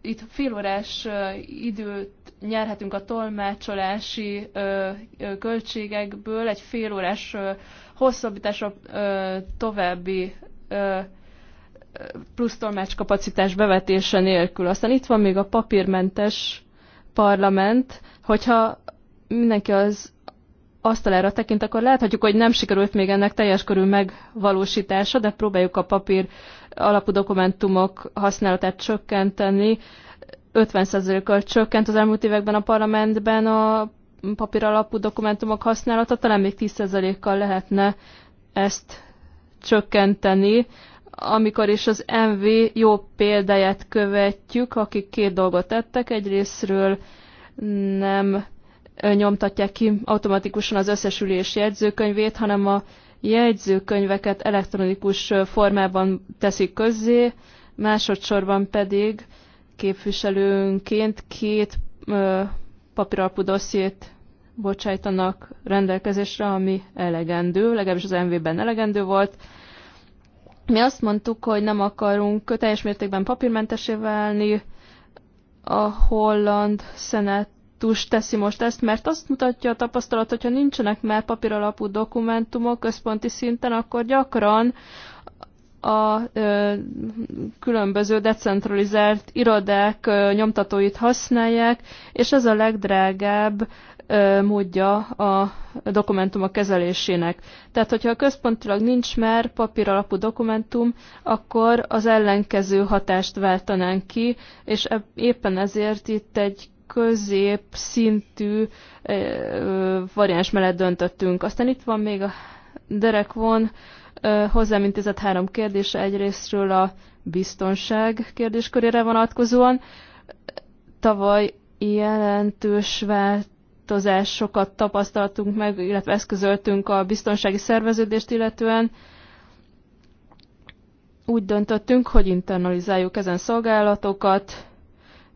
itt félórás időt nyerhetünk a tolmácsolási ö, ö, költségekből, egy félórás hosszabbításra ö, további ö, plusz kapacitás bevetése nélkül. Aztán itt van még a papírmentes parlament, hogyha mindenki az asztalára tekint, akkor láthatjuk, hogy nem sikerült még ennek teljes körül megvalósítása, de próbáljuk a papír alapú dokumentumok használatát csökkenteni. 50%-kal csökkent az elmúlt években a parlamentben a papír alapú dokumentumok használata, talán még 10%-kal lehetne ezt csökkenteni, amikor is az MV jó példáját követjük, akik két dolgot tettek, egyrésztről nem nyomtatják ki automatikusan az összes ülés jegyzőkönyvét, hanem a jegyzőkönyveket elektronikus formában teszik közzé, másodszorban pedig képviselőnként két papíralpú dossziét bocsájtanak rendelkezésre, ami elegendő, legalábbis az MV-ben elegendő volt. Mi azt mondtuk, hogy nem akarunk teljes mértékben papírmentesé válni, a holland szenetus teszi most ezt, mert azt mutatja a tapasztalat, hogyha nincsenek már papíralapú dokumentumok központi szinten, akkor gyakran a ö, különböző decentralizált irodák ö, nyomtatóit használják, és ez a legdrágább ö, módja a dokumentumok kezelésének. Tehát, hogyha központilag nincs már papír alapú dokumentum, akkor az ellenkező hatást váltanánk ki, és éppen ezért itt egy közép ö, variáns mellett döntöttünk. Aztán itt van még a Derek von hozzám intézett három kérdése. Egyrésztről a biztonság kérdéskörére vonatkozóan. Tavaly jelentős változásokat tapasztaltunk meg, illetve eszközöltünk a biztonsági szerveződést illetően. Úgy döntöttünk, hogy internalizáljuk ezen szolgálatokat,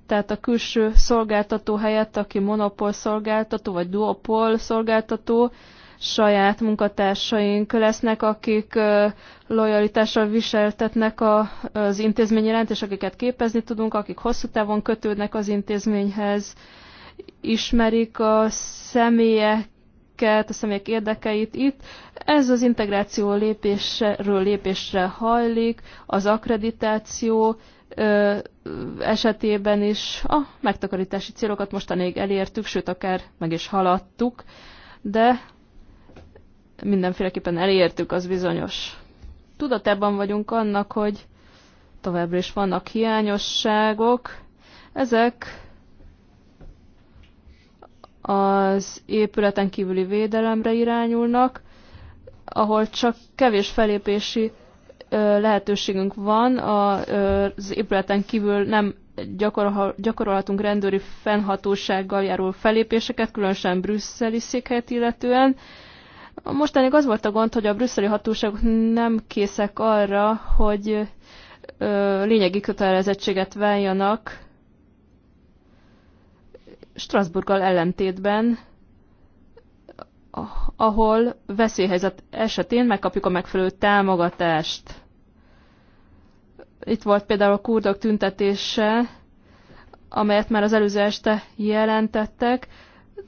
tehát a külső szolgáltató helyett, aki monopól szolgáltató, vagy duopol szolgáltató, saját munkatársaink lesznek, akik lojalitással viseltetnek az intézmény iránt, és akiket képezni tudunk, akik hosszú távon kötődnek az intézményhez, ismerik a személyek, a személyek érdekeit itt. Ez az integráció lépésről lépésre hajlik, az akkreditáció esetében is a megtakarítási célokat mostanáig elértük, sőt akár meg is haladtuk, de mindenféleképpen elértük, az bizonyos. Tudatában vagyunk annak, hogy továbbra is vannak hiányosságok. Ezek az épületen kívüli védelemre irányulnak, ahol csak kevés felépési lehetőségünk van, az épületen kívül nem gyakorolhatunk rendőri fennhatósággal járó felépéseket, különösen brüsszeli székhelyet illetően, Mostanig az volt a gond, hogy a brüsszeli hatóságok nem készek arra, hogy ö, lényegi kötelezettséget váljanak Strasburggal ellentétben, ahol veszélyhelyzet esetén megkapjuk a megfelelő támogatást. Itt volt például a kurdok tüntetése, amelyet már az előző este jelentettek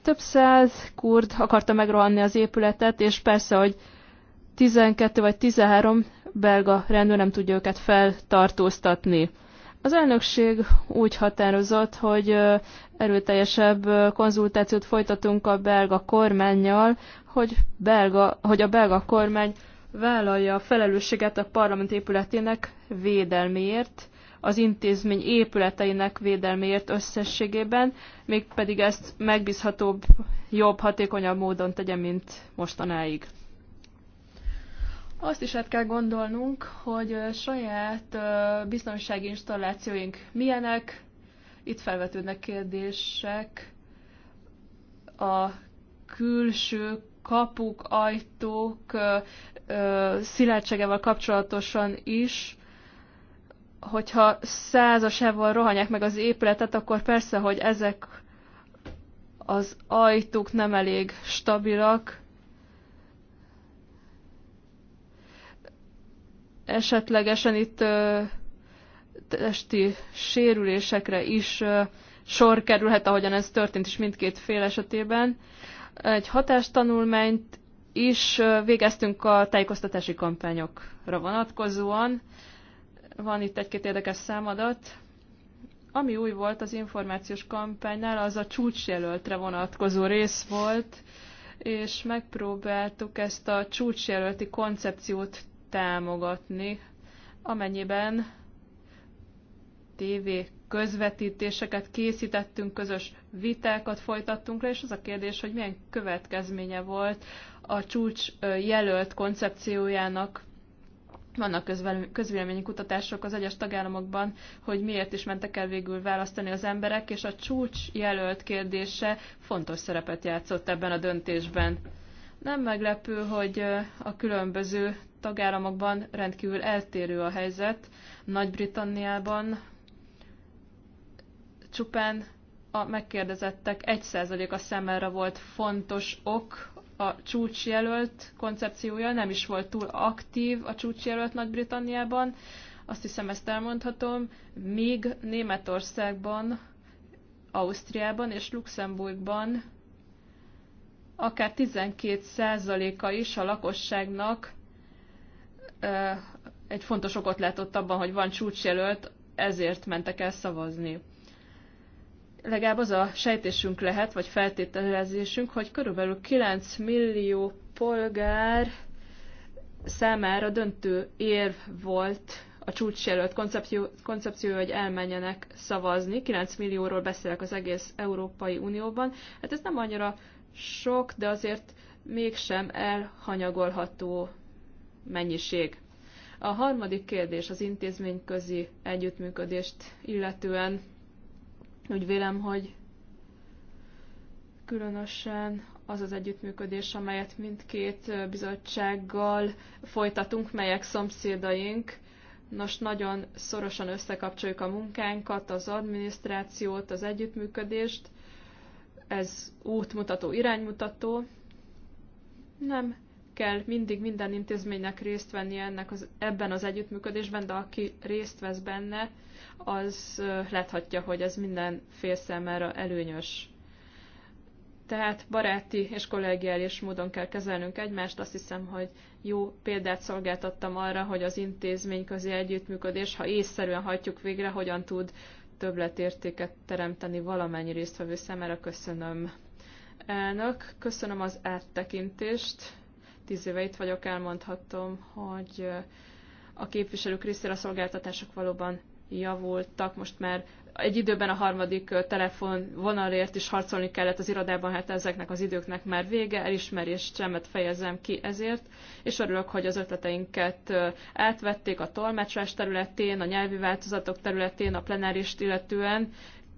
több száz kurd akarta megrohanni az épületet, és persze, hogy 12 vagy 13 belga rendőr nem tudja őket feltartóztatni. Az elnökség úgy határozott, hogy erőteljesebb konzultációt folytatunk a belga kormányjal, hogy, belga, hogy a belga kormány vállalja a felelősséget a parlament épületének védelméért, az intézmény épületeinek védelméért összességében, mégpedig ezt megbízhatóbb, jobb, hatékonyabb módon tegye, mint mostanáig. Azt is át kell gondolnunk, hogy saját biztonsági installációink milyenek. Itt felvetődnek kérdések a külső kapuk, ajtók szilárdságával kapcsolatosan is, hogyha százasával rohanják meg az épületet, akkor persze, hogy ezek az ajtók nem elég stabilak. Esetlegesen itt ö, testi sérülésekre is ö, sor kerülhet, ahogyan ez történt is mindkét fél esetében. Egy hatástanulmányt is végeztünk a tájékoztatási kampányokra vonatkozóan. Van itt egy-két érdekes számadat. Ami új volt az információs kampánynál, az a csúcsjelöltre vonatkozó rész volt, és megpróbáltuk ezt a csúcsjelölti koncepciót támogatni, amennyiben TV közvetítéseket készítettünk, közös vitákat folytattunk le, és az a kérdés, hogy milyen következménye volt a csúcs jelölt koncepciójának vannak közvéleményi kutatások az egyes tagállamokban, hogy miért is mentek el végül választani az emberek, és a csúcs jelölt kérdése fontos szerepet játszott ebben a döntésben. Nem meglepő, hogy a különböző tagállamokban rendkívül eltérő a helyzet. Nagy-Britanniában csupán a megkérdezettek 1%-a számára volt fontos ok, a csúcsjelölt koncepciója nem is volt túl aktív a csúcsjelölt Nagy-Britanniában. Azt hiszem ezt elmondhatom, míg Németországban, Ausztriában és Luxemburgban akár 12%-a is a lakosságnak egy fontos okot látott abban, hogy van csúcsjelölt, ezért mentek el szavazni legalább az a sejtésünk lehet, vagy feltételezésünk, hogy körülbelül 9 millió polgár számára döntő érv volt a csúcsjelölt koncepció, koncepció, hogy elmenjenek szavazni. 9 millióról beszélek az egész Európai Unióban. Hát ez nem annyira sok, de azért mégsem elhanyagolható mennyiség. A harmadik kérdés az intézményközi együttműködést illetően úgy vélem, hogy különösen az az együttműködés, amelyet mindkét bizottsággal folytatunk, melyek szomszédaink. Nos, nagyon szorosan összekapcsoljuk a munkánkat, az adminisztrációt, az együttműködést. Ez útmutató, iránymutató. Nem kell mindig minden intézménynek részt vennie ennek az, ebben az együttműködésben, de aki részt vesz benne, az láthatja, hogy ez minden fél számára előnyös. Tehát baráti és kollegiális módon kell kezelnünk egymást. Azt hiszem, hogy jó példát szolgáltattam arra, hogy az intézmény közé együttműködés, ha észszerűen hagyjuk végre, hogyan tud többletértéket teremteni valamennyi résztvevő számára. Köszönöm elnök, köszönöm az áttekintést tíz éve itt vagyok, elmondhatom, hogy a képviselők részére a szolgáltatások valóban javultak. Most már egy időben a harmadik telefon vonalért is harcolni kellett az irodában, hát ezeknek az időknek már vége, elismeréscsemet fejezem ki ezért, és örülök, hogy az ötleteinket átvették a tolmácsás területén, a nyelvi változatok területén, a plenárist illetően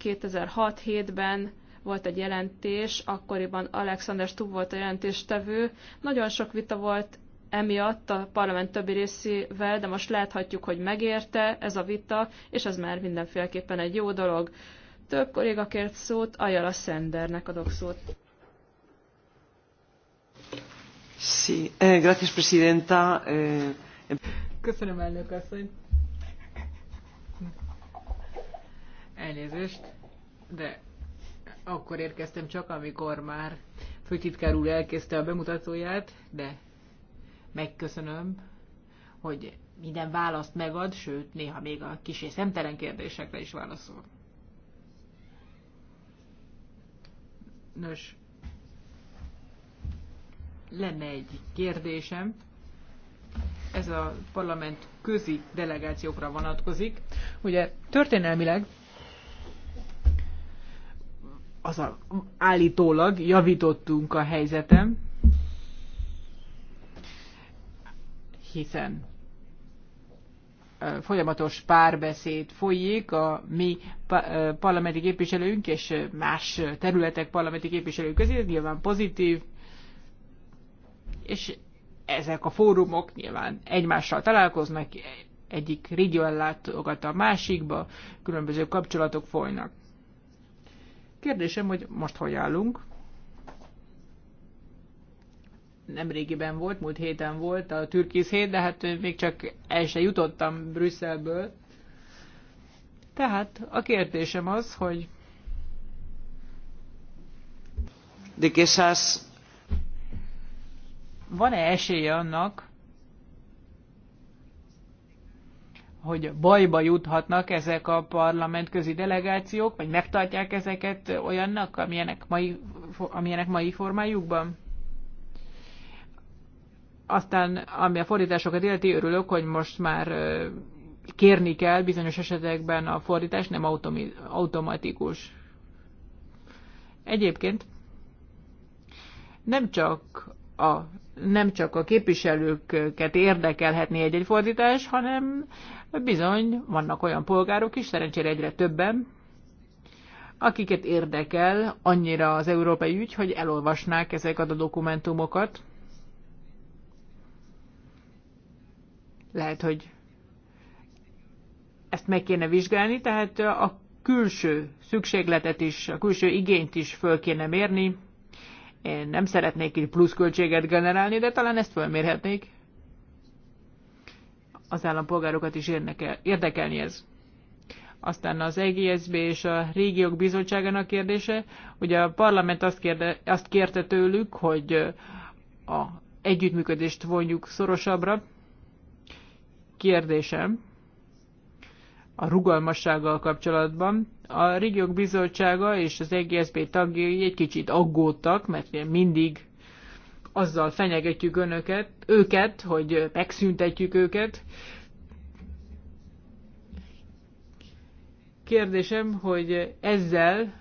2006-7-ben volt egy jelentés, akkoriban Alexander Stubb volt a jelentéstevő. Nagyon sok vita volt emiatt a parlament többi részével, de most láthatjuk, hogy megérte ez a vita, és ez már mindenféleképpen egy jó dolog. Több kolléga kért szót, Ajala Szendernek adok szót. Sí, eh, gracias, presidenta. Eh... Köszönöm, elnök asszony. Elnézést, de akkor érkeztem csak, amikor már főtitkár úr elkezdte a bemutatóját, de megköszönöm, hogy minden választ megad, sőt, néha még a kis és szemtelen kérdésekre is válaszol. Nos, lenne egy kérdésem. Ez a parlament közi delegációkra vonatkozik. Ugye történelmileg az a, állítólag javítottunk a helyzetem, hiszen folyamatos párbeszéd folyik a mi parlamenti képviselőnk és más területek parlamenti képviselők közé, nyilván pozitív, és ezek a fórumok nyilván egymással találkoznak, egyik régió ellátogat a másikba, különböző kapcsolatok folynak. Kérdésem, hogy most hogy állunk? régiben volt, múlt héten volt a türkisz hét, de hát még csak el se jutottam Brüsszelből. Tehát a kérdésem az, hogy de que Van-e esélye annak, hogy bajba juthatnak ezek a parlamentközi delegációk, vagy megtartják ezeket olyannak, amilyenek mai, amilyenek mai formájukban? Aztán, ami a fordításokat illeti, örülök, hogy most már kérni kell bizonyos esetekben a fordítás, nem automatikus. Egyébként nem csak a nem csak a képviselőket érdekelhetné egy-egy fordítás, hanem bizony vannak olyan polgárok is, szerencsére egyre többen, akiket érdekel annyira az európai ügy, hogy elolvasnák ezeket a dokumentumokat. Lehet, hogy ezt meg kéne vizsgálni, tehát a külső szükségletet is, a külső igényt is föl kéne mérni, én nem szeretnék így pluszköltséget generálni, de talán ezt fölmérhetnék. Az állampolgárokat is érdekel, érdekelni ez. Aztán az EGSB és a régiók bizottságának kérdése. Ugye a parlament azt, kérde, azt kérte tőlük, hogy a együttműködést vonjuk szorosabbra. Kérdésem a rugalmassággal kapcsolatban a Rigyog Bizottsága és az EGSZB tagjai egy kicsit aggódtak, mert mindig azzal fenyegetjük önöket, őket, hogy megszüntetjük őket. Kérdésem, hogy ezzel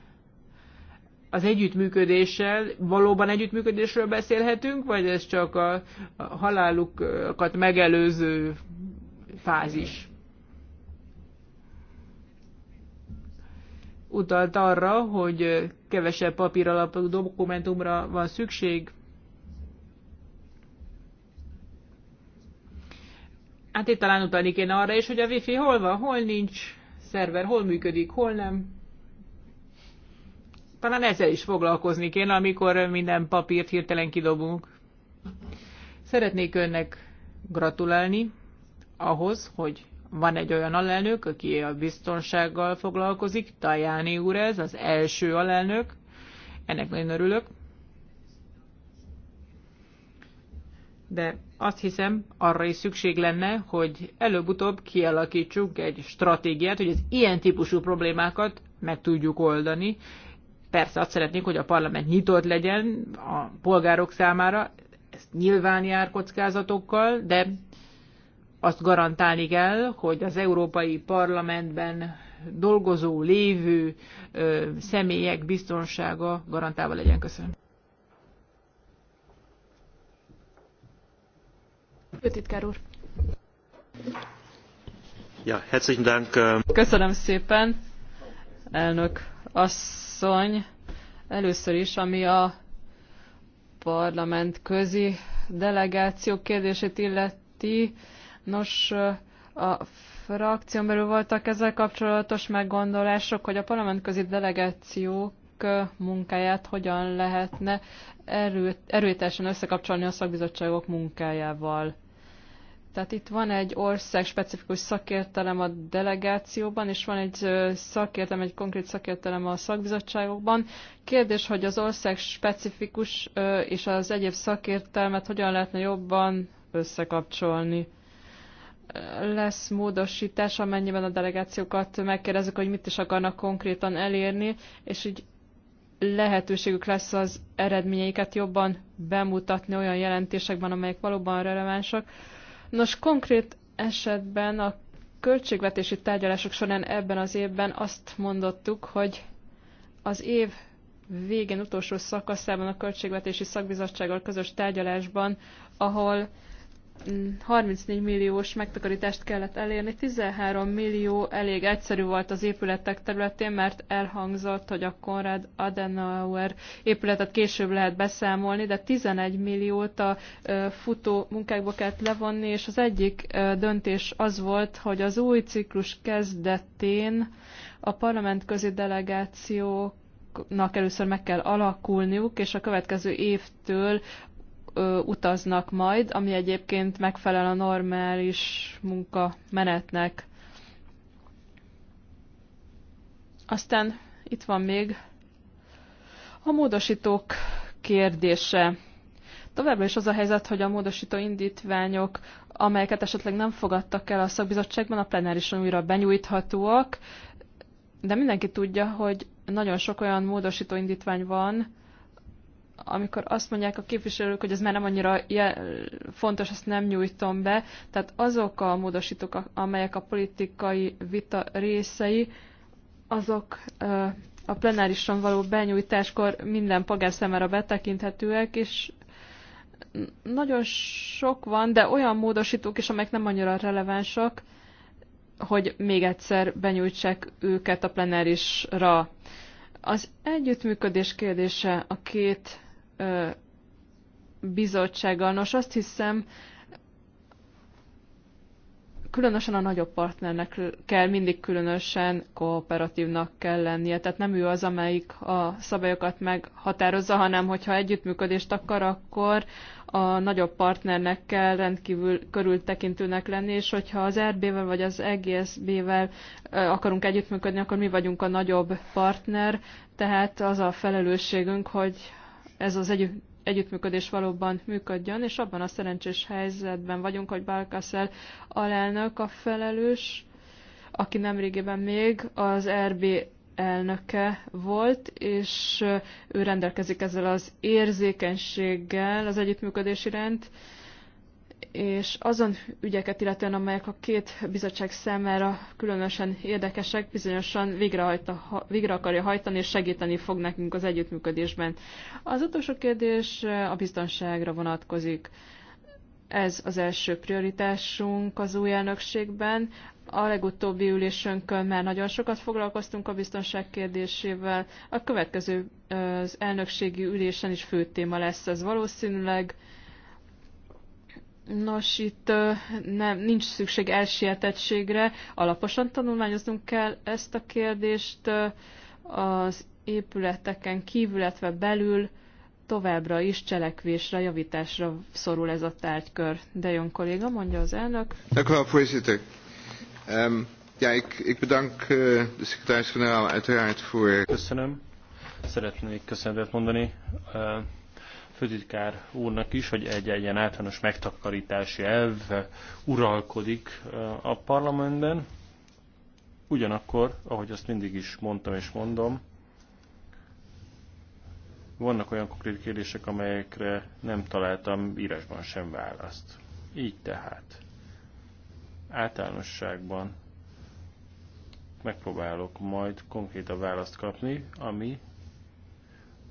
az együttműködéssel valóban együttműködésről beszélhetünk, vagy ez csak a halálukat megelőző fázis? utalt arra, hogy kevesebb papír alapú dokumentumra van szükség. Hát itt talán utalni kéne arra is, hogy a wifi hol van, hol nincs szerver, hol működik, hol nem. Talán ezzel is foglalkozni kéne, amikor minden papírt hirtelen kidobunk. Szeretnék önnek gratulálni ahhoz, hogy van egy olyan alelnök, aki a biztonsággal foglalkozik, Tajáni úr ez, az első alelnök, ennek nagyon örülök. De azt hiszem, arra is szükség lenne, hogy előbb-utóbb kialakítsuk egy stratégiát, hogy az ilyen típusú problémákat meg tudjuk oldani. Persze azt szeretnénk, hogy a parlament nyitott legyen a polgárok számára, ezt nyilván jár kockázatokkal, de azt garantálni kell, hogy az Európai Parlamentben dolgozó, lévő ö, személyek biztonsága garantálva legyen. Köszönöm. Főtitkár úr. Ja, herzlichen Dank. Köszönöm szépen, elnök asszony. Először is, ami a parlament közi delegáció kérdését illeti, Nos, a frakción belül voltak ezzel kapcsolatos meggondolások, hogy a parlamentközi delegációk munkáját hogyan lehetne erőt, erőteljesen összekapcsolni a szakbizottságok munkájával. Tehát itt van egy ország specifikus szakértelem a delegációban, és van egy szakértelem, egy konkrét szakértelem a szakbizottságokban. Kérdés, hogy az ország specifikus és az egyéb szakértelmet hogyan lehetne jobban összekapcsolni lesz módosítás, amennyiben a delegációkat megkérdezik, hogy mit is akarnak konkrétan elérni, és így lehetőségük lesz az eredményeiket jobban bemutatni olyan jelentésekben, amelyek valóban relevánsak. Nos, konkrét esetben a költségvetési tárgyalások során ebben az évben azt mondottuk, hogy az év végén utolsó szakaszában a Költségvetési Szakbizottsággal közös tárgyalásban, ahol 34 milliós megtakarítást kellett elérni, 13 millió elég egyszerű volt az épületek területén, mert elhangzott, hogy a Konrad Adenauer épületet később lehet beszámolni, de 11 milliót a futó munkákba kellett levonni, és az egyik döntés az volt, hogy az új ciklus kezdetén a parlament közi delegációk először meg kell alakulniuk, és a következő évtől utaznak majd, ami egyébként megfelel a normális munkamenetnek. Aztán itt van még a módosítók kérdése. Továbbra is az a helyzet, hogy a módosító indítványok, amelyeket esetleg nem fogadtak el a szakbizottságban, a plenárison újra benyújthatóak, de mindenki tudja, hogy nagyon sok olyan módosító indítvány van, amikor azt mondják a képviselők, hogy ez már nem annyira fontos, azt nem nyújtom be. Tehát azok a módosítók, amelyek a politikai vita részei, azok a plenárison való benyújtáskor minden polgár számára betekinthetőek, és nagyon sok van, de olyan módosítók is, amelyek nem annyira relevánsak, hogy még egyszer benyújtsák őket a plenárisra. Az együttműködés kérdése a két bizottsággal. Nos, azt hiszem, különösen a nagyobb partnernek kell mindig különösen kooperatívnak kell lennie. Tehát nem ő az, amelyik a szabályokat meghatározza, hanem hogyha együttműködést akar, akkor a nagyobb partnernek kell rendkívül körültekintőnek lenni, és hogyha az RB-vel vagy az EGSB-vel akarunk együttműködni, akkor mi vagyunk a nagyobb partner, tehát az a felelősségünk, hogy ez az egy, együttműködés valóban működjön, és abban a szerencsés helyzetben vagyunk, hogy Balkaszel alelnök a felelős, aki nemrégiben még az RB elnöke volt, és ő rendelkezik ezzel az érzékenységgel az együttműködési rend és azon ügyeket illetően, amelyek a két bizottság számára különösen érdekesek, bizonyosan ha, végre akarja hajtani, és segíteni fog nekünk az együttműködésben. Az utolsó kérdés eh, a biztonságra vonatkozik. Ez az első prioritásunk az új elnökségben. A legutóbbi ülésünkön már nagyon sokat foglalkoztunk a biztonság kérdésével. A következő eh, az elnökségi ülésen is fő téma lesz ez valószínűleg. Nos, itt nem, nincs szükség elsietettségre, alaposan tanulmányoznunk kell ezt a kérdést az épületeken kívül, illetve belül továbbra is cselekvésre, javításra szorul ez a tárgykör. De jön kolléga, mondja az elnök. Ehm, eh, Köszönöm. Szeretnék köszönetet mondani eh, főtitkár úrnak is, hogy egy egy ilyen általános megtakarítási elv uralkodik eh, a parlamentben. Ugyanakkor, ahogy azt mindig is mondtam és mondom, vannak olyan konkrét kérdések, amelyekre nem találtam írásban sem választ. Így tehát általánosságban megpróbálok majd konkrét a választ kapni, ami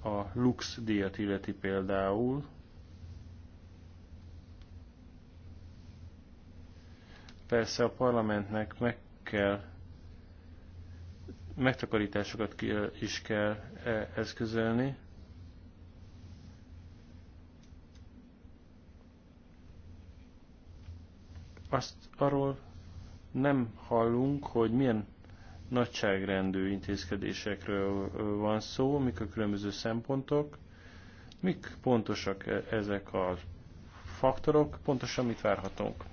a Lux díjat illeti például, persze a parlamentnek meg kell megtakarításokat is kell e, eszközölni. Azt arról nem hallunk, hogy milyen nagyságrendű intézkedésekről van szó, mik a különböző szempontok, mik pontosak e, ezek a faktorok, pontosan mit várhatunk.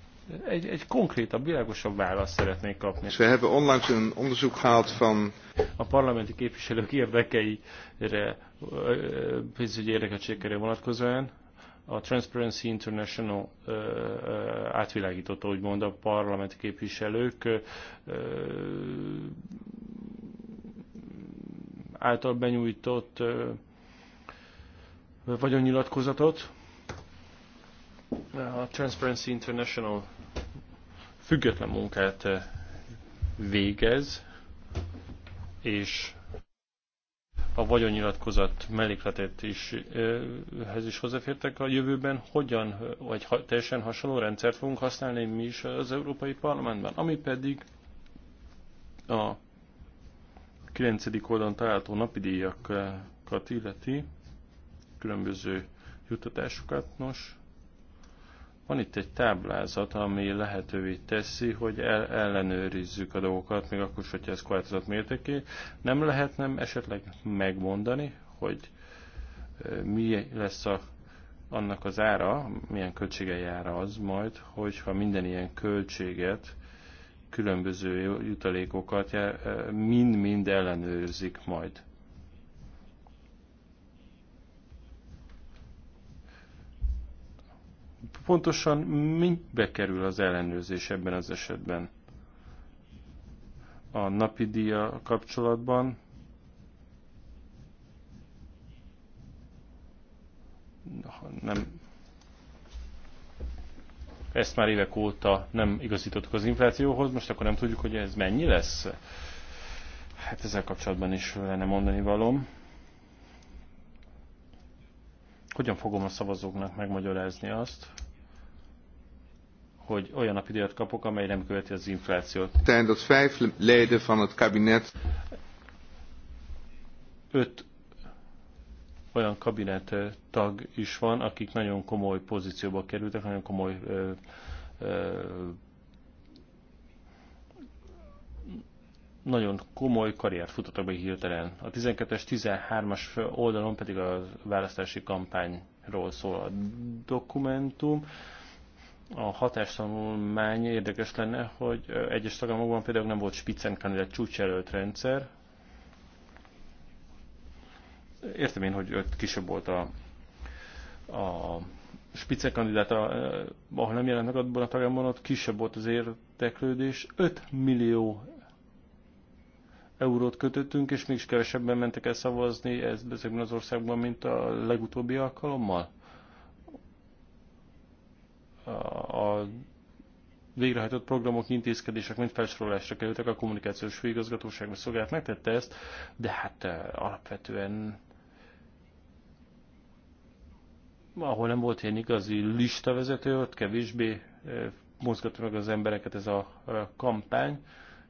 Egy, egy konkrétabb, világosabb választ szeretnék kapni. We hebben onlangs een onderzoek gehad van... A parlamenti képviselők érdekeire, pénzügyi érdekeltségekre vonatkozóan a Transparency International átvilágította, úgymond a parlamenti képviselők által benyújtott vagyonnyilatkozatot. A Transparency International független munkát végez, és a vagyonnyilatkozat mellékletét is, ehhez is hozzáfértek a jövőben, hogyan, vagy ha, teljesen hasonló rendszert fogunk használni mi is az Európai Parlamentben, ami pedig a 9. oldalon található napidíjakat illeti, különböző jutatásokat Nos, van itt egy táblázat, ami lehetővé teszi, hogy el, ellenőrizzük a dolgokat, még akkor is, hogyha ez korlátozott mértéké. Nem lehetne esetleg megmondani, hogy mi lesz a, annak az ára, milyen költsége jár az majd, hogyha minden ilyen költséget, különböző jutalékokat mind-mind ellenőrzik majd. Pontosan mibe kerül az ellenőrzés ebben az esetben? A napi díja kapcsolatban nem ezt már évek óta nem igazítottuk az inflációhoz, most akkor nem tudjuk, hogy ez mennyi lesz. Hát ezzel kapcsolatban is lenne mondani valom. Hogyan fogom a szavazóknak megmagyarázni azt, hogy olyan napidőt kapok, amely nem követi az inflációt. Tehát az vijf leden van het kabinet. Öt olyan kabinet eh, tag is van, akik nagyon komoly pozícióba kerültek, nagyon komoly ö, eh, ö, eh, nagyon komoly karriert futottak be hirtelen. A 12-es, 13-as oldalon pedig a választási kampányról szól a dokumentum. Ö, a hatástanulmány érdekes lenne, hogy egyes tagállamokban például nem volt spitzenkandidát csúcsjelölt rendszer. Értem én, hogy ott kisebb volt a, a spitzenkandidát, ahol nem jelent meg abban a tagállamban, ott kisebb volt az érteklődés. 5 millió eurót kötöttünk, és mégis kevesebben mentek el szavazni ezekben az országban, mint a legutóbbi alkalommal a végrehajtott programok, intézkedések mind felsorolásra kerültek, a kommunikációs főigazgatóság vagy szolgálat megtette ezt, de hát alapvetően ahol nem volt ilyen igazi listavezető, ott kevésbé mozgatta meg az embereket ez a kampány,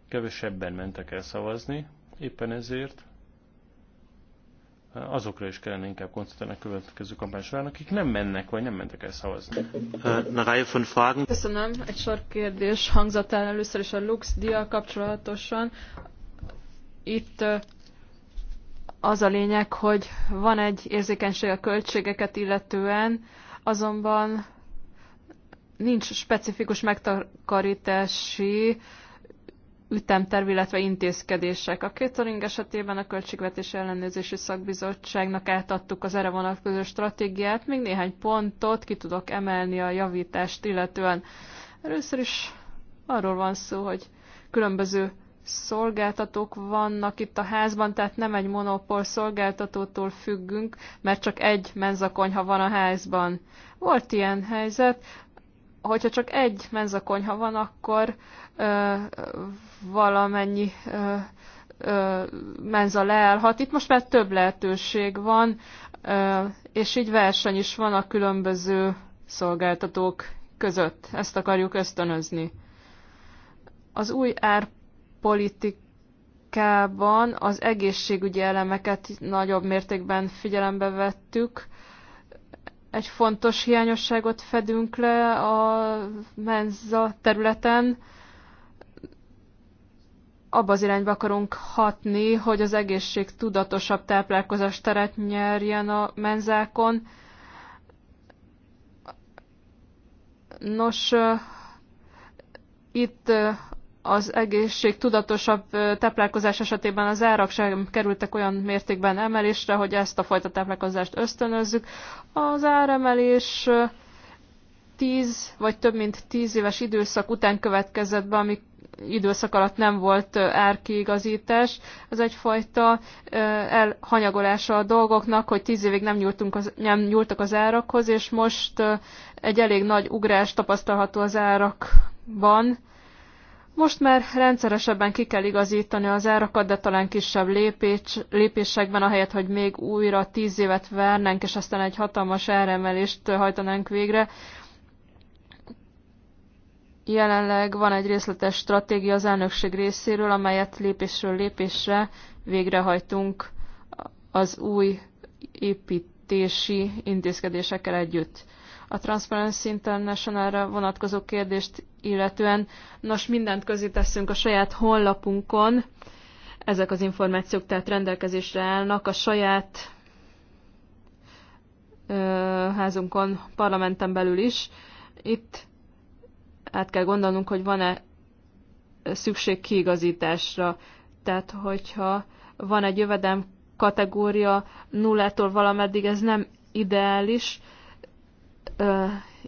kevesebben mentek el szavazni, éppen ezért azokra is kellene inkább koncentrálni a következő kampány során, akik nem mennek, vagy nem mentek el szavazni. Köszönöm. Egy sor kérdés hangzott el először is a Lux dia kapcsolatosan. Itt az a lényeg, hogy van egy érzékenység a költségeket illetően, azonban nincs specifikus megtakarítási ütemterv, illetve intézkedések. A catering esetében a Költségvetési Ellenőrzési Szakbizottságnak átadtuk az erre vonatkozó stratégiát. Még néhány pontot ki tudok emelni a javítást, illetően először is arról van szó, hogy különböző szolgáltatók vannak itt a házban, tehát nem egy monopól szolgáltatótól függünk, mert csak egy menzakonyha van a házban. Volt ilyen helyzet, hogyha csak egy menzakonyha van, akkor valamennyi menza leállhat. Itt most már több lehetőség van, és így verseny is van a különböző szolgáltatók között. Ezt akarjuk ösztönözni. Az új árpolitik az egészségügyi elemeket nagyobb mértékben figyelembe vettük. Egy fontos hiányosságot fedünk le a menza területen, abba az irányba akarunk hatni, hogy az egészség tudatosabb táplálkozás teret nyerjen a menzákon. Nos, itt az egészség tudatosabb táplálkozás esetében az árak sem kerültek olyan mértékben emelésre, hogy ezt a fajta táplálkozást ösztönözzük. Az áremelés 10 vagy több mint 10 éves időszak után következett be, amikor időszak alatt nem volt árkiigazítás. Ez egyfajta elhanyagolása a dolgoknak, hogy tíz évig nem, nyúltunk az, nem nyúltak az árakhoz, és most egy elég nagy ugrás tapasztalható az árakban. Most már rendszeresebben ki kell igazítani az árakat, de talán kisebb lépés, lépésekben, ahelyett, hogy még újra tíz évet várnánk, és aztán egy hatalmas áremelést hajtanánk végre. Jelenleg van egy részletes stratégia az elnökség részéről, amelyet lépésről lépésre végrehajtunk az új építési intézkedésekkel együtt. A Transparency international vonatkozó kérdést illetően nos mindent közé teszünk a saját honlapunkon, ezek az információk tehát rendelkezésre állnak a saját ö, házunkon, parlamenten belül is. Itt át kell gondolnunk, hogy van-e szükség kiigazításra. Tehát, hogyha van egy jövedelem kategória nullától valameddig, ez nem ideális.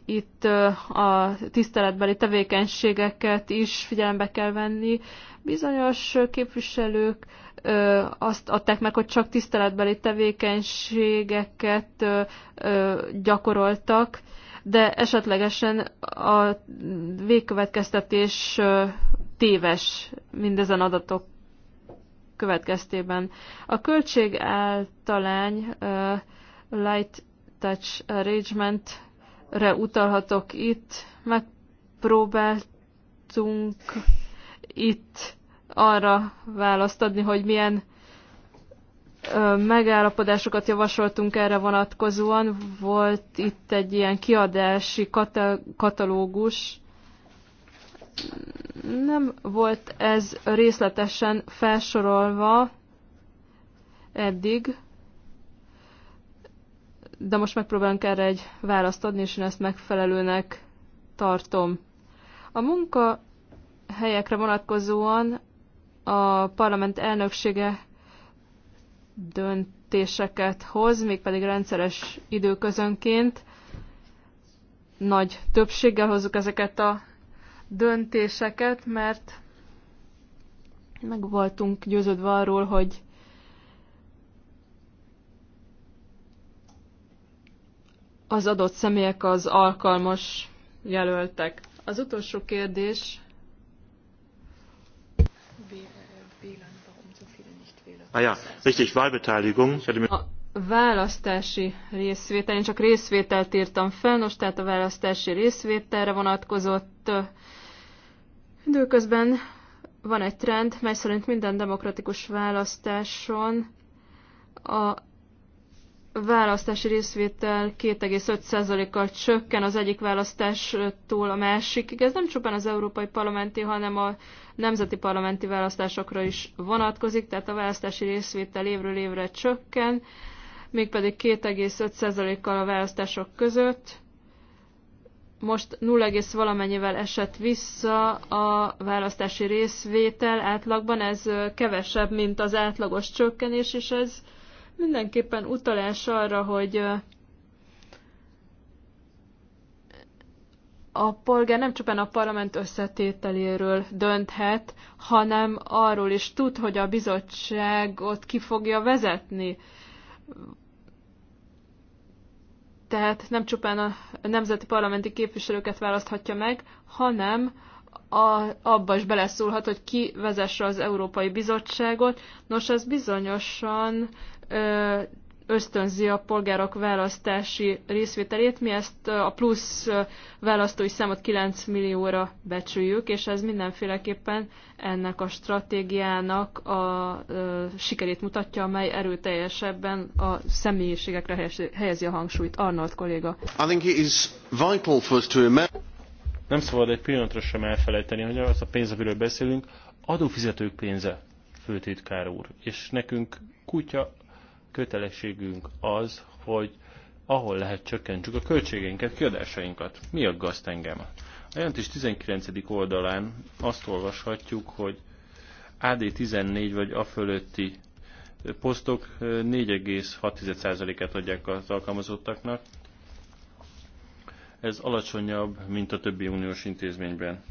Itt a tiszteletbeli tevékenységeket is figyelembe kell venni. Bizonyos képviselők azt adták meg, hogy csak tiszteletbeli tevékenységeket gyakoroltak, de esetlegesen a végkövetkeztetés téves mindezen adatok következtében. A költség általány light touch arrangement-re utalhatok itt. Megpróbáltunk itt arra választ adni, hogy milyen megállapodásokat javasoltunk erre vonatkozóan. Volt itt egy ilyen kiadási katalógus. Nem volt ez részletesen felsorolva eddig, de most megpróbálunk erre egy választ adni, és én ezt megfelelőnek tartom. A munka helyekre vonatkozóan a parlament elnöksége döntéseket hoz, mégpedig rendszeres időközönként. Nagy többséggel hozzuk ezeket a döntéseket, mert meg voltunk győződve arról, hogy az adott személyek az alkalmas jelöltek. Az utolsó kérdés Ah a választási részvétel, én csak részvételt írtam fel, most tehát a választási részvételre vonatkozott időközben van egy trend, mely szerint minden demokratikus választáson a választási részvétel 2,5%-kal csökken az egyik választástól a másikig. Ez nem csupán az európai parlamenti, hanem a nemzeti parlamenti választásokra is vonatkozik, tehát a választási részvétel évről évre csökken, mégpedig 2,5%-kal a választások között. Most 0, valamennyivel esett vissza a választási részvétel átlagban, ez kevesebb, mint az átlagos csökkenés, és ez mindenképpen utalás arra, hogy a polgár nem csupán a parlament összetételéről dönthet, hanem arról is tud, hogy a bizottságot ki fogja vezetni. Tehát nem csupán a nemzeti parlamenti képviselőket választhatja meg, hanem a, abba is beleszólhat, hogy ki vezesse az Európai Bizottságot. Nos, ez bizonyosan ösztönzi a polgárok választási részvételét. Mi ezt a plusz választói számot 9 millióra becsüljük, és ez mindenféleképpen ennek a stratégiának a sikerét mutatja, amely erőteljesebben a személyiségekre helyezi a hangsúlyt. Arnold kolléga. I think it is vital for us to Nem szabad egy pillanatra sem elfelejteni, hogy az a pénz, amiről beszélünk, adófizetők pénze, főtétkár úr, és nekünk kutya kötelességünk az, hogy ahol lehet csökkentsük a költségeinket, kiadásainkat. Mi aggaszt engem? A jelentés 19. oldalán azt olvashatjuk, hogy AD14 vagy a fölötti posztok 4,6%-át adják az alkalmazottaknak. Ez alacsonyabb, mint a többi uniós intézményben.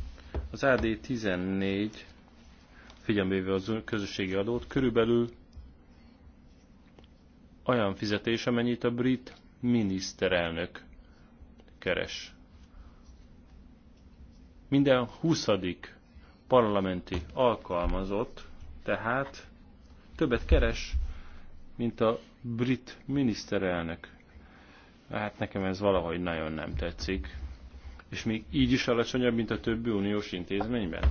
Az AD14 figyelmével az közösségi adót körülbelül olyan fizetés, amennyit a brit miniszterelnök keres. Minden 20. parlamenti alkalmazott, tehát többet keres, mint a brit miniszterelnök. Hát nekem ez valahogy nagyon nem tetszik. És még így is alacsonyabb, mint a többi uniós intézményben?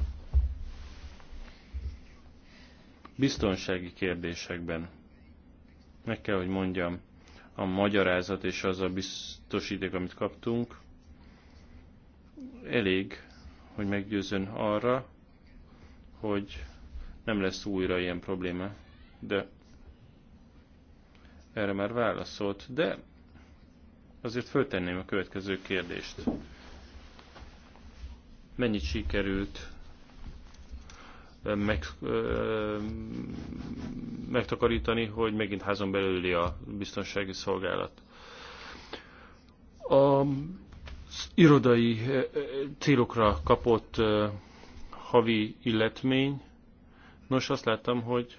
Biztonsági kérdésekben meg kell, hogy mondjam, a magyarázat és az a biztosíték, amit kaptunk, elég, hogy meggyőzön arra, hogy nem lesz újra ilyen probléma. De erre már válaszolt, de azért föltenném a következő kérdést. Mennyit sikerült eh, meg, eh, megtakarítani, hogy megint házon belüli a biztonsági szolgálat. A irodai eh, eh, célokra kapott eh, havi illetmény. Nos, azt láttam, hogy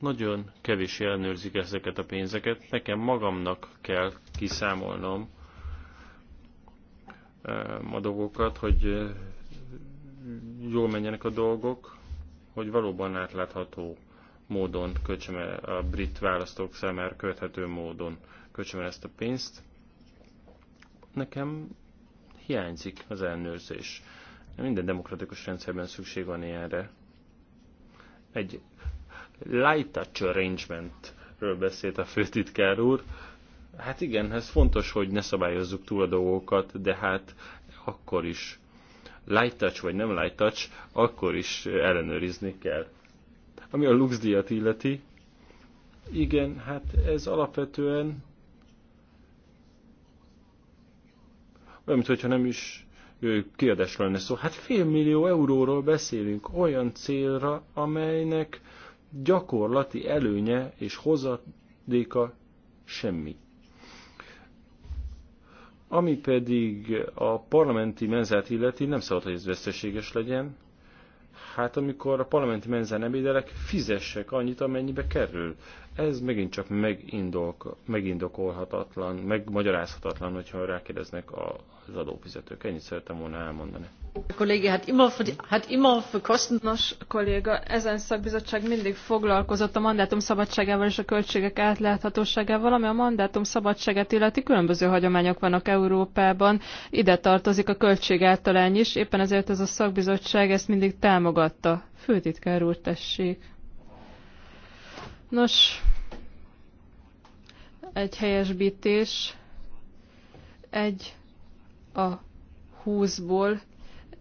nagyon kevés ellenőrzik ezeket a pénzeket. Nekem magamnak kell kiszámolnom a dolgokat, hogy jól menjenek a dolgok hogy valóban átlátható módon költsem el a brit választók számára követhető módon költsem el ezt a pénzt. Nekem hiányzik az ellenőrzés. Minden demokratikus rendszerben szükség van ilyenre. Egy light touch arrangementről beszélt a főtitkár úr. Hát igen, ez fontos, hogy ne szabályozzuk túl a dolgokat, de hát akkor is light touch vagy nem light touch, akkor is ellenőrizni kell. Ami a luxdíjat illeti, igen, hát ez alapvetően olyan, mintha nem is kiadásról lenne szó. Hát fél millió euróról beszélünk olyan célra, amelynek gyakorlati előnye és hozadéka semmi ami pedig a parlamenti menzát illeti, nem szabad, hogy ez veszteséges legyen. Hát amikor a parlamenti menzán ebédelek, fizessek annyit, amennyibe kerül. Ez megint csak megindok, megindokolhatatlan, megmagyarázhatatlan, hogyha rákérdeznek az adófizetők. Ennyit szerettem volna elmondani. A kollégi, hát immer für, hát immer für Nos, kolléga, ezen szakbizottság mindig foglalkozott a mandátum szabadságával és a költségek átláthatóságával, ami a mandátum szabadságát illeti különböző hagyományok vannak Európában. Ide tartozik a költség általány is, éppen ezért ez a szakbizottság ezt mindig támogatta. Főtitkár úr, tessék. Nos, egy helyesbítés, egy a húszból.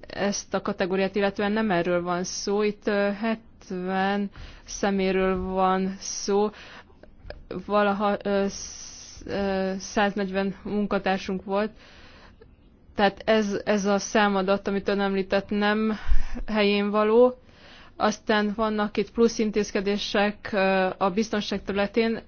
ezt a kategóriát, illetően nem erről van szó, itt 70 szeméről van szó, valaha 140 munkatársunk volt, tehát ez, ez a számadat, amit ön említett, nem helyén való. Aztán vannak itt plusz intézkedések a biztonság területén,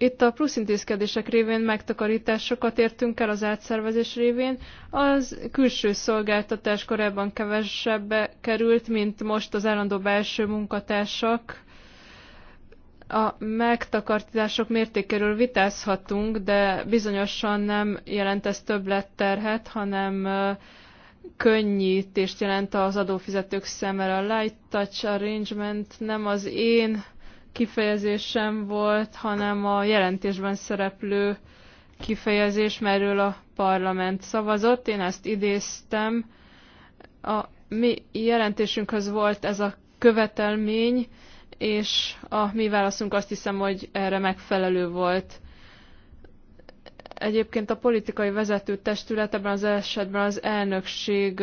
itt a plusz intézkedések révén megtakarításokat értünk el az átszervezés révén. Az külső szolgáltatás korábban kevesebbe került, mint most az állandó belső munkatársak. A megtakarítások mértékéről vitázhatunk, de bizonyosan nem jelent ez többletterhet, hanem könnyítést jelent az adófizetők szemére. A light touch arrangement nem az én kifejezés sem volt, hanem a jelentésben szereplő kifejezés, merről a parlament szavazott. Én ezt idéztem. A mi jelentésünkhöz volt ez a követelmény, és a mi válaszunk azt hiszem, hogy erre megfelelő volt. Egyébként a politikai vezető testület ebben az esetben az elnökség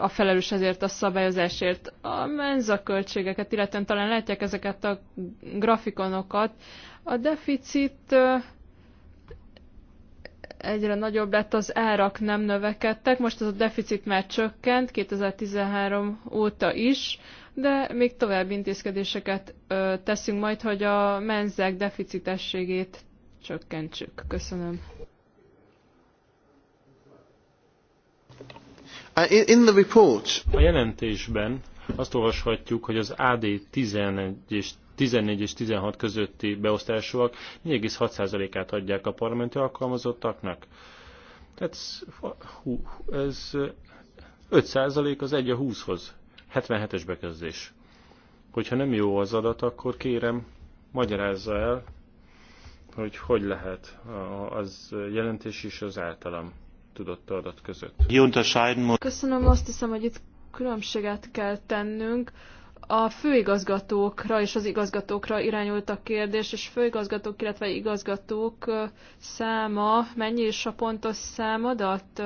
a felelős ezért a szabályozásért. A menzaköltségeket, illetve talán látják ezeket a grafikonokat. A deficit egyre nagyobb lett, az árak nem növekedtek, most az a deficit már csökkent 2013 óta is, de még további intézkedéseket teszünk majd, hogy a menzek deficitességét csökkentsük. Köszönöm. Uh, a jelentésben azt olvashatjuk, hogy az AD 11 és 14 és 16 közötti beosztásúak 4,6%-át adják a parlamenti alkalmazottaknak. Tehát ez 5% az 1 a 20-hoz. 77-es bekezdés. Hogyha nem jó az adat, akkor kérem, magyarázza el, hogy hogy lehet az jelentés is az általam tudott adat között. Köszönöm, azt hiszem, hogy itt különbséget kell tennünk. A főigazgatókra és az igazgatókra irányult a kérdés, és főigazgatók, illetve igazgatók száma, mennyi is a pontos számadat?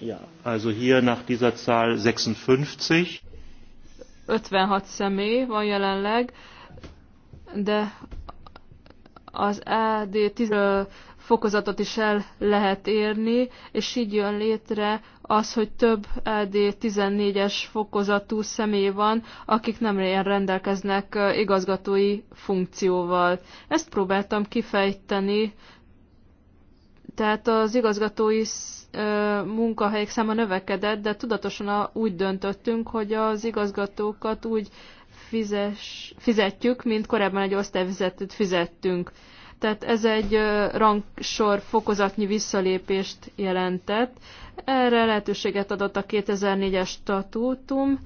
Ja, also hier nach dieser Zahl 56. 56 személy van jelenleg, de az AD 10 fokozatot is el lehet érni, és így jön létre az, hogy több LD14-es fokozatú személy van, akik nem rendelkeznek igazgatói funkcióval. Ezt próbáltam kifejteni, tehát az igazgatói munkahelyek száma növekedett, de tudatosan úgy döntöttünk, hogy az igazgatókat úgy fizes, fizetjük, mint korábban egy osztályvizetőt fizettünk tehát ez egy rangsor fokozatnyi visszalépést jelentett. Erre lehetőséget adott a 2004-es statútum,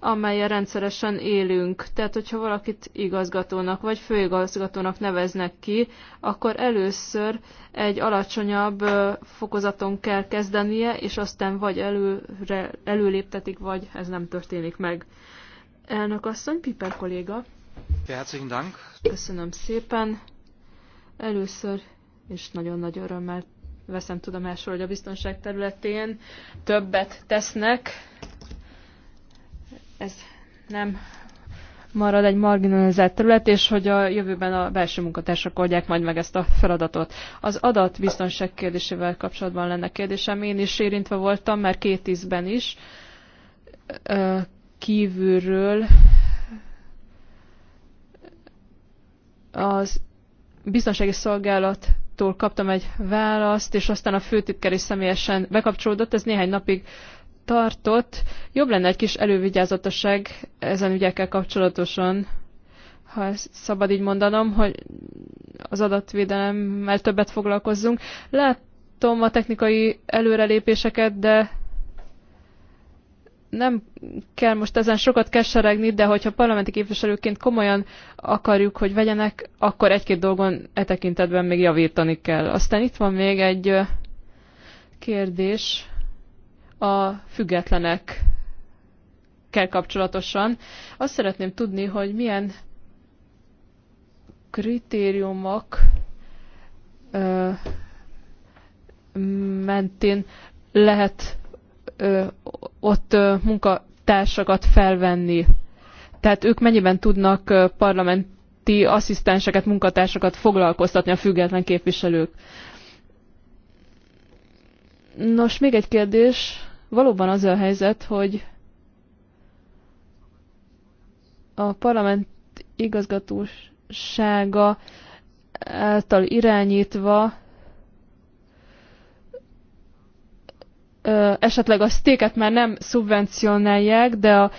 amelyen rendszeresen élünk. Tehát, hogyha valakit igazgatónak vagy főigazgatónak neveznek ki, akkor először egy alacsonyabb fokozaton kell kezdenie, és aztán vagy előre, előléptetik, vagy ez nem történik meg. Elnök asszony, Piper kolléga. Köszönöm szépen. Először, és nagyon nagy örömmel veszem tudomásról, hogy a biztonság területén többet tesznek. Ez nem marad egy marginalizált terület, és hogy a jövőben a belső munkatársak oldják majd meg ezt a feladatot. Az biztonság kérdésével kapcsolatban lenne kérdésem. Én is érintve voltam, mert két tízben is kívülről az biztonsági szolgálattól kaptam egy választ, és aztán a főtitkár is személyesen bekapcsolódott, ez néhány napig tartott. Jobb lenne egy kis elővigyázatosság ezen ügyekkel kapcsolatosan, ha ezt szabad így mondanom, hogy az adatvédelemmel többet foglalkozzunk. Látom a technikai előrelépéseket, de nem kell most ezen sokat keseregni, de hogyha parlamenti képviselőként komolyan akarjuk, hogy vegyenek, akkor egy-két dolgon e tekintetben még javítani kell. Aztán itt van még egy kérdés a függetlenekkel kapcsolatosan. Azt szeretném tudni, hogy milyen kritériumok mentén lehet ott munkatársakat felvenni? Tehát ők mennyiben tudnak parlamenti asszisztenseket, munkatársakat foglalkoztatni a független képviselők? Nos, még egy kérdés. Valóban az a helyzet, hogy a parlament igazgatósága által irányítva esetleg a sztéket már nem szubvencionálják, de a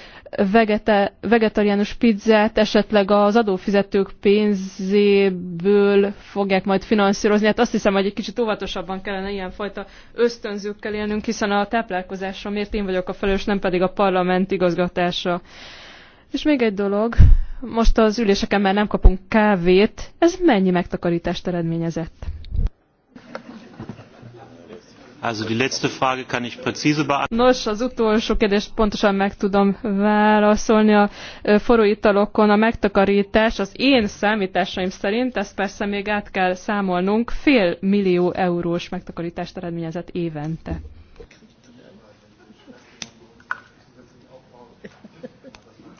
vegeta, vegetariánus pizzát esetleg az adófizetők pénzéből fogják majd finanszírozni. Hát azt hiszem, hogy egy kicsit óvatosabban kellene ilyenfajta ösztönzőkkel élnünk, hiszen a táplálkozásra miért én vagyok a felelős, nem pedig a parlament igazgatása. És még egy dolog, most az üléseken már nem kapunk kávét, ez mennyi megtakarítást eredményezett? Also die letzte Frage kann ich präzise beantworten. Nos, az utolsó kérdést pontosan meg tudom válaszolni. A forró italokon a megtakarítás az én számításaim szerint, ezt persze még át kell számolnunk, fél millió eurós megtakarítást eredményezett évente.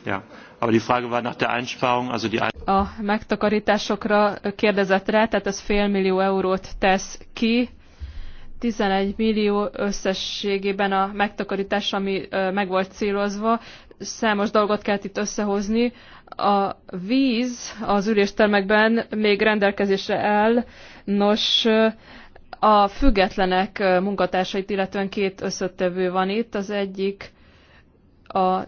Ja. Aber die Frage war nach der Einsparung, also die A megtakarításokra kérdezett rá, tehát ez fél millió eurót tesz ki 11 millió összességében a megtakarítás, ami meg volt célozva. Számos dolgot kell itt összehozni. A víz az üléstermekben még rendelkezésre áll, nos a függetlenek munkatársait, illetően két összetevő van itt. Az egyik a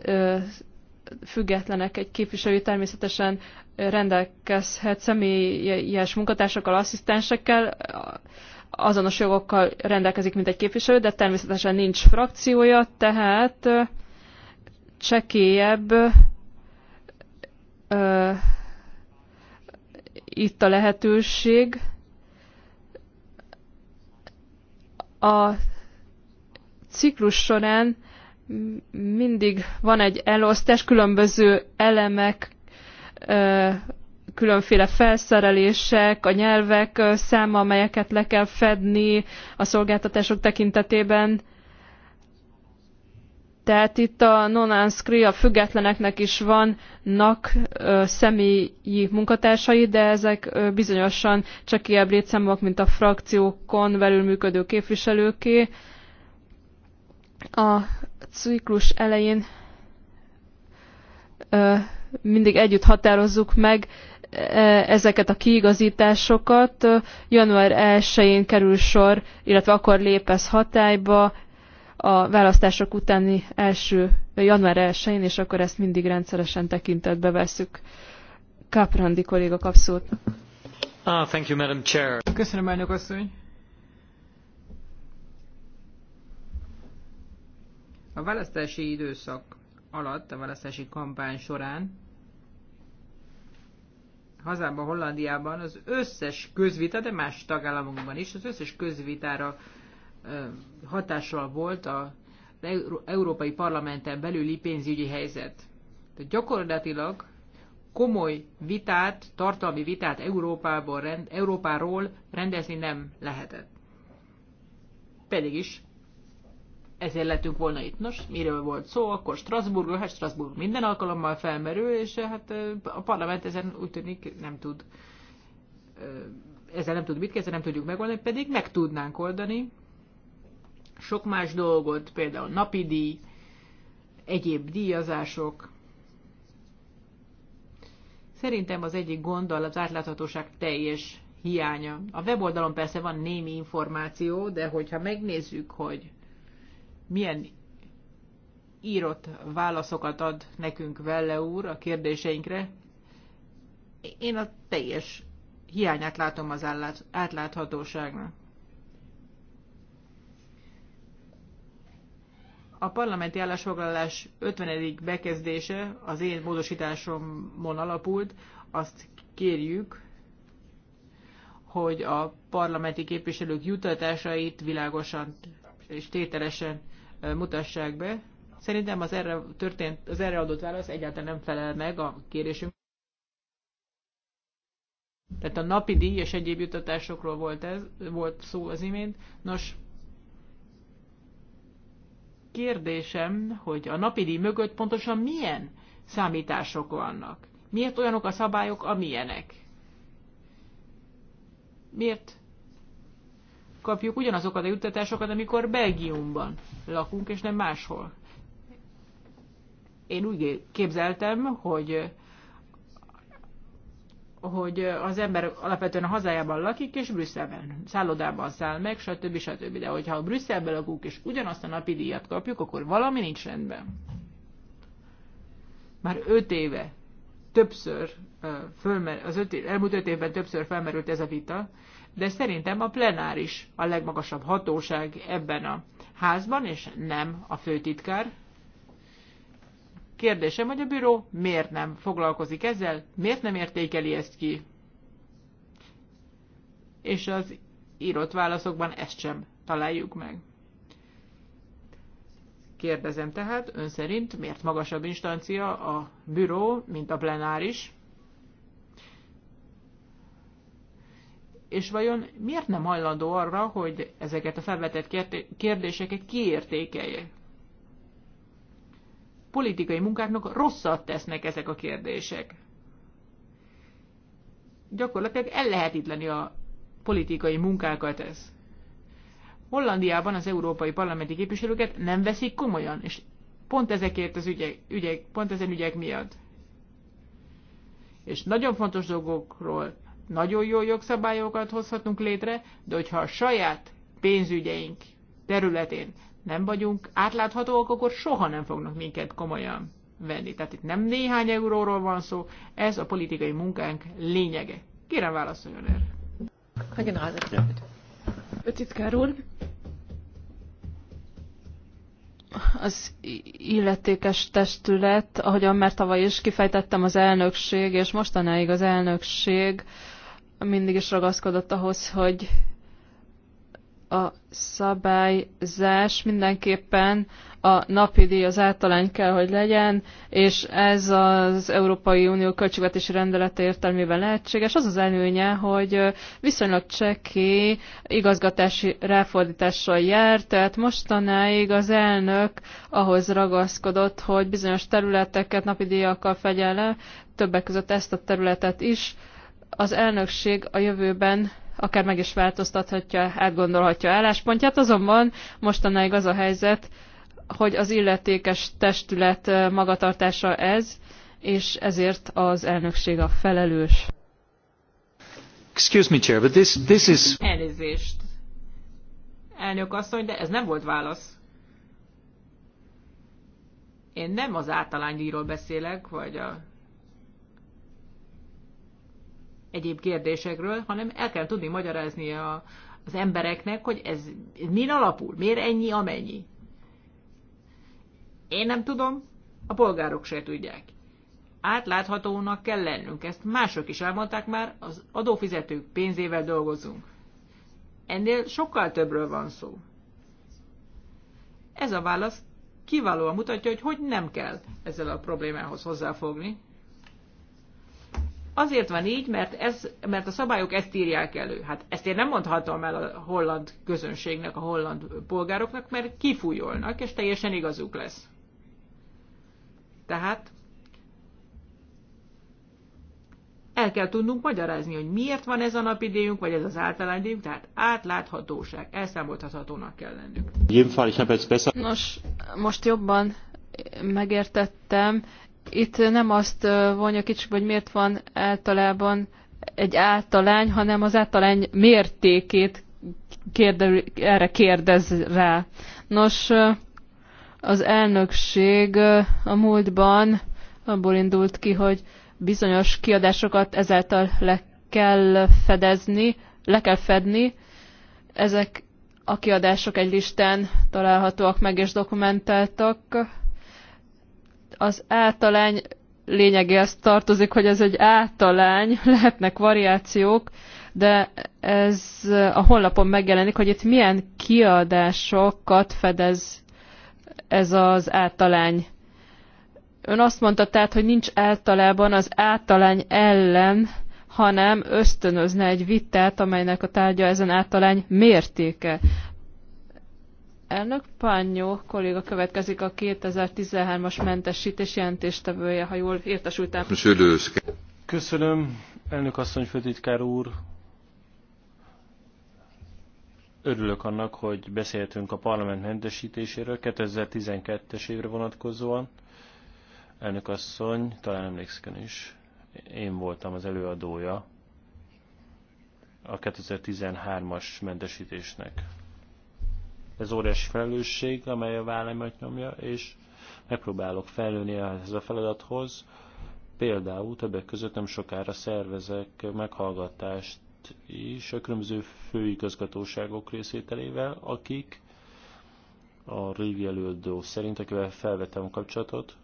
függetlenek egy képviselő természetesen rendelkezhet személyes munkatársakkal, asszisztensekkel, azonos jogokkal rendelkezik, mint egy képviselő, de természetesen nincs frakciója, tehát csekélyebb ö, itt a lehetőség. A ciklus során mindig van egy elosztás, különböző elemek különféle felszerelések, a nyelvek száma, amelyeket le kell fedni a szolgáltatások tekintetében. Tehát itt a non-anscri, a függetleneknek is vannak ö, személyi munkatársai, de ezek ö, bizonyosan csak kiebb létszámok, mint a frakciókon belül működő képviselőké. A ciklus elején ö, mindig együtt határozzuk meg E, ezeket a kiigazításokat. Január 1-én kerül sor, illetve akkor lép hatályba a választások utáni első január 1-én, és akkor ezt mindig rendszeresen tekintetbe veszük. Káprandi kolléga kap szót. Ah, thank you, Madam Chair. Köszönöm, elnök asszony. A választási időszak alatt, a választási kampány során hazában, Hollandiában az összes közvita, de más tagállamokban is, az összes közvitára hatással volt az Európai Parlamenten belüli pénzügyi helyzet. Tehát gyakorlatilag komoly vitát, tartalmi vitát Európából, Európáról rendezni nem lehetett. Pedig is ezért lettünk volna itt. Nos, miről volt szó, akkor Strasbourg, hát Strasbourg minden alkalommal felmerül, és eh, hát eh, a parlament ezen úgy tűnik nem tud eh, ezzel nem tud mit kezdeni, nem tudjuk megoldani, pedig meg tudnánk oldani sok más dolgot, például napi díj, egyéb díjazások. Szerintem az egyik gonddal az átláthatóság teljes hiánya. A weboldalon persze van némi információ, de hogyha megnézzük, hogy milyen írott válaszokat ad nekünk Velle úr a kérdéseinkre. Én a teljes hiányát látom az átláthatóságnak. A parlamenti állásfoglalás 50. bekezdése az én módosításomon alapult. Azt kérjük, hogy a parlamenti képviselők jutatásait világosan és tételesen mutassák be. Szerintem az erre, történt, az erre adott válasz egyáltalán nem felel meg a kérésünk. Tehát a napi díj és egyéb jutatásokról volt, ez, volt szó az imént. Nos, kérdésem, hogy a napi díj mögött pontosan milyen számítások vannak? Miért olyanok a szabályok, amilyenek? Miért kapjuk ugyanazokat a juttatásokat, amikor Belgiumban lakunk, és nem máshol. Én úgy képzeltem, hogy hogy az ember alapvetően a hazájában lakik, és Brüsszelben, szállodában száll meg, stb. stb. De hogyha a Brüsszelben lakunk, és ugyanazt a napi díjat kapjuk, akkor valami nincs rendben. Már öt éve többször, fölmer, az öt, elmúlt öt évben többször felmerült ez a vita, de szerintem a plenáris a legmagasabb hatóság ebben a házban, és nem a főtitkár. Kérdésem, hogy a büró miért nem foglalkozik ezzel, miért nem értékeli ezt ki? És az írott válaszokban ezt sem találjuk meg. Kérdezem tehát, ön szerint miért magasabb instancia a büró, mint a plenáris? és vajon miért nem hajlandó arra, hogy ezeket a felvetett kérdéseket kiértékelje? Politikai munkáknak rosszat tesznek ezek a kérdések. Gyakorlatilag el lehet ellehetítleni a politikai munkákat ez. Hollandiában az európai parlamenti képviselőket nem veszik komolyan, és pont ezekért az ügyek, ügyek pont ezen ügyek miatt. És nagyon fontos dolgokról nagyon jó jogszabályokat hozhatunk létre, de hogyha a saját pénzügyeink területén nem vagyunk átláthatóak, akkor soha nem fognak minket komolyan venni. Tehát itt nem néhány euróról van szó, ez a politikai munkánk lényege. Kérem válaszoljon erre. Hagyjon a házat. Ja. úr, az illetékes testület, ahogyan már tavaly is kifejtettem, az elnökség, és mostanáig az elnökség mindig is ragaszkodott ahhoz, hogy a szabályzás mindenképpen a napi díj az általány kell, hogy legyen, és ez az Európai Unió költségvetési rendelete értelmében lehetséges. Az az előnye, hogy viszonylag cseki igazgatási ráfordítással jár, tehát mostanáig az elnök ahhoz ragaszkodott, hogy bizonyos területeket napi díjakkal fegyel le, többek között ezt a területet is, az elnökség a jövőben akár meg is változtathatja, átgondolhatja álláspontját, azonban mostanáig az a helyzet, hogy az illetékes testület magatartása ez, és ezért az elnökség a felelős. Excuse me, Chair, but this, this is... Elnézést. Elnök asszony, de ez nem volt válasz. Én nem az általánydíjról beszélek, vagy a egyéb kérdésekről, hanem el kell tudni magyarázni a, az embereknek, hogy ez min alapul, miért ennyi, amennyi. Én nem tudom, a polgárok se tudják. Átláthatónak kell lennünk, ezt mások is elmondták már, az adófizetők pénzével dolgozunk. Ennél sokkal többről van szó. Ez a válasz kiválóan mutatja, hogy hogy nem kell ezzel a problémához hozzáfogni. Azért van így, mert, ez, mert a szabályok ezt írják elő. Hát ezt én nem mondhatom el a holland közönségnek, a holland polgároknak, mert kifújolnak, és teljesen igazuk lesz. Tehát el kell tudnunk magyarázni, hogy miért van ez a napidéjünk, vagy ez az általánydíjunk, tehát átláthatóság, elszámoltathatónak kell lennünk. Nos, most jobban megértettem, itt nem azt vonja kicsit, hogy miért van általában egy általány, hanem az általány mértékét kérdez, erre kérdez rá. Nos, az elnökség a múltban abból indult ki, hogy bizonyos kiadásokat ezáltal le kell fedezni, le kell fedni. Ezek a kiadások egy listán találhatóak meg és dokumentáltak. Az általány lényegéhez tartozik, hogy ez egy általány, lehetnek variációk, de ez a honlapon megjelenik, hogy itt milyen kiadásokat fedez ez az általány. Ön azt mondta tehát, hogy nincs általában az általány ellen, hanem ösztönözne egy vitát, amelynek a tárgya ezen általány mértéke. Elnök Pányó kolléga következik a 2013-as mentesítés jelentéstevője, ha jól értesültem. Köszönöm, elnök asszony, főtitkár úr. Örülök annak, hogy beszéltünk a parlament mentesítéséről 2012-es évre vonatkozóan. Elnök asszony, talán emlékszik ön is, én voltam az előadója a 2013-as mentesítésnek. Ez óriási felelősség, amely a vállamat nyomja, és megpróbálok felnőni ehhez a feladathoz. Például többek között nem sokára szervezek meghallgatást is a különböző főigazgatóságok részvételével, akik a régi előadó szerint, akivel felvettem a kapcsolatot,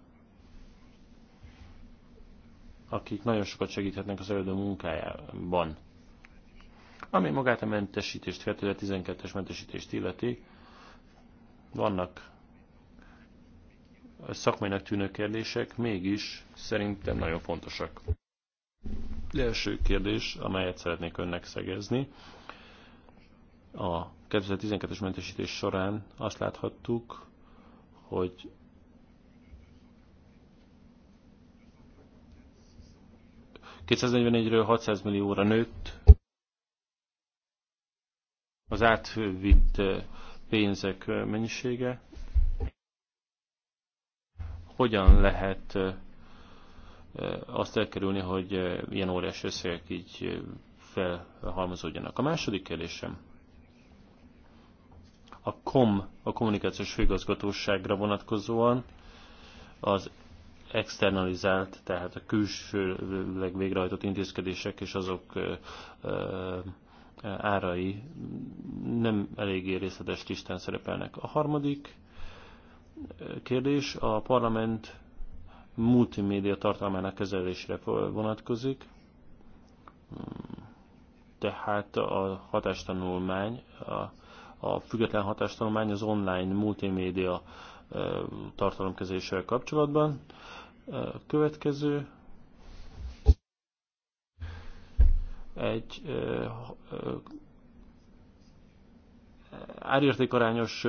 akik nagyon sokat segíthetnek az előadó munkájában. Ami magát a mentesítést, 2012-es mentesítést illeti, vannak szakmainak tűnő kérdések, mégis szerintem nagyon fontosak. Első kérdés, amelyet szeretnék önnek szegezni. A 2012-es mentesítés során azt láthattuk, hogy ről 600 millióra nőtt az átvitt pénzek mennyisége, hogyan lehet azt elkerülni, hogy ilyen óriás összegek így felhalmozódjanak. A második kérdésem a KOM, a kommunikációs főigazgatóságra vonatkozóan az externalizált, tehát a külsőleg végrehajtott intézkedések és azok árai nem eléggé részletes tisztán szerepelnek. A harmadik eh, kérdés a parlament multimédia tartalmának kezelésre vonatkozik, hmm, tehát a hatástanulmány, a, a független hatástanulmány az online multimédia eh, tartalomkezéssel kapcsolatban. Eh, következő egy árértékarányos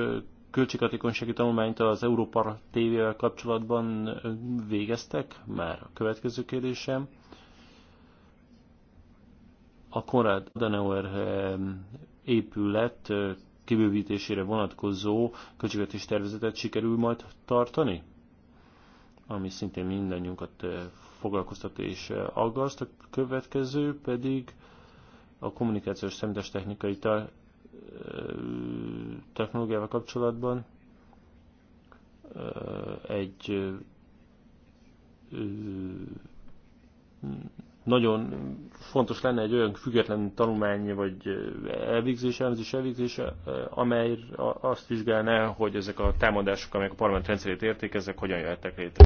költséghatékonysági tanulmányt az Európa tv kapcsolatban végeztek? Már a következő kérdésem. A Konrad Adenauer épület kibővítésére vonatkozó költségvetés tervezetet sikerül majd tartani? Ami szintén mindannyiunkat és aggaszt, a következő pedig a kommunikációs szemtes technikai technológiával kapcsolatban egy nagyon fontos lenne egy olyan független tanulmány vagy elvégzése, elvégzés, elvégzése, amely azt vizsgálná, hogy ezek a támadások, amelyek a parlament rendszerét érték, ezek hogyan jöhettek létre.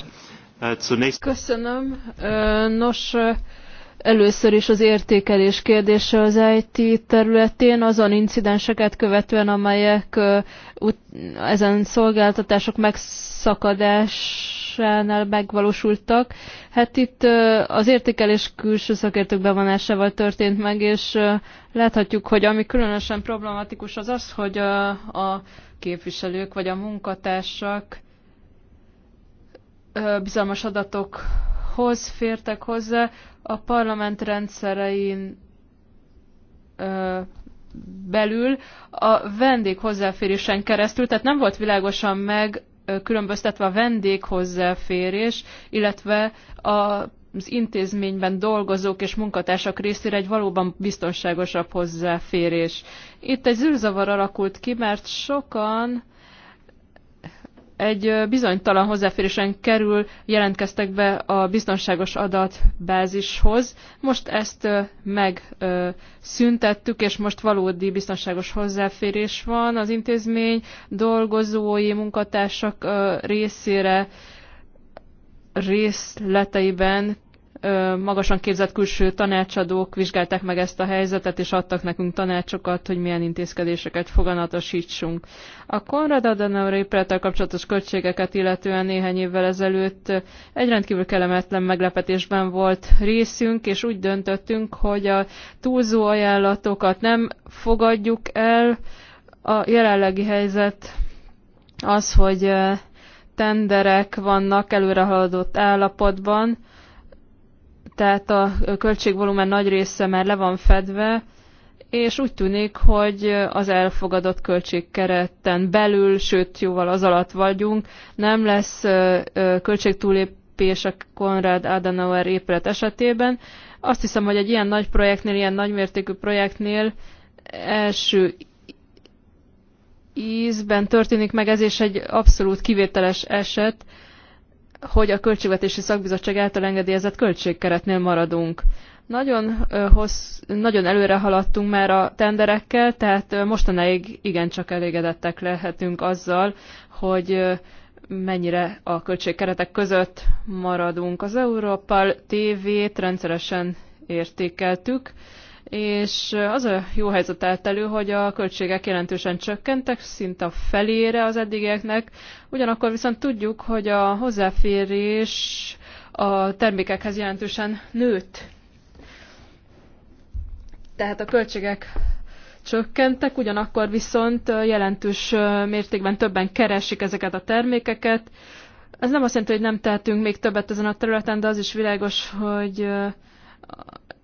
Hát, szóval Köszönöm. Nos, először is az értékelés kérdése az IT területén, azon incidenseket követően, amelyek ezen szolgáltatások megszakadás soránál megvalósultak. Hát itt az értékelés külső szakértők bevonásával történt meg, és láthatjuk, hogy ami különösen problematikus az az, hogy a, a képviselők vagy a munkatársak bizalmas adatokhoz fértek hozzá, a parlament rendszerein belül a vendég hozzáférésen keresztül, tehát nem volt világosan meg különböztetve a vendég hozzáférés, illetve a az intézményben dolgozók és munkatársak részére egy valóban biztonságosabb hozzáférés. Itt egy zűrzavar alakult ki, mert sokan egy bizonytalan hozzáférésen kerül, jelentkeztek be a biztonságos adatbázishoz. Most ezt megszüntettük, és most valódi biztonságos hozzáférés van az intézmény dolgozói, munkatársak részére részleteiben magasan képzett külső tanácsadók vizsgálták meg ezt a helyzetet, és adtak nekünk tanácsokat, hogy milyen intézkedéseket foganatosítsunk. A Konrad Adenauer épülettel kapcsolatos költségeket illetően néhány évvel ezelőtt egy rendkívül kellemetlen meglepetésben volt részünk, és úgy döntöttünk, hogy a túlzó ajánlatokat nem fogadjuk el. A jelenlegi helyzet az, hogy tenderek vannak előrehaladott állapotban, tehát a költségvolumen nagy része már le van fedve, és úgy tűnik, hogy az elfogadott költségkereten belül, sőt jóval az alatt vagyunk, nem lesz költségtúlépés a Konrad Adenauer épület esetében. Azt hiszem, hogy egy ilyen nagy projektnél, ilyen nagymértékű projektnél első ízben történik meg ez, és egy abszolút kivételes eset, hogy a Költségvetési Szakbizottság által engedélyezett költségkeretnél maradunk. Nagyon, hossz, nagyon előre haladtunk már a tenderekkel, tehát mostanáig igencsak elégedettek lehetünk azzal, hogy mennyire a költségkeretek között maradunk. Az TV-t rendszeresen értékeltük, és az a jó helyzet állt elő, hogy a költségek jelentősen csökkentek, szinte a felére az eddigieknek, ugyanakkor viszont tudjuk, hogy a hozzáférés a termékekhez jelentősen nőtt. Tehát a költségek csökkentek, ugyanakkor viszont jelentős mértékben többen keresik ezeket a termékeket. Ez nem azt jelenti, hogy nem tehetünk még többet ezen a területen, de az is világos, hogy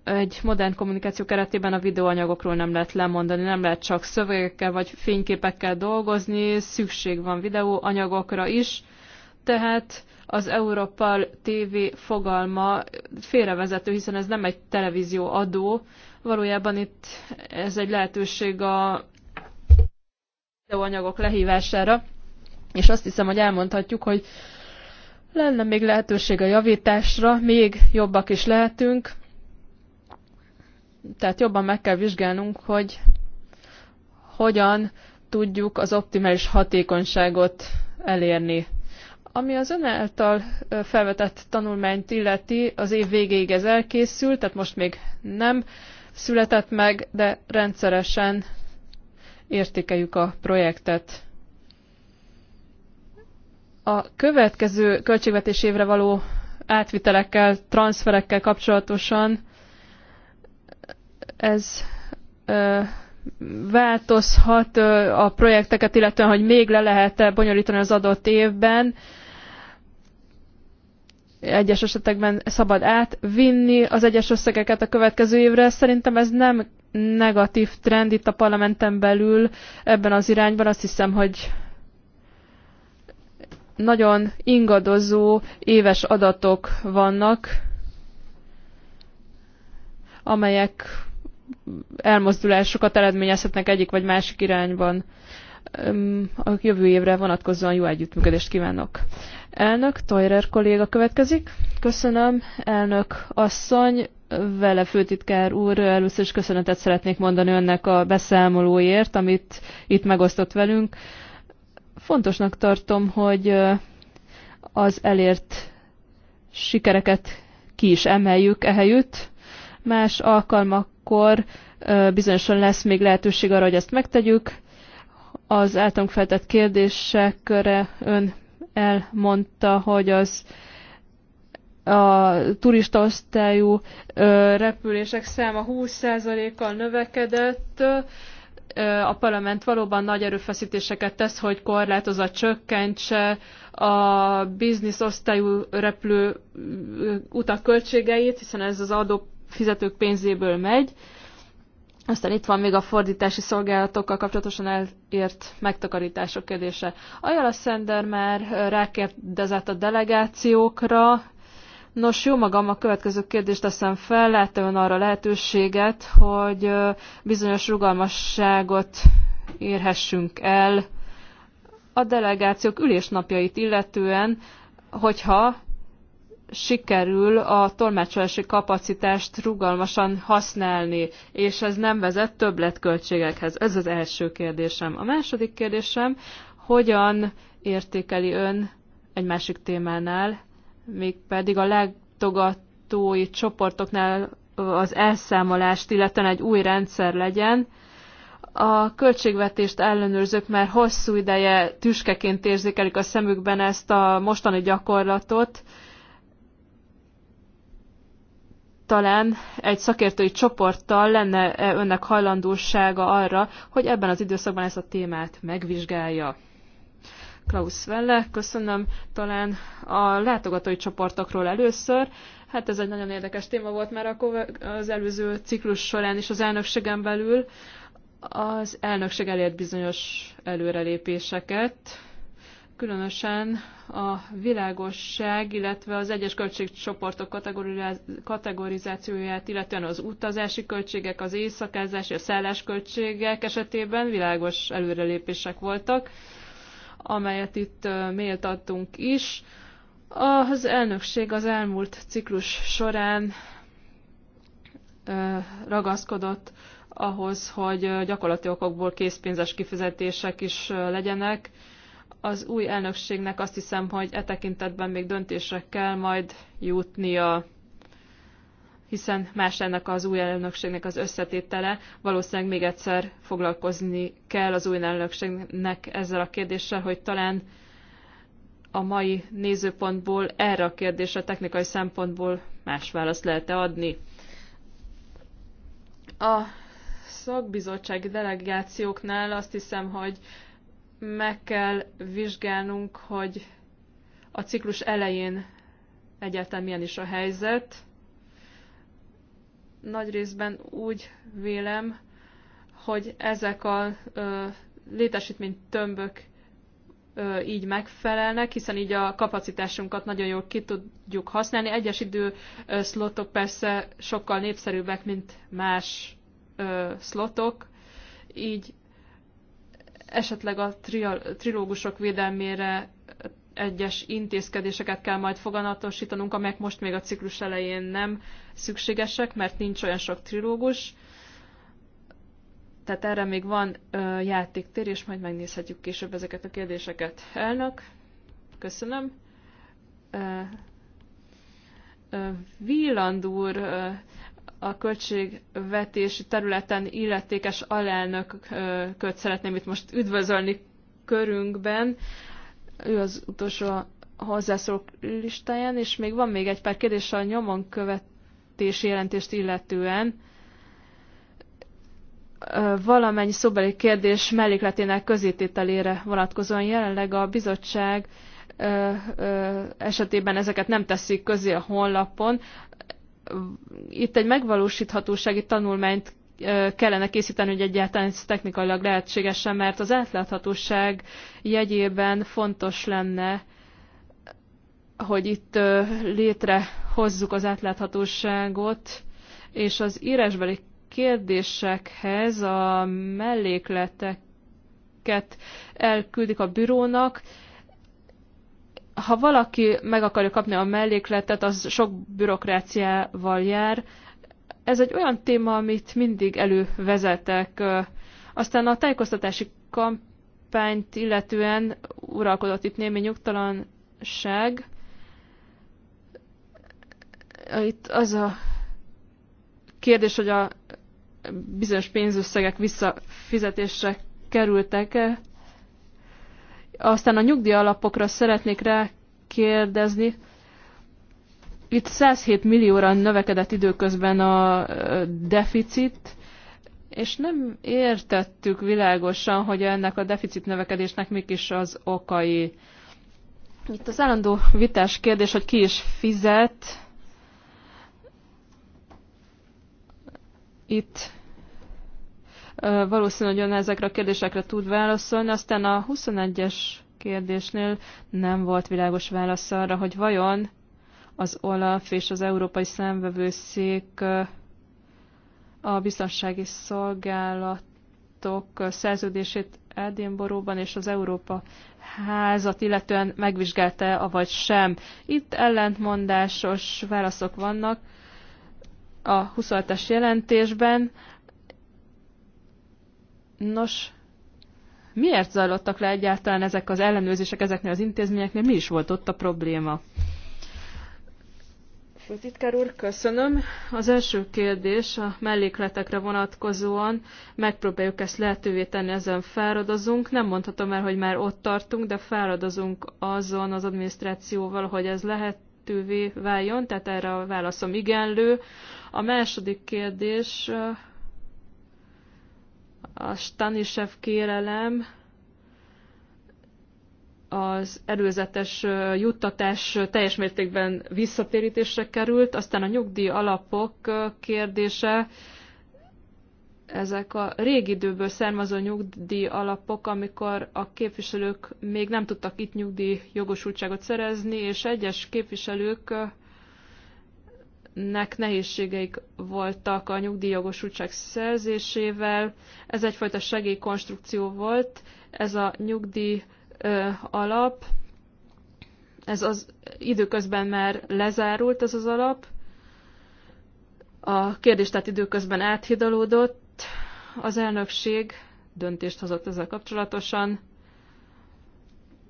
egy modern kommunikáció keretében a videóanyagokról nem lehet lemondani, nem lehet csak szövegekkel vagy fényképekkel dolgozni, szükség van videóanyagokra is, tehát az Európal TV fogalma félrevezető, hiszen ez nem egy televízió adó, valójában itt ez egy lehetőség a videóanyagok lehívására, és azt hiszem, hogy elmondhatjuk, hogy lenne még lehetőség a javításra, még jobbak is lehetünk, tehát jobban meg kell vizsgálnunk, hogy hogyan tudjuk az optimális hatékonyságot elérni. Ami az ön által felvetett tanulmányt illeti, az év végéig ez elkészült, tehát most még nem született meg, de rendszeresen értékeljük a projektet. A következő költségvetés évre való átvitelekkel, transferekkel kapcsolatosan ez ö, változhat ö, a projekteket, illetően, hogy még le lehet-e bonyolítani az adott évben. Egyes esetekben szabad átvinni az egyes összegeket a következő évre. Szerintem ez nem negatív trend itt a parlamenten belül ebben az irányban. Azt hiszem, hogy nagyon ingadozó éves adatok vannak, amelyek elmozdulásokat eredményezhetnek egyik vagy másik irányban. A jövő évre vonatkozóan jó együttműködést kívánok. Elnök, Toirer kolléga következik. Köszönöm, elnök asszony, vele főtitkár úr, először is köszönetet szeretnék mondani önnek a beszámolóért, amit itt megosztott velünk. Fontosnak tartom, hogy az elért sikereket ki is emeljük ehelyütt, Más alkalmakkor bizonyosan lesz még lehetőség arra, hogy ezt megtegyük. Az általunk feltett kérdésekre ön elmondta, hogy az a turista osztályú repülések száma 20%-kal növekedett. A parlament valóban nagy erőfeszítéseket tesz, hogy korlátozza, csökkentse a biznisz osztályú repülő utak költségeit, hiszen ez az adó fizetők pénzéből megy. Aztán itt van még a fordítási szolgálatokkal kapcsolatosan elért megtakarítások kérdése. Ajala Szender már rákérdezett a delegációkra. Nos, jó magam, a következő kérdést teszem fel. Látta ön arra lehetőséget, hogy bizonyos rugalmasságot érhessünk el a delegációk ülésnapjait illetően, hogyha sikerül a tolmácsolási kapacitást rugalmasan használni, és ez nem vezet többletköltségekhez. Ez az első kérdésem. A második kérdésem, hogyan értékeli ön egy másik témánál, pedig a legtogatói csoportoknál az elszámolást, illetve egy új rendszer legyen, a költségvetést ellenőrzők már hosszú ideje tüskeként érzékelik a szemükben ezt a mostani gyakorlatot, talán egy szakértői csoporttal lenne -e önnek hajlandósága arra, hogy ebben az időszakban ezt a témát megvizsgálja. Klaus Velle, köszönöm talán a látogatói csoportokról először. Hát ez egy nagyon érdekes téma volt már az előző ciklus során is az elnökségen belül. Az elnökség elért bizonyos előrelépéseket, különösen a világosság, illetve az egyes költségcsoportok kategorizációját, illetően az utazási költségek, az éjszakázási, a szállásköltségek esetében világos előrelépések voltak, amelyet itt méltattunk is. Az elnökség az elmúlt ciklus során ragaszkodott ahhoz, hogy gyakorlati okokból készpénzes kifizetések is legyenek, az új elnökségnek azt hiszem, hogy e tekintetben még döntésre kell majd jutnia, hiszen más ennek az új elnökségnek az összetétele. Valószínűleg még egyszer foglalkozni kell az új elnökségnek ezzel a kérdéssel, hogy talán a mai nézőpontból erre a kérdésre technikai szempontból más választ lehet-e adni. A szakbizottsági delegációknál azt hiszem, hogy meg kell vizsgálnunk, hogy a ciklus elején egyáltalán milyen is a helyzet. Nagy részben úgy vélem, hogy ezek a ö, létesítmény tömbök ö, így megfelelnek, hiszen így a kapacitásunkat nagyon jól ki tudjuk használni. Egyes idő szlotok persze sokkal népszerűbbek, mint más ö, szlotok, így esetleg a trilógusok védelmére egyes intézkedéseket kell majd foganatosítanunk, amelyek most még a ciklus elején nem szükségesek, mert nincs olyan sok trilógus. Tehát erre még van ö, játéktér, és majd megnézhetjük később ezeket a kérdéseket. Elnök, köszönöm. Ö, Villand úr a költségvetési területen illetékes alelnököt szeretném itt most üdvözölni körünkben. Ő az utolsó hozzászólók listáján, és még van még egy pár kérdés a nyomon követési jelentést illetően. Valamennyi szóbeli kérdés mellékletének közétételére vonatkozóan jelenleg a bizottság esetében ezeket nem teszik közé a honlapon itt egy megvalósíthatósági tanulmányt kellene készíteni, hogy egyáltalán ez technikailag lehetségesen, mert az átláthatóság jegyében fontos lenne, hogy itt létrehozzuk az átláthatóságot, és az írásbeli kérdésekhez a mellékleteket elküldik a bürónak, ha valaki meg akarja kapni a mellékletet, az sok bürokráciával jár. Ez egy olyan téma, amit mindig elővezetek. Aztán a tájékoztatási kampányt illetően uralkodott itt némi nyugtalanság. Itt az a kérdés, hogy a bizonyos pénzösszegek visszafizetésre kerültek-e. Aztán a nyugdíjalapokra szeretnék rákérdezni. Itt 107 millióra növekedett időközben a deficit, és nem értettük világosan, hogy ennek a deficit növekedésnek mik is az okai. Itt az állandó vitás kérdés, hogy ki is fizet. Itt valószínűleg ön ezekre a kérdésekre tud válaszolni. Aztán a 21-es kérdésnél nem volt világos válasz arra, hogy vajon az OLAF és az Európai Számvevőszék a biztonsági szolgálatok szerződését Edinboróban és az Európa házat illetően megvizsgálta, vagy sem. Itt ellentmondásos válaszok vannak a 26-es jelentésben. Nos, miért zajlottak le egyáltalán ezek az ellenőrzések ezeknél az intézményeknél? Mi is volt ott a probléma? Főtitkár úr, köszönöm. Az első kérdés a mellékletekre vonatkozóan. Megpróbáljuk ezt lehetővé tenni, ezen fáradozunk. Nem mondhatom el, hogy már ott tartunk, de fáradozunk azon az adminisztrációval, hogy ez lehetővé váljon, tehát erre a válaszom igenlő. A második kérdés a Stanisev kérelem az előzetes juttatás teljes mértékben visszatérítésre került, aztán a nyugdíj alapok kérdése, ezek a régi időből származó nyugdíj alapok, amikor a képviselők még nem tudtak itt nyugdíj jogosultságot szerezni, és egyes képviselők nek nehézségeik voltak a nyugdíjjogosultság szerzésével. Ez egyfajta segélykonstrukció volt, ez a nyugdíj ö, alap, ez az időközben már lezárult ez az alap. A kérdés tehát időközben áthidalódott. Az elnökség döntést hozott ezzel kapcsolatosan.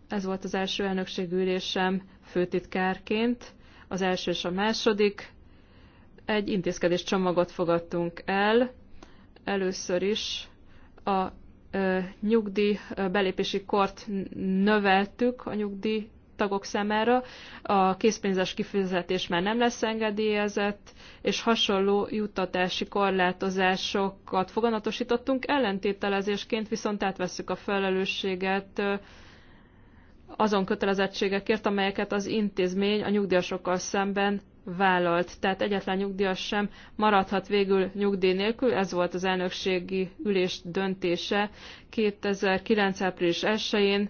Ez volt az első elnökség ülésem főtitkárként, az első és a második egy intézkedés csomagot fogadtunk el. Először is a nyugdíj belépési kort növeltük a nyugdíj tagok számára, a készpénzes kifizetés már nem lesz engedélyezett, és hasonló juttatási korlátozásokat foganatosítottunk, ellentételezésként viszont átvesszük a felelősséget azon kötelezettségekért, amelyeket az intézmény a nyugdíjasokkal szemben vállalt, tehát egyetlen nyugdíjas sem maradhat végül nyugdíj nélkül, ez volt az elnökségi ülés döntése 2009. április 1-én.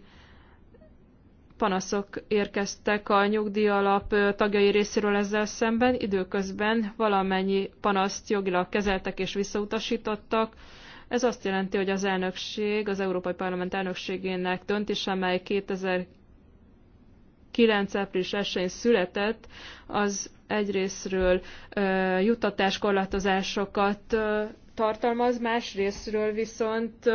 Panaszok érkeztek a nyugdíjalap tagjai részéről ezzel szemben, időközben valamennyi panaszt jogilag kezeltek és visszautasítottak, ez azt jelenti, hogy az elnökség, az Európai Parlament elnökségének döntése amely 2009. 9. április 1 született, az egyrésztről ö, juttatáskorlátozásokat ö, tartalmaz, másrésztről viszont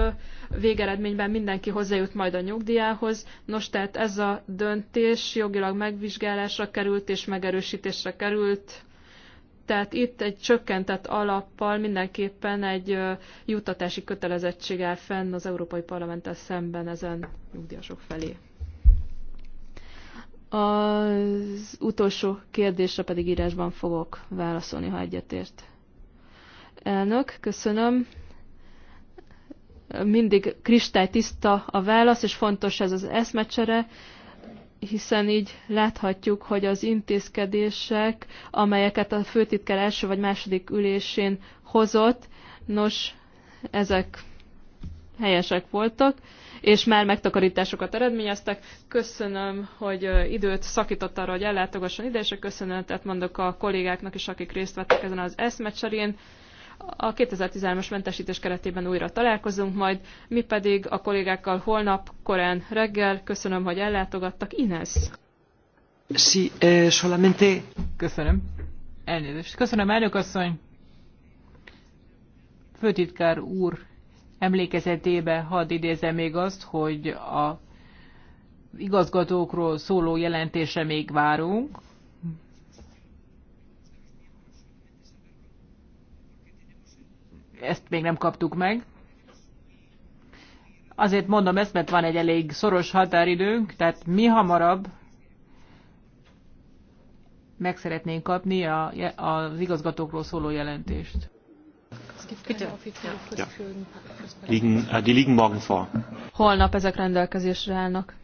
végeredményben mindenki hozzájut majd a nyugdíjához. Nos, tehát ez a döntés jogilag megvizsgálásra került és megerősítésre került. Tehát itt egy csökkentett alappal mindenképpen egy jutatási kötelezettség áll fenn az Európai Parlamenttel szemben ezen nyugdíjasok felé. Az utolsó kérdésre pedig írásban fogok válaszolni, ha egyetért. Elnök, köszönöm. Mindig kristálytiszta a válasz, és fontos ez az eszmecsere hiszen így láthatjuk, hogy az intézkedések, amelyeket a főtitkár első vagy második ülésén hozott, nos, ezek helyesek voltak és már megtakarításokat eredményeztek. Köszönöm, hogy időt szakított arra, hogy ellátogasson ide, és köszönetet mondok a kollégáknak is, akik részt vettek ezen az eszmecserén. A 2013-as mentesítés keretében újra találkozunk majd, mi pedig a kollégákkal holnap korán reggel. Köszönöm, hogy ellátogattak. Inez. Sí, eh, solamente... Köszönöm. Elnézést. Köszönöm, elnök asszony. Főtitkár úr emlékezetébe hadd idézze még azt, hogy a igazgatókról szóló jelentése még várunk. Ezt még nem kaptuk meg. Azért mondom ezt, mert van egy elég szoros határidőnk, tehát mi hamarabb meg szeretnénk kapni a, az igazgatókról szóló jelentést. Bitte. Ja. Liegen, äh, die liegen morgen vor. Holnap ezek rendelkezésre állnak.